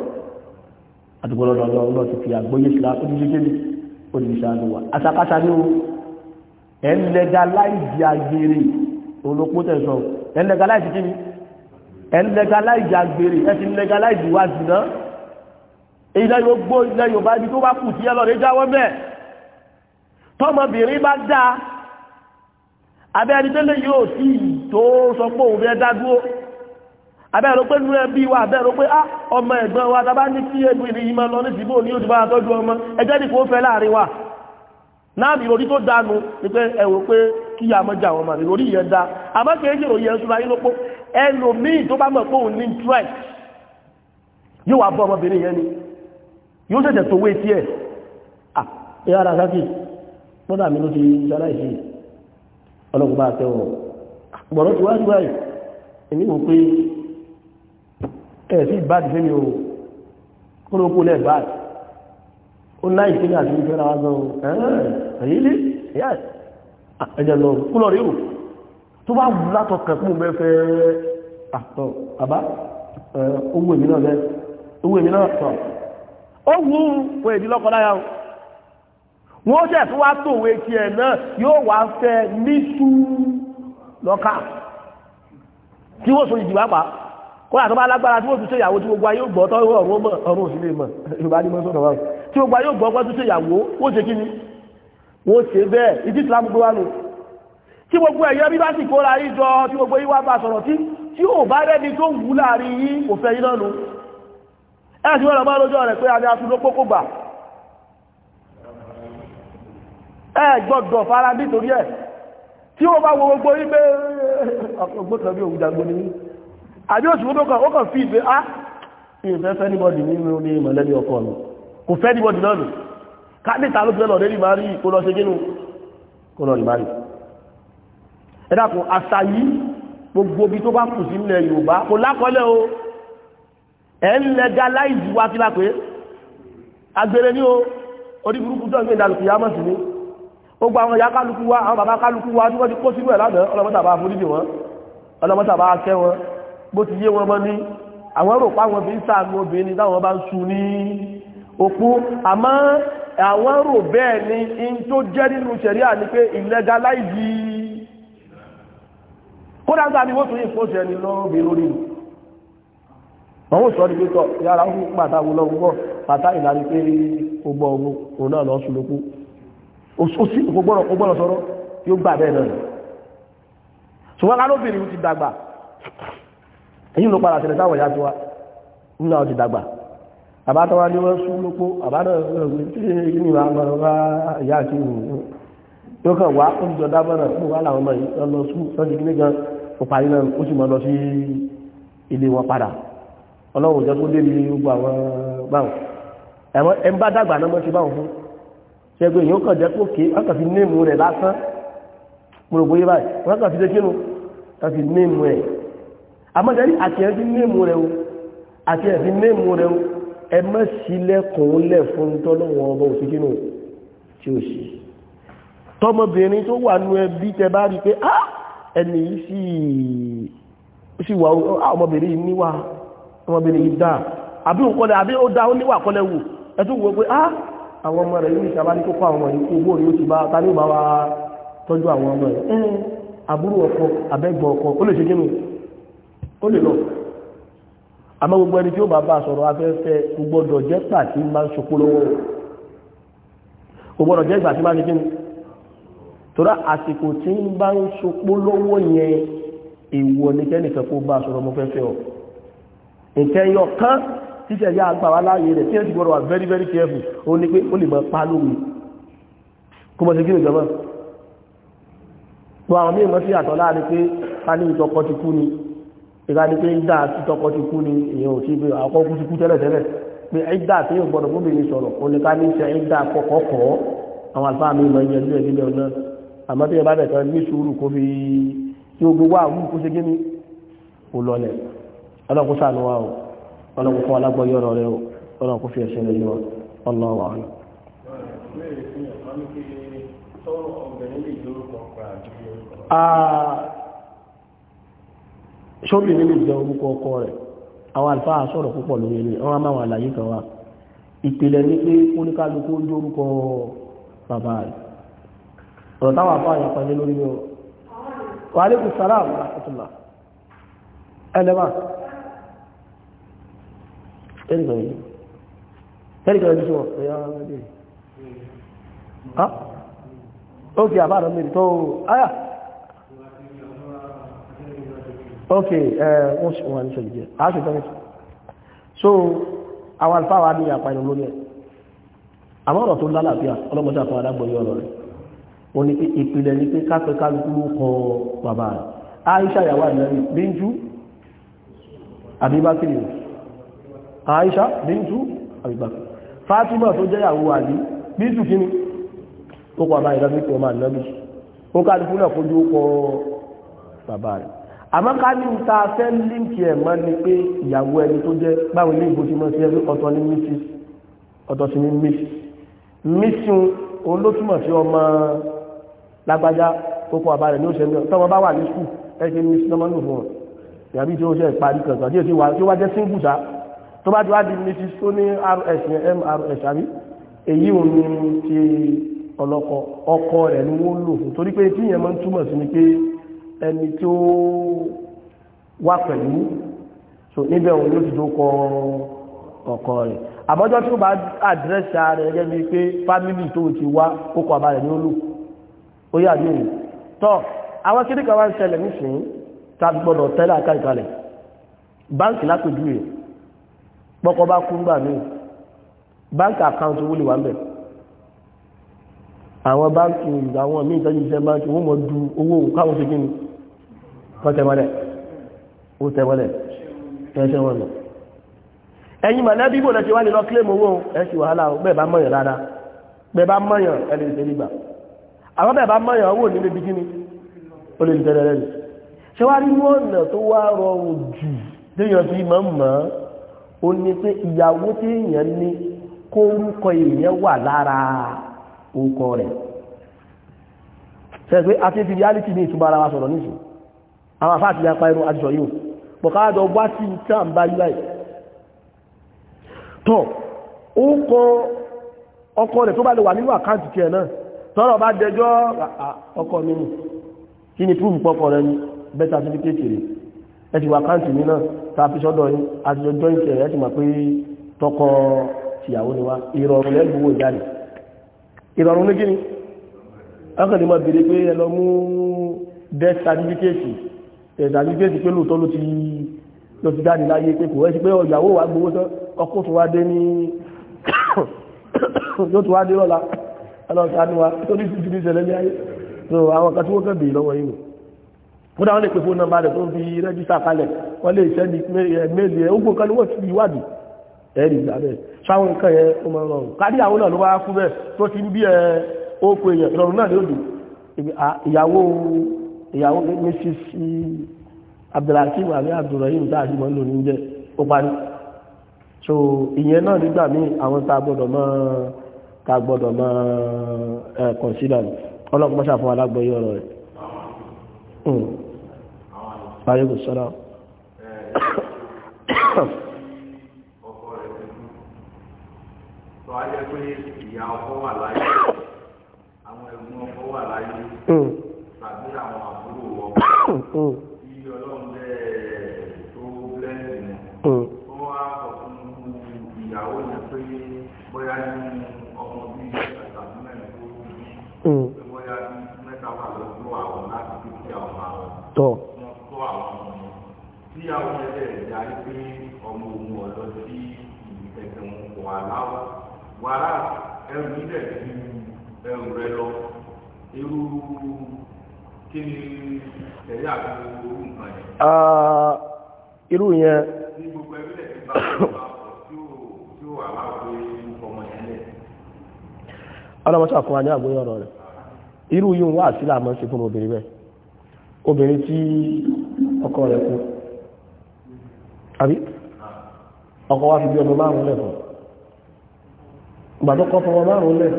adigbọ́lọ́dọ̀ ọlọ́run náà ti fi àgbóyè sílá ó ti ṣe ó ti ṣàánú wa àṣàkáṣà ni ó ẹ̀ ń lẹ́gà láìsí agbèrè olóko tẹ̀sán ẹ̀ ń lẹ́gà láìsí kíni ẹ̀ ń lẹ́gà agbèrè ẹ̀ tọ́mọbìnrin bá dáa abẹ́ adìtẹ́lẹ̀ yóò sí tó sọ pé òun fẹ́ dádúró abẹ́ rọ pé nínú ẹbí wa abẹ́ rọ pé ah, ọmọ ẹ̀gbọ́n wa tàbá ní kí ẹgbẹ́ ìlú yìí máa lọ nísìbò ní òtù bá tọ́jú ọmọ ẹgbẹ́ nìkan ó fẹ́ láàrin wa náà bí ìròrí tó dánu ni pé ẹ wò pé kí ya mọ́jà wọn mà ìròrí yẹn dá àmọ́ kì í ṣe ìròyìn ẹ̀sùn ayé lópo ẹlòmíì tó bá mọ̀ pé òun ní trend yóò wá bọ́ ọmọbìnrin yẹn ni yóò ṣẹ̀ṣẹ̀ tó wé tiẹ̀ ah ẹ̀ ara sákì bọ́dà mi ló ti sára ìṣe ọlọ́run bá tẹ́ wọn gbọ̀rọ̀ tí wá sí báyìí èmi wò pé ẹ̀ sí ìbáàdì fẹ́mi o kó ló kó lẹ́ báàdì ó láì sí ní àti ìfẹ́ra wa gan ẹ̀yìn ilé ìyá ẹ̀jẹ̀ lọ kó lọ rí o tó bá wù látọ̀ wọ́n ṣẹ̀ tó wá tòwé tiẹ̀ náà yóò wá fẹ́ níṣú lọ́ka tí wọ́n so ìdìbò àpá kọ́lá tó bá lágbára tí wọ́n tún ṣe ìyàwó tí gbogbo ayé ò gbọ́ tọ́ ọ̀run mọ̀ ọ̀run òsì lè mọ̀ yorùbá ní mọ́sọ̀rọ̀ wọn tí gbogbo ayé ò gbọ́ pẹ́ tún ṣe ìyàwó ó ṣe kí ni wọ́n ṣe bẹ́ẹ̀ ìdí islam gbé wá nù tí gbogbo ẹ̀yọ́ bí bá sì kóra yí jọ tí gbogbo yí wá bá sọ̀rọ̀ tí tí ò bá rẹ́ni tó wù láàrin yí kò fẹ́ yí náà nù ẹ̀ sì wọ́n lọ bá lójọ́ rẹ̀ pé adé atúndókókò gbà ẹ gbọ́dọ̀ fara nítorí ẹ̀ tí ó bá wo gbogbo ibẹ̀ ọgbọ́tọ̀bí òwúdàgbò ní àbí òṣù gbogbo kan ó kàn fi ìgbé á ah, ìfẹ́ fẹ́nibọ́dì nínú ní mọ̀lẹ́bí ọkọ mi kò fẹ́nibọ́dì náà nù káàdìta ló fẹ́ lọ rí mari kó lọ ṣe gínú kó lọ rí mari ẹ dákun àṣà yìí gbogbo ibi tó bá kù sí ilẹ̀ Yorùbá kò lákọlẹ̀ o ẹ̀ ń lẹ́gá láì jù wá kí lápé agbèrè ní o orí burúkú tó ń gbé ìdàlùkù yá mọ̀ sí ni gbogbo àwọn ìyá kálukú wa àwọn bàbá kálukú wa tí wọ́n ti kó sínú ẹ̀ lánàá ọlọ́mọ́tàbá foríjì wọn ọlọ́mọ́tàbá kẹ́ wọn bó ti yé wọn mọ́ ní àwọn rò pa wọn fi ń sáàmù obìnrin táwọn bá ń su ní òpó àmọ́ àwọn rò bẹ́ẹ̀ ni in tó jẹ́ nínú ṣẹ̀ríà ni pé ìlẹ́gà láìsí kódà gbà ni wọ́n tún yìí fún ṣẹ́ ni lọ́ọ̀bẹ̀ lórí wọn ó sọ ní pé tọ́ yàrá ó pàtàkùn lọ́wọ́ pàtàkì láti pé ó òsì gbọ́dọ̀ gbọ́dọ̀ sọ̀rọ̀ yóò gbà bẹ́ẹ̀ náà ṣùgbọ́n ká lóbìnrin ti dàgbà èyí ló padà sílẹ̀ sáwọn ìyá nínú àwọn ti dàgbà bàbá ní wọ́n sún lóko bàbá náà ní ìwà àgbàlọ́wà ìyá gbogbo àwọn báwọn ẹ̀ ń bá dàgbà náà mọ́ sí báwọn fún ṣẹ́gbẹ́ yóò kàn jẹ́ pò ké wọ́n kàn fi néèmù rẹ̀ lásán gbogbo yìí báyìí wọ́n kàn fi ṣe kínú kàn fi néèmù rẹ̀ amọ́tẹ́rí àti ẹ̀ fi néèmù rẹ̀ o àti ẹ̀ fi néèmù rẹ̀ lẹ̀ fún tọ́lọ́wọ́ ah ẹni yìí sì wà ọmọbìnrin yìí níwà ọmọbìnrin yìí dáa àbí òun kọ́lẹ̀ àbí ó dáa ó níwà kọ́lẹ̀ wù ẹ wò pé ah àwọn ọmọ rẹ̀ yìí ìṣàbá ní kókó àwọn ọmọ yìí kó bóòlù ó ti bá ta ní ò bá wa tọ́jú àwọn ọmọ rẹ̀ ẹ́ àbúrò ọkọ àbẹ́gbọ̀ ọkọ ó lè ṣe kí ó lè lọ àmọ́ gbogbo ẹni tí ó bá bá sọ̀rọ̀ afẹ́fẹ́ gbogbo jẹ́ àsìkò tí ń bá ń ṣokó lọ́wọ́ yẹn èèwọ̀ ní kẹ́nìkan kó bá sọ̀rọ̀ mọ́fẹ́fẹ́ ọ̀ nǹkan yọ títẹ̀ yá agbára láàyè rẹ̀ tí ẹ̀ ti gbọ́dọ̀ wà very very careful o ní pé ó lè mọ̀ pa lóhun kó mọ̀ sí kí nìjọba tó àwọn mímọ̀ sí àtọ̀ láàrin pé a ní ìtọkọ ti kú ni ìgbà ni pé ń dà sí tọkọ ti kú ni èèyàn ò sí pé àkọ́kú ti kú tẹ́lẹ̀tẹ́lẹ̀ pé ẹ̀dà tí yóò gbọ́dọ̀ gómìnà sọ̀rọ̀ ó ní ká ní ṣe ẹ̀dà kọ̀kọ̀kọ̀ àwọn àlfáà mímọ̀ yẹn lé ẹ̀dínlẹ̀ ọ̀nà àmọ́ tí ẹ bá bẹ̀tẹ̀ ní sùúrù kó fi tí o gbogbo àwọn kó ṣe gíní kò lọlẹ̀ ọlọ́kùnsáà ni o ọlọ́run fún alágbọ́yọ́ ọ̀rọ̀ rẹ ọlọ́run kò fi ẹ̀ṣẹ̀ rẹ yọ ọlọ́run wà ní. ṣọ́bìnrin nílé ìjọ orúkọ ọkọ rẹ̀ àwọn àlùfáà sọ̀rọ̀ púpọ̀ lórí ilé wọ́n máa wà láyé kan wá ìpìlẹ̀ ní pé kóníkálukú ń dórúkọ bàbá rẹ̀ ọ̀rọ̀ táwọn àfáà yà pàdé lórí wọn. wàhálẹ́kùn sàrà àwọn àkọsùnmá ẹlẹ́wà tẹ́nìkan yìí tẹ́nìkan yìí ṣe wọ́n ẹ̀yà ọmọdé ha ok àbára mẹ́rin tó ayà ok wọ́n ṣe wọ́n ṣe jẹ́ aṣọ tẹ́nìkan so àwọn alfáwà ní àpá inú lórí ẹ̀ àwọn ọ̀rọ̀ tó lálàáfíà ọlọ́mọdé àpá adágbọ̀yọ́ ọ̀rọ̀ rẹ̀ wọ́n ní pé ìpìlẹ̀ ní pé kápẹ́ kálukú ló kọ bàbá rẹ̀ aisha yàwó àdìlẹ́rìn bíjú Aisha bintu Abubakar Fatima tó jẹ́ ìyàwó Ali bintu kíni ó kọ́ àbáyé lábẹ́ ìpọ̀ máa nábì ó kálukú náà fojú kọ bàbá rẹ̀ àmọ́ ká ní ta fẹ́ líǹkì ẹ̀ mọ́ ni pé ìyàwó ẹni tó jẹ́ báwọn ilé ìbò ti mọ́ sí ẹbí ọ̀tọ̀ ní mrs ọ̀tọ̀ sí ní miss mission olótúmọ̀ sí ọmọ lágbájá tó kọ́ àbá ní oṣù ẹ̀mí bá wà ní skul ẹ̀ṣẹ̀ tó bá ti wá di mrs tó rs yẹn mrs àbí èyí òun ni ti ọlọ́kọ ọkọ rẹ̀ ni wọ́n lò fún torí pé tí máa ń túmọ̀ sí ni pé ẹni tó wà pẹ̀lú so níbẹ̀ òun ló ti tó kọ ọkọ rẹ̀ àmọ́jọ́ tó bá àdírẹ́sì ààrẹ gẹ́gẹ́ bíi pé fámìlì tó ti wá kókò àbálẹ̀ ni ó lò ó yà ní òun tọ́ àwọn kíríkà wá ń ṣẹlẹ̀ nísìnyí tá a gbọ́dọ̀ tẹ́lẹ̀ àkàìkalẹ̀ báńkì lápèjúwe pọ́kọ́ bá kú gbà míì báńkì àkáǹtì owó lè wà ń bẹ̀ àwọn báńkì àwọn míì tọ́jú iṣẹ́ báńkì wọ́n mọ̀ du owó òun káwọn ṣe kíni kọ́ tẹ̀mọ́lẹ̀ ó tẹ̀mọ́lẹ̀ ẹ̀ṣẹ̀ wọn lọ ẹ̀yin mọ̀lẹ́bí bò lẹ́ṣẹ̀ wá lè lọ kílèmù owó ẹ̀ ṣì wàhálà bẹ́ẹ̀ bá mọ̀yàn rárá bẹ́ẹ̀ bá mọ̀yàn ẹ̀ lè ṣe àwọn bẹ́ẹ̀ bá mọ́yàn owó nílé bí kíní o lè tẹ́lẹ̀ rẹ̀ ṣe wá rí wọ́n nà tó wá rọrùn jù déyàn fi mọ́ mọ́ ó ní pé ìyàwó tí èèyàn ní kó orúkọ èèyàn wà lára orúkọ rẹ̀ ṣe pé àti ti reality ní ìtumọ̀ ara wa sọ̀rọ̀ nísìn àwọn afáàtì ní apá irun àjọ yìí pọ̀káàjọ wá sí ìtàn báyìí láì tọ́ orúkọ ọkọ rẹ̀ tó bá lè wà nínú àkáǹtì tiẹ̀ náà tọ́rọ̀ bá dẹjọ́ ọkọ mi kí ni túbù pọ́kọ rẹ̀ ní bẹ́tà sílíkéèkì rẹ̀ ẹ ti wà káǹtì mi náà ta fi sọ́dọ̀ yín àtijọ́ joint ẹ̀ ẹ ti mọ̀ pé tọkọ tìyàwó ni wá ìrọ̀rùn lẹ́nu owó ìjáde ìrọ̀rùn ní kíni ọkànlẹ̀ máa bèèrè pé ẹ lọ mú death certificate certificate pé lóòótọ́ ló ti ló ti jáde láyé pé kò ẹ́ sí pé ọ̀yàwó wa gbowó tán ọkọ̀ tó wá dé ní yóò tó wá dé lọ́la ọlọ́ta ni wa tó ní ti ti ní ìṣẹ̀lẹ̀ ní ayé so àwọn kan tí wọ́n lọ́wọ́ yìí kódà wọ́n lè pè fún nọ́mbà rẹ̀ tó ń fi rẹ́jísà kalẹ̀ wọ́n lè sẹ́ni méèlì ẹ̀ ogun kan ni wọ́n ti fi wádìí ẹ̀rì ìgbà bẹ́ẹ̀ sáwọn nǹkan yẹn o máa rọrùn kárí àwọn náà ló wá fún bẹ́ẹ̀ tó ti ń bí ẹ ókò èèyàn ìrọ̀rùn náà ní òdù ìyàwó ìyàwó mrs abdulhakeem àbí abdulrahim tá a ti mọ̀ ń lò ní jẹ́ ó parí so ìyẹn náà nígbà míì àwọn tá a gbọ́dọ̀ mọ́ tá a gbọ́dọ̀ mọ́ ẹ̀ consider ọlọ́pàá ṣàfihàn alágbọ̀yé ọ̀rọ̀ rẹ̀ Àríkù sọ́rọ̀. Ọkọ rẹ̀ ti mú. Sọ ajẹ́ pé ìyá ọkọ wà láyé, àwọn ẹ̀gbọ́n ọkọ wà láyé, tàbí àwọn àbúrò ọkọ. Bí ọlọ́run bẹ́ẹ̀ tó bẹ́ẹ̀ nù. Ó wá sábà ló tó àwọn láti fi kí àwọn àwọn tó tó àwọn ọmọ tí àwọn ẹgbẹ́ irú ni tẹ̀lé àgbo orú nǹkan yẹn. irú yẹn. ní gbogbo ẹgbẹ́ rẹ̀ ti bá wọn bá wọn tí ó aláwọ̀ pé ọmọ yẹn lẹ̀. ọlọ́mọ sọ fún ní àgbóyọ̀ rẹ̀ irú yóò wá àsílà máa ń ṣe fún obìnrin bẹ́ẹ̀ obìnrin tí ọkọ rẹ̀ kú àbí ọkọ wa fi bí ọmọ márùn-ún lẹ̀ fún gbàdọ́kọ́ fọwọ́ márùn-ún lẹ̀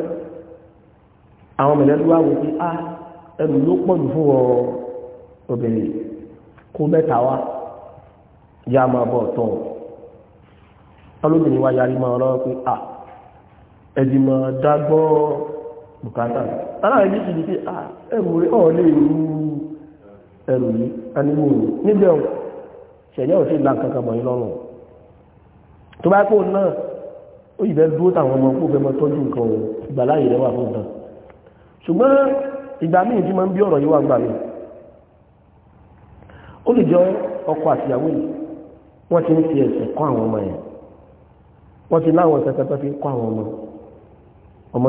àwọn mẹ̀lẹ́lú wá wò pé á ah, ẹrù ló pọ̀ jù fún obìnrin kó mẹ́ta wá yá máa bọ̀ tọ̀ ọlọ́bìnrin wa yarí máa lọ́wọ́ pé à ah, ẹ̀dì máa dágbọ́n bùkátà aláàrẹ méjì ní pé ah, ẹrù rẹ ọ̀ lè rú ẹrù yìí anímọ̀ òní níbẹ̀ ọ̀ ṣẹ̀lẹ̀ ò sí ìlà kankan mọ̀ yín lọ́rùn tó bá kó náà ó yìí fẹ́ dúró táwọn ọmọ kó fẹ́ mọ tọ́jú nǹkan òun ìgbàláyè rẹ wà fún ìtàn ṣùgbọ́n ìgbà míì tí máa ń bí ọ̀rọ̀ yìí wà gbà mí ó lè jọ ọkọ àtìyàwó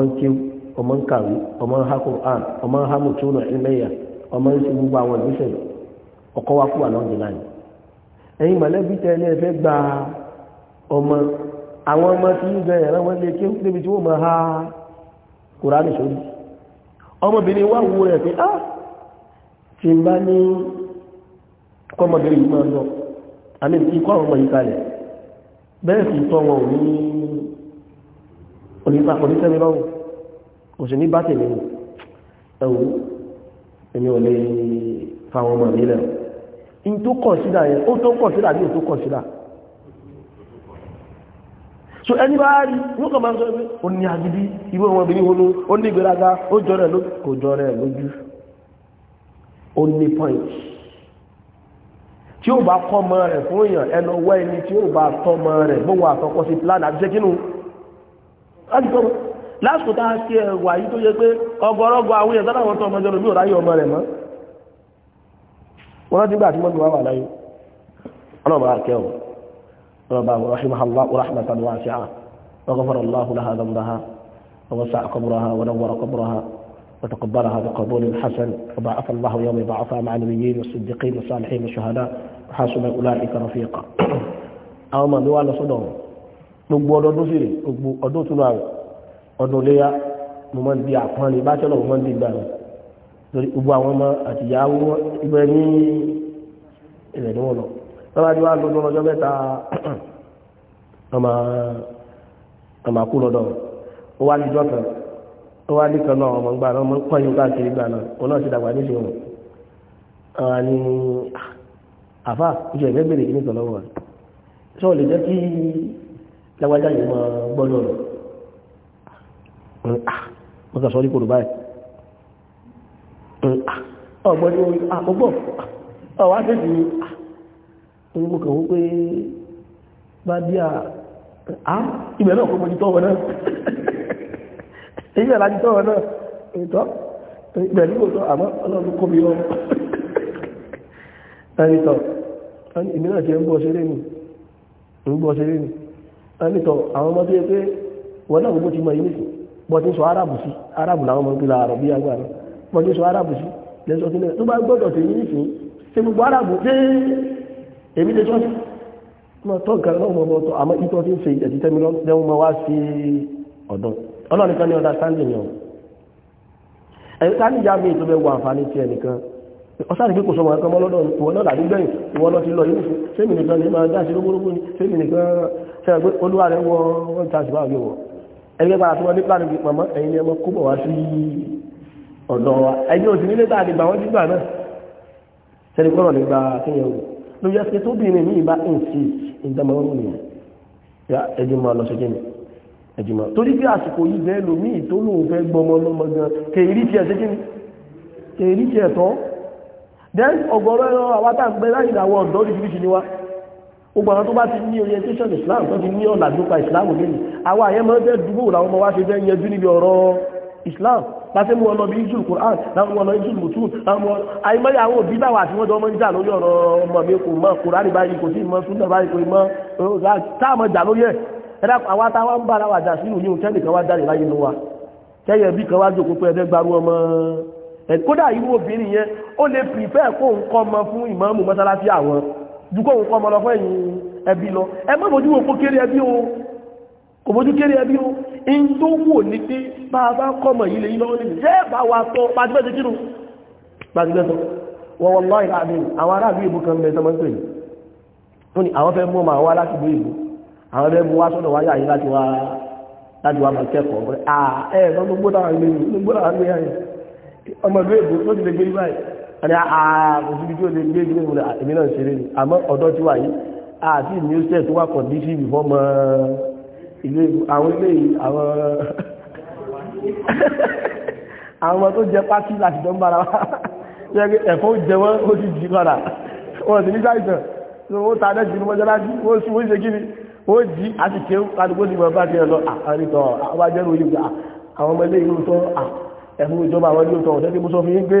yìí ọmọ ń kàwé ọmọ ń ha Qur'an ọmọ ha mùtúnà ọmọ ń ṣe gbogbo àwọn ìgbésẹ̀ ọkọ wa kú àlọ́ ìdìlá yìí ẹ̀yin mọ̀lẹ́bí tẹ́lẹ̀ fẹ́ gba ọmọ àwọn ọmọ tí ń gbẹ̀yẹ̀ rán ha lé ha ah! ọmọ yìí kalẹ̀ bẹ́ẹ̀ òṣèlú bá tèmi ẹ̀wù èmi ò lè fáwọn ọmọ mi lẹ̀ in tó kọ̀nsídà yẹn ó tó kọ̀nsídà bí ó tó kọ̀nsídà so ẹni bá rí yóò kàn máa ń sọ pé ó ní agidi irú ọmọ obìnrin wo ló ó ní ìgbéraga ó jọ rẹ̀ lójú kò jọ rẹ̀ lójú ó ní point tí ó bá kọ́ ọmọ rẹ̀ fún èèyàn ẹnu ọwọ́ ẹni tí ó bá tọ́ ọmọ rẹ̀ gbogbo àtọkọ plan àti lásìkò tá a ṣe ẹ̀wà yìí tó yẹ pé ọgọ́rọ́gọ́ àwọn èèyàn sáláwọn tó ọmọdé lómi òráyé ọmọ rẹ̀ mọ́ wọ́n rántí gbà tí mọ́tò wà wà láyé ọlọ́ba akẹ́wọ̀ ọlọ́ba وتقبلها بقبول حسن وبعث الله يوم بعثها مع النبيين والصديقين والصالحين والشهداء وحاسب اولئك رفيقا. àwọn ọmọ mi wá lọ sọ́dọ̀ wọn gbogbo ọdọọdún sí rè gbogbo ọdún tún náà ọdún léyà mo máa ń di àpọ́nlé bá tẹ́lọ̀ mo máa ń di ìgbà rẹ̀ lórí gbogbo àwọn ọmọ àtìyàwó ibẹ̀ ní ilẹ̀ ní wọn lọ lọ́wọ́ àti wá lọ́dún lọ́jọ́ mẹ́ta ọmọ àkú lọ́dọ̀ ó wá ní ìjọ́kan ó wá ní kan náà ọmọ gbà náà ọmọ kọ́ yín káàkiri gbà náà òun náà ti dàgbà ní ìṣòro àwọn ni àfà ìjọ ìgbẹ́ bèrè kí ní kan lọ́wọ́ lè jẹ́ kí lágbájá yìí máa gbọ́dọ̀ rẹ̀ mọ́sà sọ ní kò rò báyìí ọgbọ́n ní orí àkọ́gbọ́ ọwá tẹ́sì ní orí mọ́ kàwó pé bá bí à ibẹ̀ náà kó mọ́jú tọ́wọ́ náà èyí àlá jí tọ́wọ́ náà ètò ibẹ̀ ní kò tọ́ àmọ́ ọlọ́run kó mi lọ ẹni tọ́ ń bọ́ ṣeré ni ń bọ́ àwọn ọmọdé pé wọ́n náà gbogbo ti mọ ìmísì bọ́tí sọ arábù sí arábù làwọn ọmọ ìpínlẹ̀ àrọ̀ bí agbára bọ́tí sọ arábù sí lẹ́sọ̀ sílẹ̀ tó bá gbọ́dọ̀ tèmi nìsín ṣe gbogbo arábù dé èmi lè sọ́ọ̀sì máa tọ́ nǹkan lọ́wọ́ ọmọ ọtọ àmọ́ ìtọ́ ti ń ṣe ìdẹ̀tí tẹ́mi lọ́wọ́ máa wá sí ọ̀dọ́ ọlọ́run kan ní ọ̀dà sáńdìn yàn ẹ̀yìn sáńdìn yà mí ìtọ́bẹ̀ wọ àǹfààní ti ẹnìkan ọ̀sáàdì pé kò sọ wọn kan mọ́ lọ́dọ̀ ìwọ náà dàbí gbẹ̀yìn ìwọ náà lọ yìí fẹ́mi nìkan ní máa dá sí lógórógó ni fẹ́mi nìkan ṣe olúwa rẹ̀ wọ wọ́n ta ṣùgbọ́n àgbẹ̀ wọ̀ ẹgbẹ́ bá àtúwọ́n nípa níbi pamọ́ ẹ̀yin ni ọmọ kó bọ̀ wá sí ọ̀dọ̀ wa ẹ̀yin òsì nílé tá a lè gbà wọ́n dígbà náà sẹ́ni kọ́rọ̀ lè gba kéèyàn wò ló yẹ pé tóbìnrin ní ìbá insist ìdámọ́rún nìyẹn ya ẹjọ́ máa lọ sókè mi ẹjọ́ máa torí pé àsìkò yìí bẹ́ẹ̀ lòmíì tó lóun fẹ́ gbọmọ lọ́mọ gan kèérí tiẹ̀ sókè mi kèérí tiẹ̀ tán then ọ̀gọ̀rọ̀ àwọn àtàgbẹ́ láyìnbá àwọn ọ̀dọ́ gbogbo àwọn tó bá ti ní orientation islam tó ti ní ọ̀làjú pa islam lónìí àwọn àyẹ́ máa ń fẹ́ dúró làwọn ọmọ wa ṣe fẹ́ yanjú níbi ọ̀rọ̀ islam láti mú ọlọ́ bí ìjù kùrán láti mú ọlọ́ ìjù mùtún àìmọ́yà àwọn òbí báwà àti wọ́n jọ ọmọ ń jà lórí ọ̀rọ̀ ọmọ mi kò mọ̀ kùrán báyìí kò sí mọ́ súnà báyìí kò mọ́ táàmọ̀ jà lórí ẹ̀ ẹ̀dá àwọn atáwà ń bára wà jà sínú yóò tẹ́lẹ̀ kan wá jáde láyé nu wa tẹ́yẹ̀ bí kan wá jókòó pé ẹ̀dẹ́ gbarú ọmọ kódà irú obìnrin yẹn ó lè pìfẹ́ kó nǹkan ọmọ fún ìmáàmù mọ́sálásí àwọn dúkọ́ òun kọ́ ọmọlọ fún ẹ̀yìn ẹbí lọ ẹ má bójú òpó kéré ẹbí o kò bójú kéré ẹbí o in tó wò ní pé bá a bá kọ́ mọ̀ yìí lè yí lọ́wọ́ nìyí ṣẹ́ bá wa tọ́ pàtíbẹ̀tẹ̀ kírù pàtíbẹ̀tọ̀ wọ́n wọ́n lọ́ ìlà àbẹ̀yìn àwọn ará àbí ìbò kan mẹ́ta mọ́ pè ní ó ní àwọn fẹ́ mú ọmọ àwọn láti bó ìbò àwọn fẹ́ mú wá sọ́dọ̀ wáyà yìí láti wá láti wá máa kẹ́kọ̀ọ́ ẹ̀ ẹ̀ lọ́gbọ́dọ̀ àwọn ilé ẹni ààbòsíbi ah, ah, tí ó lè gbé ìgbé ìwòlẹ̀ èmi náà ṣeré ni àmọ́ ọ̀dọ́ ti wà yìí àti ìmúṣẹ́ tó wà kọ̀díṣìbì fọ́mọ ilé àwọn ilé àwọn àwọn ọmọ tó jẹ pátí láti jọ ń bára wá ẹ̀fọ́ jẹ wọ́n ó sì jí padà wọ́n sì ní sáìsàn tó ó ta dẹ́jì ní mọ́jọ́lájú ó sì wọ́n ṣe kíni ó jí àti kéwú kádùgbò sí mọ̀ bá ti ẹ̀ lọ àrítọ̀ àwọn ajẹ́rù yìí àwọn ọmọ ilé ìlú tọ́ ẹ̀fún ìjọba àwọn ilé ìtọ̀ ọ̀dẹ́gbẹ́mọ́sọ́fin gbé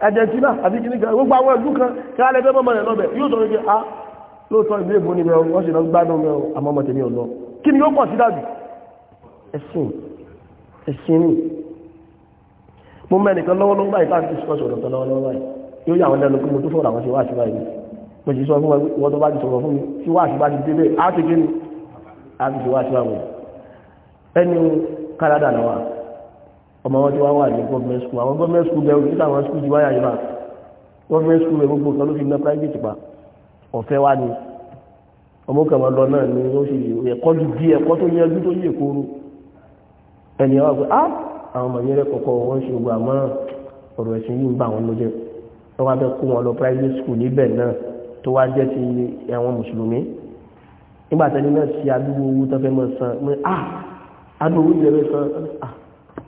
Argentina àti kìíní kan gbogbo àwọn ìlú kan kí á lẹ́gbẹ́ mọ́mọ́ rẹ̀ lọ́bẹ̀ yóò sọ wípé a ah, lóòótọ́ ìlú èbó ni mẹ́rin wọ́n sì lọ gbádùn mẹ́rin àmọ́ ọmọ tèmi ò lọ kí ni yóò pọ̀ sí dàbí ẹ̀sìn ẹ̀sìn ni mo mẹ́rin kan lọ́wọ́ lọ́wọ́ báyìí láti discuss ọ̀rọ̀ kan lọ́wọ́ lọ́wọ́ báyìí yóò yà wọ́n lẹ́nu pé mo tó fọ̀rọ̀ àwọn ṣe wá àṣìwá yìí mo sì sọ fún wọn tó bá ti sọ̀rọ̀ fún mi tí wá àṣìwá ti débẹ̀ á ti gé ni á ti ṣe wá àṣìwá wọn ẹni Canada náà ọmọ wọn ti wá wà ní government school àwọn government school bẹ̀rù nígbà àwọn school ti wáyà yìí government school rẹ̀ gbogbo kan ló fi ná private pa ọ̀fẹ́ wá ni ọmọ kan wọn lọ náà ni ó sì ẹ̀kọ́ ju bí ẹ̀kọ́ tó yẹjú tó yẹ kóró ẹni àwọn àgbẹ̀ á àwọn ọmọ yẹn rẹ̀ kọ̀kọ́ wọn ṣe gbogbo àmọ́ ọ̀rọ̀ ẹ̀sìn yìí ń bá wọn ló jẹ́ tó wá fẹ́ kó wọn lọ private school níbẹ̀ náà tó wá jẹ́ ti àwọn mùsùlùmí nígbà tẹ́lẹ̀ náà ṣe adúgbò owó tó fẹ́ mọ̀ san mọ́ ah adúgbò owó ìjẹ́rẹ́ san ah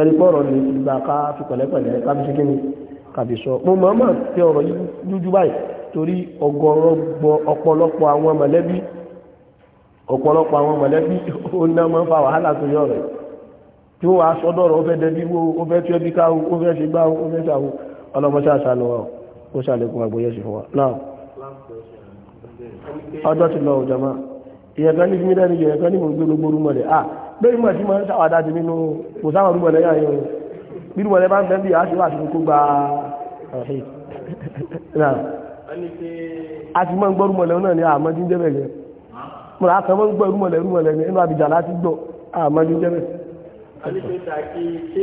tẹ́lẹ̀ pọ́rọ̀ ní ìgbà ká fi pẹ̀lẹ́pẹ̀lẹ́ kábí sí kíni kàbí sọ mo máa máa tẹ ọ̀rọ̀ yìí lójú báyìí torí ọgọ́rọ̀gbọ̀ ọ̀pọ̀lọpọ̀ àwọn mọ̀lẹ́bí ọ̀pọ̀lọpọ̀ àwọn mọ̀lẹ́bí ó ná máa ń fa wàhálà torí ọ̀rọ̀ tí ó wà á sọ́dọ̀rọ̀ ó fẹ́ dẹbí wo ó fẹ́ tú ẹbí káwo ó fẹ́ ṣe gbá ó fẹ́ ṣàwo ọlọ́mọṣẹ́ àṣàlù ó ṣàlékún àgbóyẹ̀sì fún wa náà ọjọ́ ti lọ òjàmá ìyẹ̀kan ní fi mí dání ìyẹ̀kan ní mo gbé gbogbo rúmọ̀lẹ̀ ah bẹ́ẹ̀ mọ̀ sí máa ń ṣàwádà ti nínú kò sáwọn orúkọ lẹ́yìn àyẹ̀wò bí orúkọ lẹ́yìn bá ń bẹ́ẹ̀ bí àṣìwò àṣìwò kó gba ọ̀hìn. a ti máa ń gbọ́ orúkọ lẹ́yìn náà ní àmọ́ tí ń jẹ́bẹ̀ yẹn mo rà á kàn máa ń gbọ́ orúkọ lẹ́yìn orúkọ lẹ́yìn nínú àbíjà láti gbọ́ àmọ́ tí ń jẹ́bẹ̀. a ní pé ta kí ṣé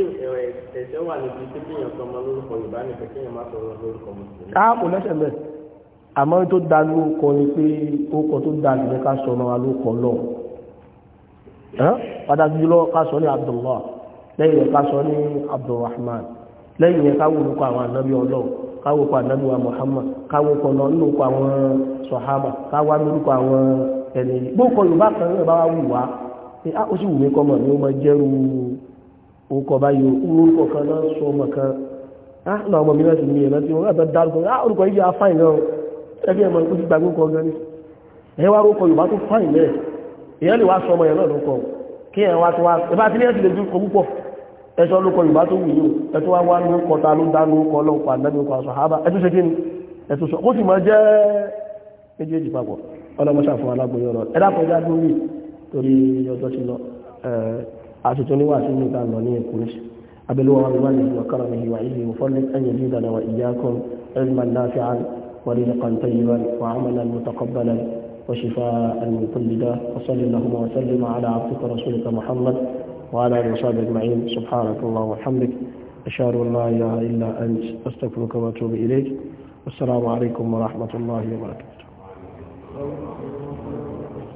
ẹ̀ṣẹ̀ wà níbi tí kéèyàn sọ ọmọ lórúkọ Yorùbá nìkan tó dánú kọ ni pé lọ́wọ́ pàtàkì jùlọ ká sọ ní Abdullah lẹ́yìn rẹ̀ ká sọ ní Abdulrahman lẹ́yìn rẹ̀ káwò àwọn ànábí ọlọ́ kọ ànábí wa Muhammad k'awo kọ àwọn sọ̀hábà káwà lórúkọ àwọn kan náà bá wà wù wá ah, ó sì wù mí kọ́ mọ̀ ní ó máa báyìí kan náà sọ ọmọ kan ah, ọmọ mi náà èyàn lè wá sọ ọmọ yẹn náà ló kọ kí ẹ̀ wá tó wá ẹbá tí ní ẹ̀sì lè dúkọ púpọ̀ ẹ̀ṣọ́ ló kọ yorùbá tó wù yóò ẹ̀tọ́ wá wá ló kọ ta ló dá ló kọ lọ́pàá lẹ́nu kọ àṣọ àbá ẹ̀tọ́ ṣe kí ni ẹ̀tọ́ sọ ó sì máa jẹ́ méjèèjì papọ̀ ọlọ́mọṣà fún alágbóyọ̀ rọ ẹ̀dá kọjá lórí torí ọjọ́ ti lọ àtútù níwà وشفاء من كل داء وصل اللهم وسلم على عبدك ورسولك محمد وعلى اله وصحبه اجمعين سبحانك اللهم وبحمدك اشهد ان لا اله الا انت استغفرك واتوب اليك والسلام عليكم ورحمه الله وبركاته